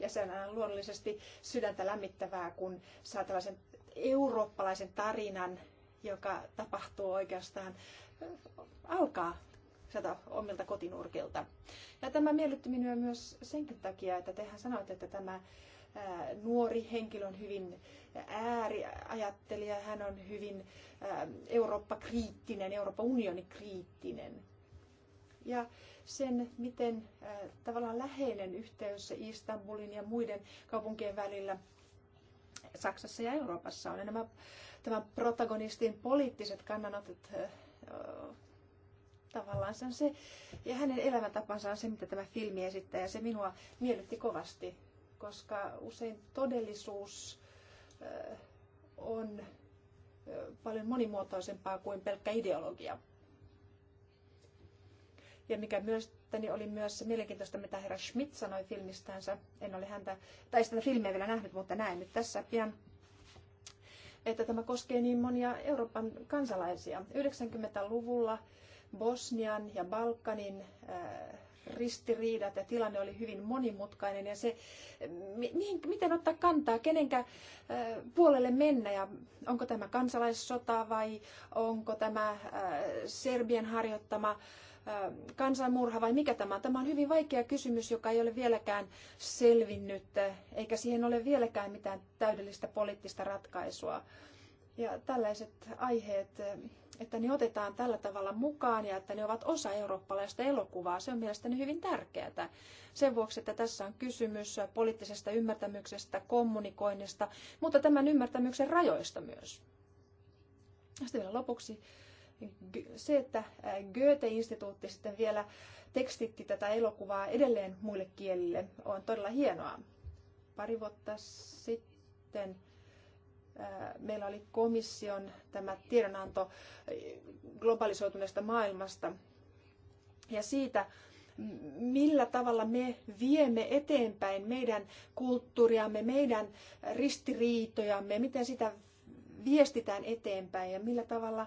Ja se on luonnollisesti sydäntä lämmittävää, kun saa tällaisen eurooppalaisen tarinan, joka tapahtuu oikeastaan, äh, alkaa sieltä omilta kotinurkilta. Ja tämä miellytti minua myös senkin takia, että tehän sanoitte, että tämä nuori henkilö on hyvin ääriajattelija, hän on hyvin Eurooppa-kriittinen, Euroopan unioni kriittinen. Ja sen, miten tavallaan läheinen yhteys Istanbulin ja muiden kaupunkien välillä Saksassa ja Euroopassa on. Ja nämä, tämän protagonistin poliittiset kannanotot tavallaan se on se, ja hänen elämäntapansa on se, mitä tämä filmi esittää, ja se minua miellytti kovasti, koska usein todellisuus on paljon monimuotoisempaa kuin pelkkä ideologia. Ja mikä mielestäni oli myös mielenkiintoista, mitä herra Schmidt sanoi filmistänsä. En ole häntä, tai sitä filmiä vielä nähnyt, mutta näen nyt tässä pian että tämä koskee niin monia Euroopan kansalaisia. 90-luvulla Bosnian ja Balkanin äh, ristiriidat ja tilanne oli hyvin monimutkainen ja se, mihin, miten ottaa kantaa, kenenkä äh, puolelle mennä ja onko tämä kansalaissota vai onko tämä äh, Serbian harjoittama kansanmurha vai mikä tämä on? Tämä on hyvin vaikea kysymys, joka ei ole vieläkään selvinnyt, eikä siihen ole vieläkään mitään täydellistä poliittista ratkaisua. Ja tällaiset aiheet että ne otetaan tällä tavalla mukaan ja että ne ovat osa eurooppalaista elokuvaa. Se on mielestäni hyvin tärkeää. Sen vuoksi, että tässä on kysymys poliittisesta ymmärtämyksestä, kommunikoinnista, mutta tämän ymmärtämyksen rajoista myös. Sitten vielä lopuksi se, että Goethe-instituutti sitten vielä tekstitti tätä elokuvaa edelleen muille kielille, on todella hienoa. Pari vuotta sitten meillä oli komission tämä tiedonanto globalisoituneesta maailmasta ja siitä, millä tavalla me viemme eteenpäin meidän kulttuuriamme, meidän ristiriitojamme, miten sitä viestitään eteenpäin ja millä tavalla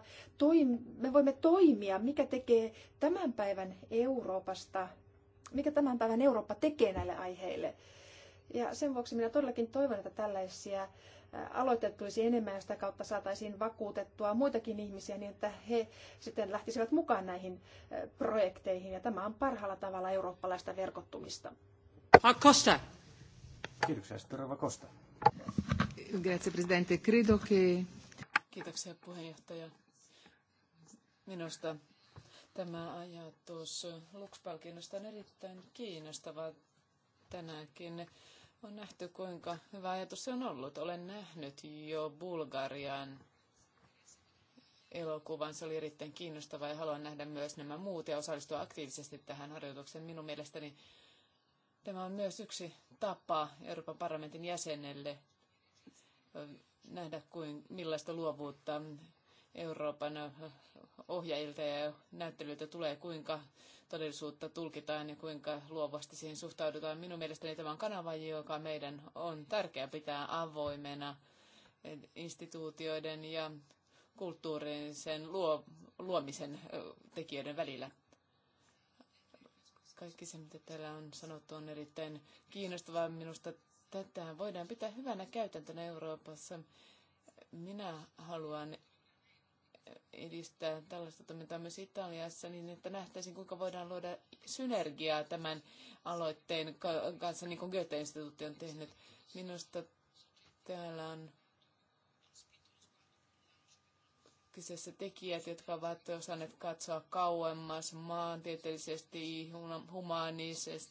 me voimme toimia, mikä tekee tämän päivän Euroopasta, mikä tämän päivän Eurooppa tekee näille aiheille. Ja sen vuoksi minä todellakin toivon, että tällaisia aloitettuisi enemmän ja sitä kautta saataisiin vakuutettua muitakin ihmisiä niin, että he sitten lähtisivät mukaan näihin projekteihin. Ja tämä on parhaalla tavalla eurooppalaista verkottumista. Costa. Kiitoksia, Storava Costa. Grazie, Presidente. Credo che... Kiitoksia, puheenjohtaja. Minusta tämä ajatus Lux-palkinnosta on erittäin kiinnostava tänäänkin on nähty, kuinka hyvä ajatus se on ollut. Olen nähnyt jo Bulgarian elokuvan. Se oli erittäin kiinnostava ja haluan nähdä myös nämä muut ja osallistua aktiivisesti tähän harjoitukseen. Minun mielestäni tämä on myös yksi tapa Euroopan parlamentin jäsenelle nähdä, kuin, millaista luovuutta Euroopan ohjaajilta ja näyttelyiltä tulee, kuinka todellisuutta tulkitaan ja kuinka luovasti siihen suhtaudutaan. Minun mielestäni tämä on kanava, joka meidän on tärkeää pitää avoimena eh, instituutioiden ja sen luo, luomisen tekijöiden välillä. Kaikki se, mitä täällä on sanottu, on erittäin kiinnostavaa. Minusta tätä voidaan pitää hyvänä käytäntönä Euroopassa. Minä haluan edistää tällaista toimintaa myös Italiassa, niin että nähtäisiin, kuinka voidaan luoda synergiaa tämän aloitteen kanssa, niin kuin Goethe-instituutti on tehnyt. Minusta täällä on kyseessä tekijät, jotka ovat osanneet katsoa kauemmas maantieteellisesti,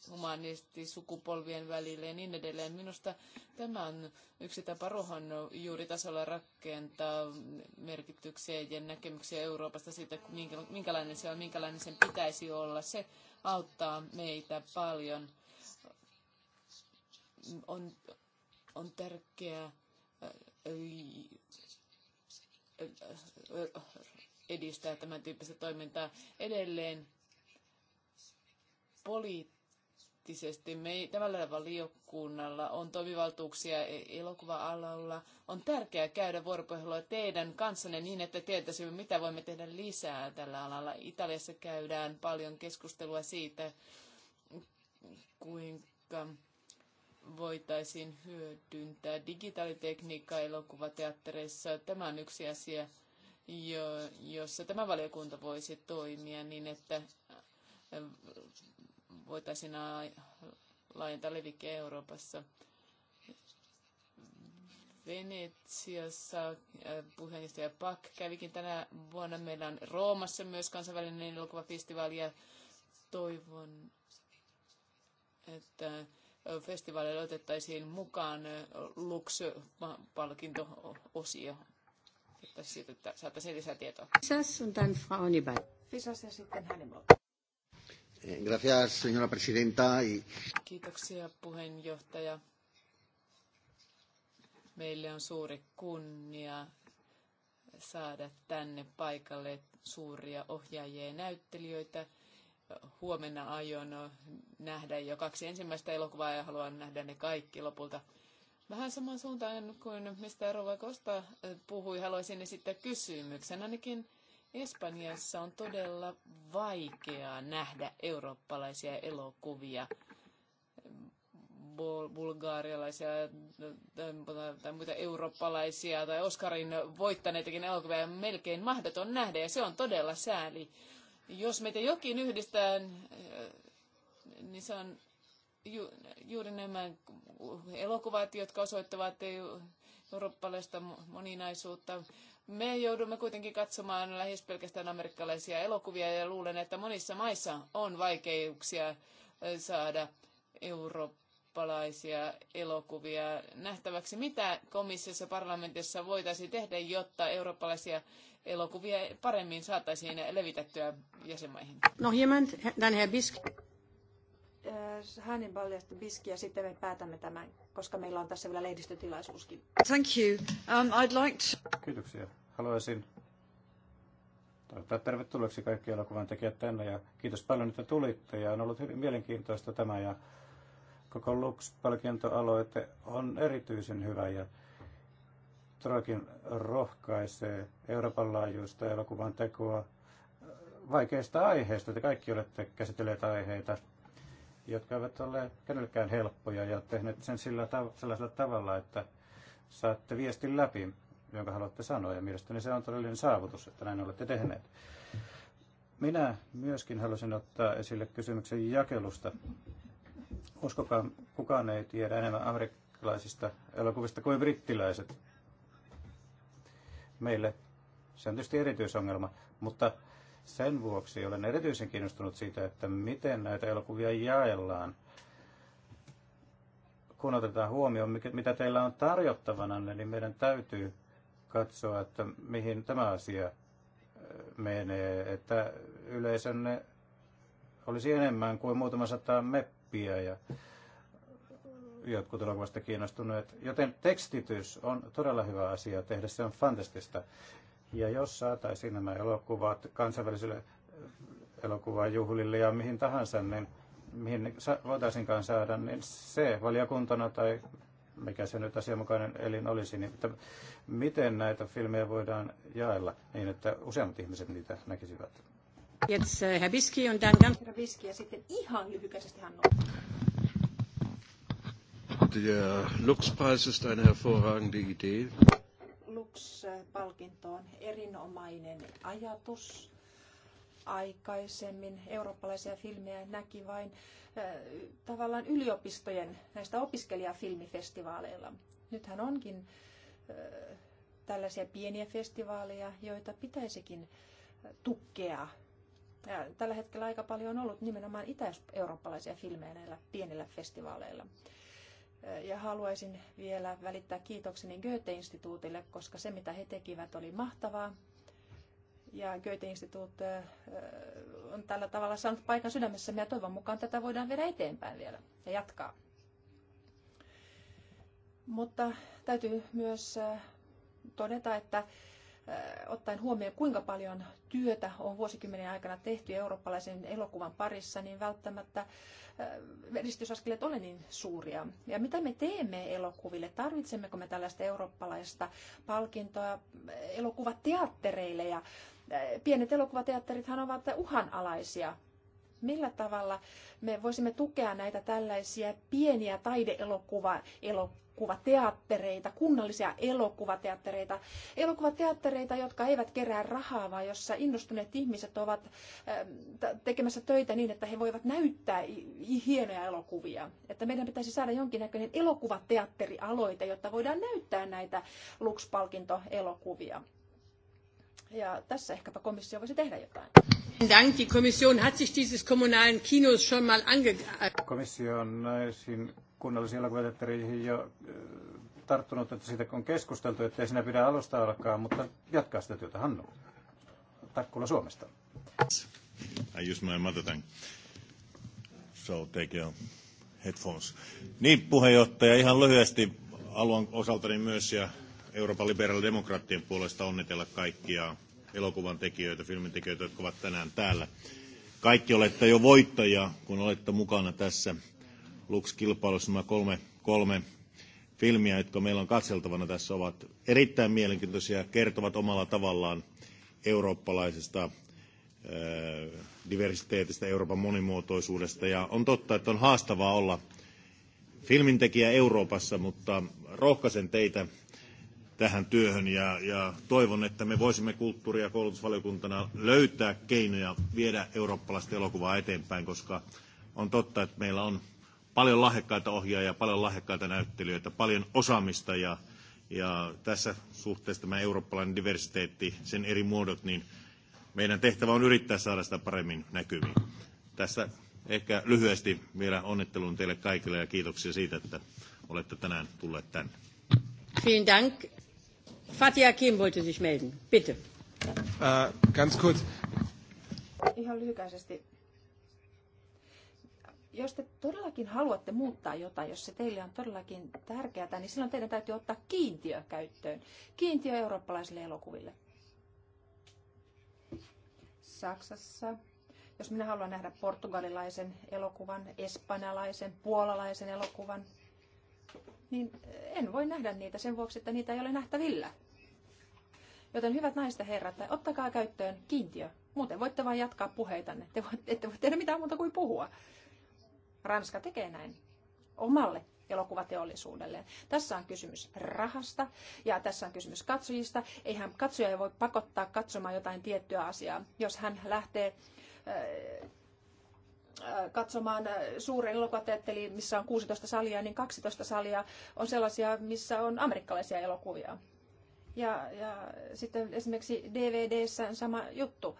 humanisesti, sukupolvien välille ja niin edelleen. Minusta tämä on yksi tapa tasolla rakentaa merkityksiä ja näkemyksiä Euroopasta siitä, minkälainen se on, minkälainen sen pitäisi olla. Se auttaa meitä paljon. On, on tärkeää edistää tämän tyyppistä toimintaa edelleen poliittisesti. Me, tällä valiokunnalla on toimivaltuuksia e- elokuva-alalla. On tärkeää käydä vuoropuhelua teidän kanssanne niin, että tietäisimme, mitä voimme tehdä lisää tällä alalla. Italiassa käydään paljon keskustelua siitä, kuinka voitaisiin hyödyntää digitaalitekniikkaa elokuvateattereissa. Tämä on yksi asia, jo, jossa tämä valiokunta voisi toimia niin, että voitaisiin laajentaa levikkiä Euroopassa. Venetsiassa äh, puheenjohtaja Pak kävikin tänä vuonna. Meillä on Roomassa myös kansainvälinen elokuvafestivaali ja toivon, että festivaaleille otettaisiin mukaan Lux-palkinto-osio, jotta siitä saataisiin lisätietoa. Fisas ja sitten Hannibal. Eh, gracias, señora presidenta. Kiitoksia, puheenjohtaja. Meille on suuri kunnia saada tänne paikalle suuria ohjaajia ja näyttelijöitä – huomenna aion nähdä jo kaksi ensimmäistä elokuvaa ja haluan nähdä ne kaikki lopulta. Vähän saman suuntaan kuin mistä Rova Kosta äh, puhui, haluaisin esittää kysymyksen. Ainakin Espanjassa on todella vaikeaa nähdä eurooppalaisia elokuvia, bulgaarialaisia äh, tai muita eurooppalaisia tai Oscarin voittaneitakin elokuvia on melkein mahdoton nähdä ja se on todella sääli. Jos meitä jokin yhdistää, eh, niin se on ju, juuri nämä elokuvat, jotka osoittavat eurooppalaista moninaisuutta. Me joudumme kuitenkin katsomaan lähes pelkästään amerikkalaisia elokuvia ja luulen, että monissa maissa on vaikeuksia eh, saada eurooppalaisia elokuvia nähtäväksi. Mitä komissiossa parlamentissa voitaisiin tehdä, jotta eurooppalaisia elokuvia paremmin saataisiin levitettyä jäsenmaihin. No hieman, Herr Bisk. Hänen paljasta Biski ja sitten me päätämme tämän, koska meillä on tässä vielä lehdistötilaisuuskin. Thank you. Um, I'd like to... Kiitoksia. Haluaisin toivottaa tervetulleeksi kaikki elokuvan tekijät tänne ja kiitos paljon, että tulitte ja on ollut hyvin mielenkiintoista tämä ja koko Lux-palkintoaloite on erityisen hyvä ja todellakin rohkaisee Euroopan laajuista elokuvan tekoa vaikeista aiheista. Te kaikki olette käsitelleet aiheita, jotka eivät ole kenellekään helppoja ja tehneet sen sillä tav- sellaisella tavalla, että saatte viestin läpi, jonka haluatte sanoa. Ja mielestäni se on todellinen saavutus, että näin olette tehneet. Minä myöskin halusin ottaa esille kysymyksen jakelusta. Uskokaa, kukaan ei tiedä enemmän amerikkalaisista elokuvista kuin brittiläiset meille. Se on tietysti erityisongelma, mutta sen vuoksi olen erityisen kiinnostunut siitä, että miten näitä elokuvia jaellaan. Kun otetaan huomioon, mitä teillä on tarjottavana, niin meidän täytyy katsoa, että mihin tämä asia menee, että yleisönne olisi enemmän kuin muutama sata meppiä ja jotkut elokuvasta kiinnostuneet. Joten tekstitys on todella hyvä asia tehdä, se on fantastista. Ja jos saataisiin nämä elokuvat kansainvälisille eh, elokuvajuhlille ja mihin tahansa, niin mihin voitaisinkaan saada, niin se valiokuntana tai mikä se nyt asianmukainen elin olisi, niin että miten näitä filmejä voidaan jaella niin, että useammat ihmiset niitä näkisivät. Jetzt eh, Herr Biski und dann... Herr Biski ja sitten ihan lyhykäisesti hän on. Der Lux-Preis ist eine hervorragende Idee. Lux-palkinto on erinomainen ajatus. Aikaisemmin eurooppalaisia filmejä näki vain äh, tavallaan yliopistojen näistä opiskelijafilmifestivaaleilla. Nythän onkin äh, tällaisia pieniä festivaaleja, joita pitäisikin äh, tukea. Ja tällä hetkellä aika paljon on ollut nimenomaan itä-eurooppalaisia filmejä näillä pienillä festivaaleilla. Ja haluaisin vielä välittää kiitokseni Goethe-instituutille, koska se mitä he tekivät oli mahtavaa. Ja Goethe-instituut on tällä tavalla saanut paikan sydämessä ja toivon mukaan tätä voidaan viedä eteenpäin vielä ja jatkaa. Mutta täytyy myös todeta, että ottaen huomioon, kuinka paljon työtä on vuosikymmenen aikana tehty eurooppalaisen elokuvan parissa, niin välttämättä edistysaskeleet ole niin suuria. Ja mitä me teemme elokuville? Tarvitsemmeko me tällaista eurooppalaista palkintoa elokuvateattereille? Ja pienet elokuvateatterithan ovat uhanalaisia millä tavalla me voisimme tukea näitä tällaisia pieniä taideelokuva elokuvateattereita, kunnallisia elokuvateattereita, elokuvateattereita, jotka eivät kerää rahaa, vaan jossa innostuneet ihmiset ovat ähm, tekemässä töitä niin, että he voivat näyttää hienoja elokuvia. Että meidän pitäisi saada jonkinnäköinen elokuvateatterialoite, jotta voidaan näyttää näitä Lux-palkintoelokuvia. Ja tässä ehkäpä komissio voisi tehdä jotain. Dank. Die Kommission hat sich dieses kommunalen Kinos schon mal ange... Komissio on näisiin äh, kunnallisiin elokuvateattereihin äh, tarttunut, että siitä on keskusteltu, että ei siinä pidä alusta alkaa, mutta jatkaa sitä työtä. Hannu Takkula Suomesta. I use my mother tongue. So take your headphones. Niin, puheenjohtaja, ihan lyhyesti haluan osaltani myös ja Euroopan liberaalidemokraattien puolesta onnitella kaikkia elokuvan tekijöitä, filmin tekijöitä, jotka ovat tänään täällä. Kaikki olette jo voittajia, kun olette mukana tässä Lux-kilpailussa. Nämä kolme, kolme filmiä, jotka meillä on katseltavana tässä, ovat erittäin mielenkiintoisia, kertovat omalla tavallaan eurooppalaisesta äh, diversiteetistä, Euroopan monimuotoisuudesta. Ja on totta, että on haastavaa olla filmintekijä Euroopassa, mutta rohkaisen teitä tähän työhön ja, ja toivon, että me voisimme kulttuuri- ja koulutusvaliokuntana löytää keinoja viedä eurooppalaista elokuvaa eteenpäin, koska on totta, että meillä on paljon lahjakkaita ohjaajia, paljon lahjakkaita näyttelijöitä, paljon osaamista ja, ja tässä suhteessa tämä eurooppalainen diversiteetti, sen eri muodot, niin meidän tehtävä on yrittää saada sitä paremmin näkyviin. Tässä ehkä lyhyesti vielä onnittelun teille kaikille ja kiitoksia siitä, että olette tänään tulleet tänne. Vielen Dank. Fatih Akin wollte sich melden. Bitte. Äh, ganz kurz. Ihan lyhykäisesti. Jos te todellakin haluatte muuttaa jotain, jos se teille on todellakin tärkeää, niin silloin teidän täytyy ottaa kiintiö käyttöön. Kiintiö eurooppalaisille elokuville. Saksassa, jos minä haluan nähdä portugalilaisen elokuvan, espanjalaisen, puolalaisen elokuvan, niin en voi nähdä niitä sen vuoksi, että niitä ei ole nähtävillä. Joten hyvät naiset ja herrat, ottakaa käyttöön kiintiö. Muuten voitte vain jatkaa puheitanne. Te voitte, ette voi tehdä mitään muuta kuin puhua. Ranska tekee näin omalle elokuvateollisuudelle. Tässä on kysymys rahasta ja tässä on kysymys katsojista. Eihän katsoja voi pakottaa katsomaan jotain tiettyä asiaa. Jos hän lähtee äh, Äh, katsomaan äh, suuren elokuvateatteriin, missä on 16 salia, niin 12 salia on sellaisia, missä on amerikkalaisia elokuvia. Ja, ja sitten esimerkiksi DVDssä on sama juttu.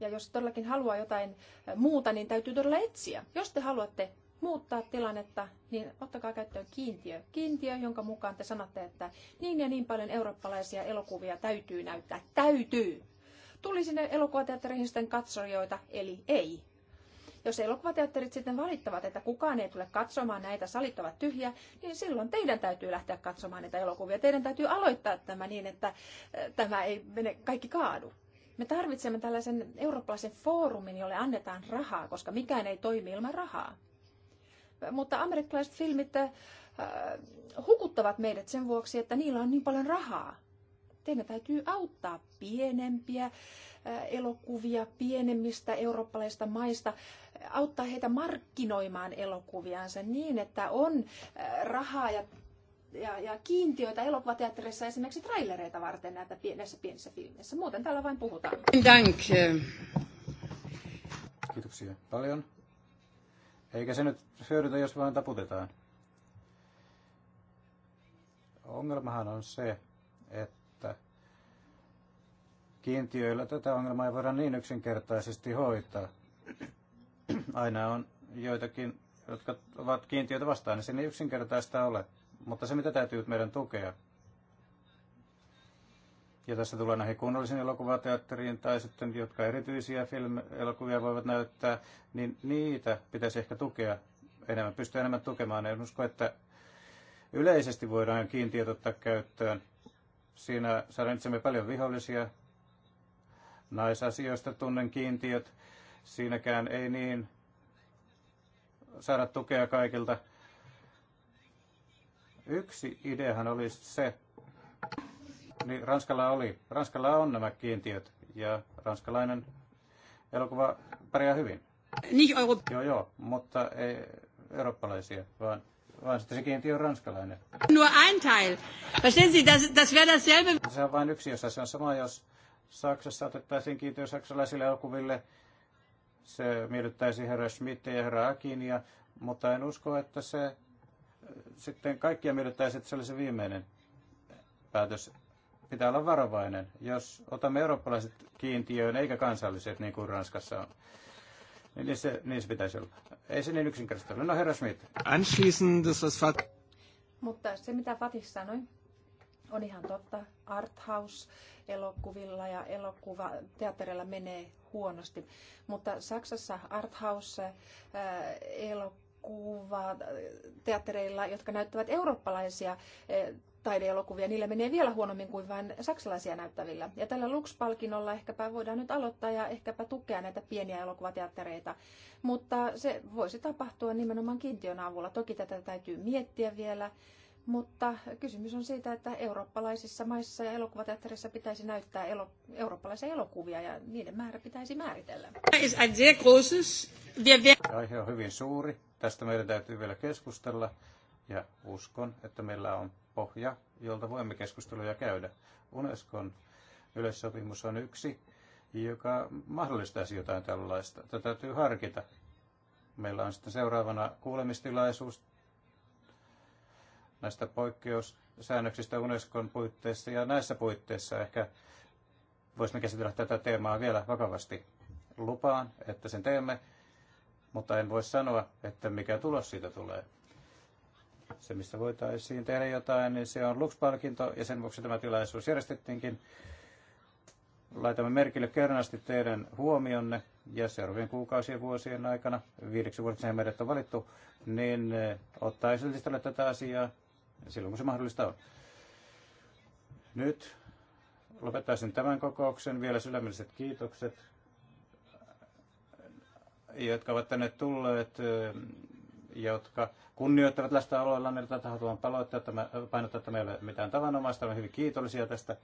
Ja jos todellakin haluaa jotain äh, muuta, niin täytyy todella etsiä. Jos te haluatte muuttaa tilannetta, niin ottakaa käyttöön kiintiö. Kiintiö, jonka mukaan te sanotte, että niin ja niin paljon eurooppalaisia elokuvia täytyy näyttää. Täytyy! Tuli sinne elokuvateatteriin sitten katsojoita, eli ei. Jos elokuvateatterit sitten valittavat, että kukaan ei tule katsomaan näitä, salit ovat tyhjiä, niin silloin teidän täytyy lähteä katsomaan näitä elokuvia. Teidän täytyy aloittaa tämä niin, että tämä ei mene kaikki kaadu. Me tarvitsemme tällaisen eurooppalaisen foorumin, jolle annetaan rahaa, koska mikään ei toimi ilman rahaa. Mutta amerikkalaiset filmit äh, hukuttavat meidät sen vuoksi, että niillä on niin paljon rahaa. Teidän täytyy auttaa pienempiä elokuvia pienemmistä eurooppalaisista maista, auttaa heitä markkinoimaan elokuviansa niin, että on äh, rahaa ja ja, ja kiintiöitä elokuvateatterissa esimerkiksi trailereita varten näitä pienessä pienissä filmeissä. Muuten täällä vain puhutaan. you. Kiitoksia paljon. Eikä se nyt hyödytä, jos vaan taputetaan. Ongelmahan on se, että Kiintiöillä tätä ongelmaa ei voida niin yksinkertaisesti hoitaa. Aina on joitakin, jotka ovat kiintiöitä vastaan, niin se ei yksinkertaista ole. Mutta se, mitä täytyy meidän tukea, ja tässä tulee näihin kunnollisiin elokuvateatteriin tai sitten, jotka erityisiä film-elokuvia voivat näyttää, niin niitä pitäisi ehkä tukea enemmän, pystyä enemmän tukemaan. En usko, että yleisesti voidaan kiintiöt ottaa käyttöön. Siinä saadaan itsemme paljon vihollisia, Naisasioista tunnen kiintiöt. Siinäkään ei niin saada tukea kaikilta. Yksi ideahan oli se, niin Ranskalla oli, Ranskalla on nämä kiintiöt ja ranskalainen elokuva pärjää hyvin. Niin Euro- Joo, joo, mutta ei eurooppalaisia, vaan, vaan sitten se kiintiö on ranskalainen. Nur ein Teil. Verstehen Sie, das, das wäre dasselbe. Se on vain yksi osa, se on sama, jos Saksassa otettaisiin kiintiö saksalaisille elokuville. Se miellyttäisi herra Schmidt ja herra Akinia, mutta en usko, että se äh, sitten kaikkia miellyttäisi, että se olisi viimeinen päätös. Pitää olla varovainen, jos otamme eurooppalaiset kiintiöön eikä kansalliset, niin kuin Ranskassa on. Niin se, niin se pitäisi olla. Ei se niin yksinkertaisesti ole. No herra Schmidt. Fat... Mutta se, mitä Fatih sanoi, on ihan totta. Arthouse elokuvilla ja teatterilla menee huonosti. Mutta Saksassa arthouse äh, elokuva teattereilla, jotka näyttävät eurooppalaisia äh, taideelokuvia, niillä menee vielä huonommin kuin vain saksalaisia näyttävillä. Ja tällä Lux-palkinnolla ehkäpä voidaan nyt aloittaa ja ehkäpä tukea näitä pieniä elokuvateattereita. Mutta se voisi tapahtua nimenomaan kiintiön avulla. Toki tätä täytyy miettiä vielä mutta kysymys on siitä, että eurooppalaisissa maissa ja elokuvateatterissa pitäisi näyttää elo- eurooppalaisia elokuvia ja niiden määrä pitäisi määritellä. Aihe on hyvin suuri. Tästä meidän täytyy vielä keskustella ja uskon, että meillä on pohja, jolta voimme keskusteluja käydä. Unescon yleissopimus on yksi, joka mahdollistaisi jotain tällaista. Tätä täytyy harkita. Meillä on sitten seuraavana kuulemistilaisuus näistä poikkeussäännöksistä Unescon puitteissa ja näissä puitteissa ehkä voisimme käsitellä tätä teemaa vielä vakavasti. Lupaan, että sen teemme, mutta en voi sanoa, että mikä tulos siitä tulee. Se, mistä voitaisiin tehdä jotain, niin se on Lux-palkinto ja sen vuoksi tämä tilaisuus järjestettiinkin. Laitamme merkille kernaasti teidän huomionne ja seuraavien kuukausien vuosien aikana, viideksi vuodeksi meidät on valittu, niin eh, ottaa esille tätä asiaa silloin kun se mahdollista on. Nyt lopettaisin tämän kokouksen. Vielä sydämelliset kiitokset, jotka ovat tänne tulleet, jotka kunnioittavat läsnäoloillaan, että haluan paloittaa, että painottaa, että meillä ei ole mitään tavanomaista. Olen hyvin kiitollisia tästä.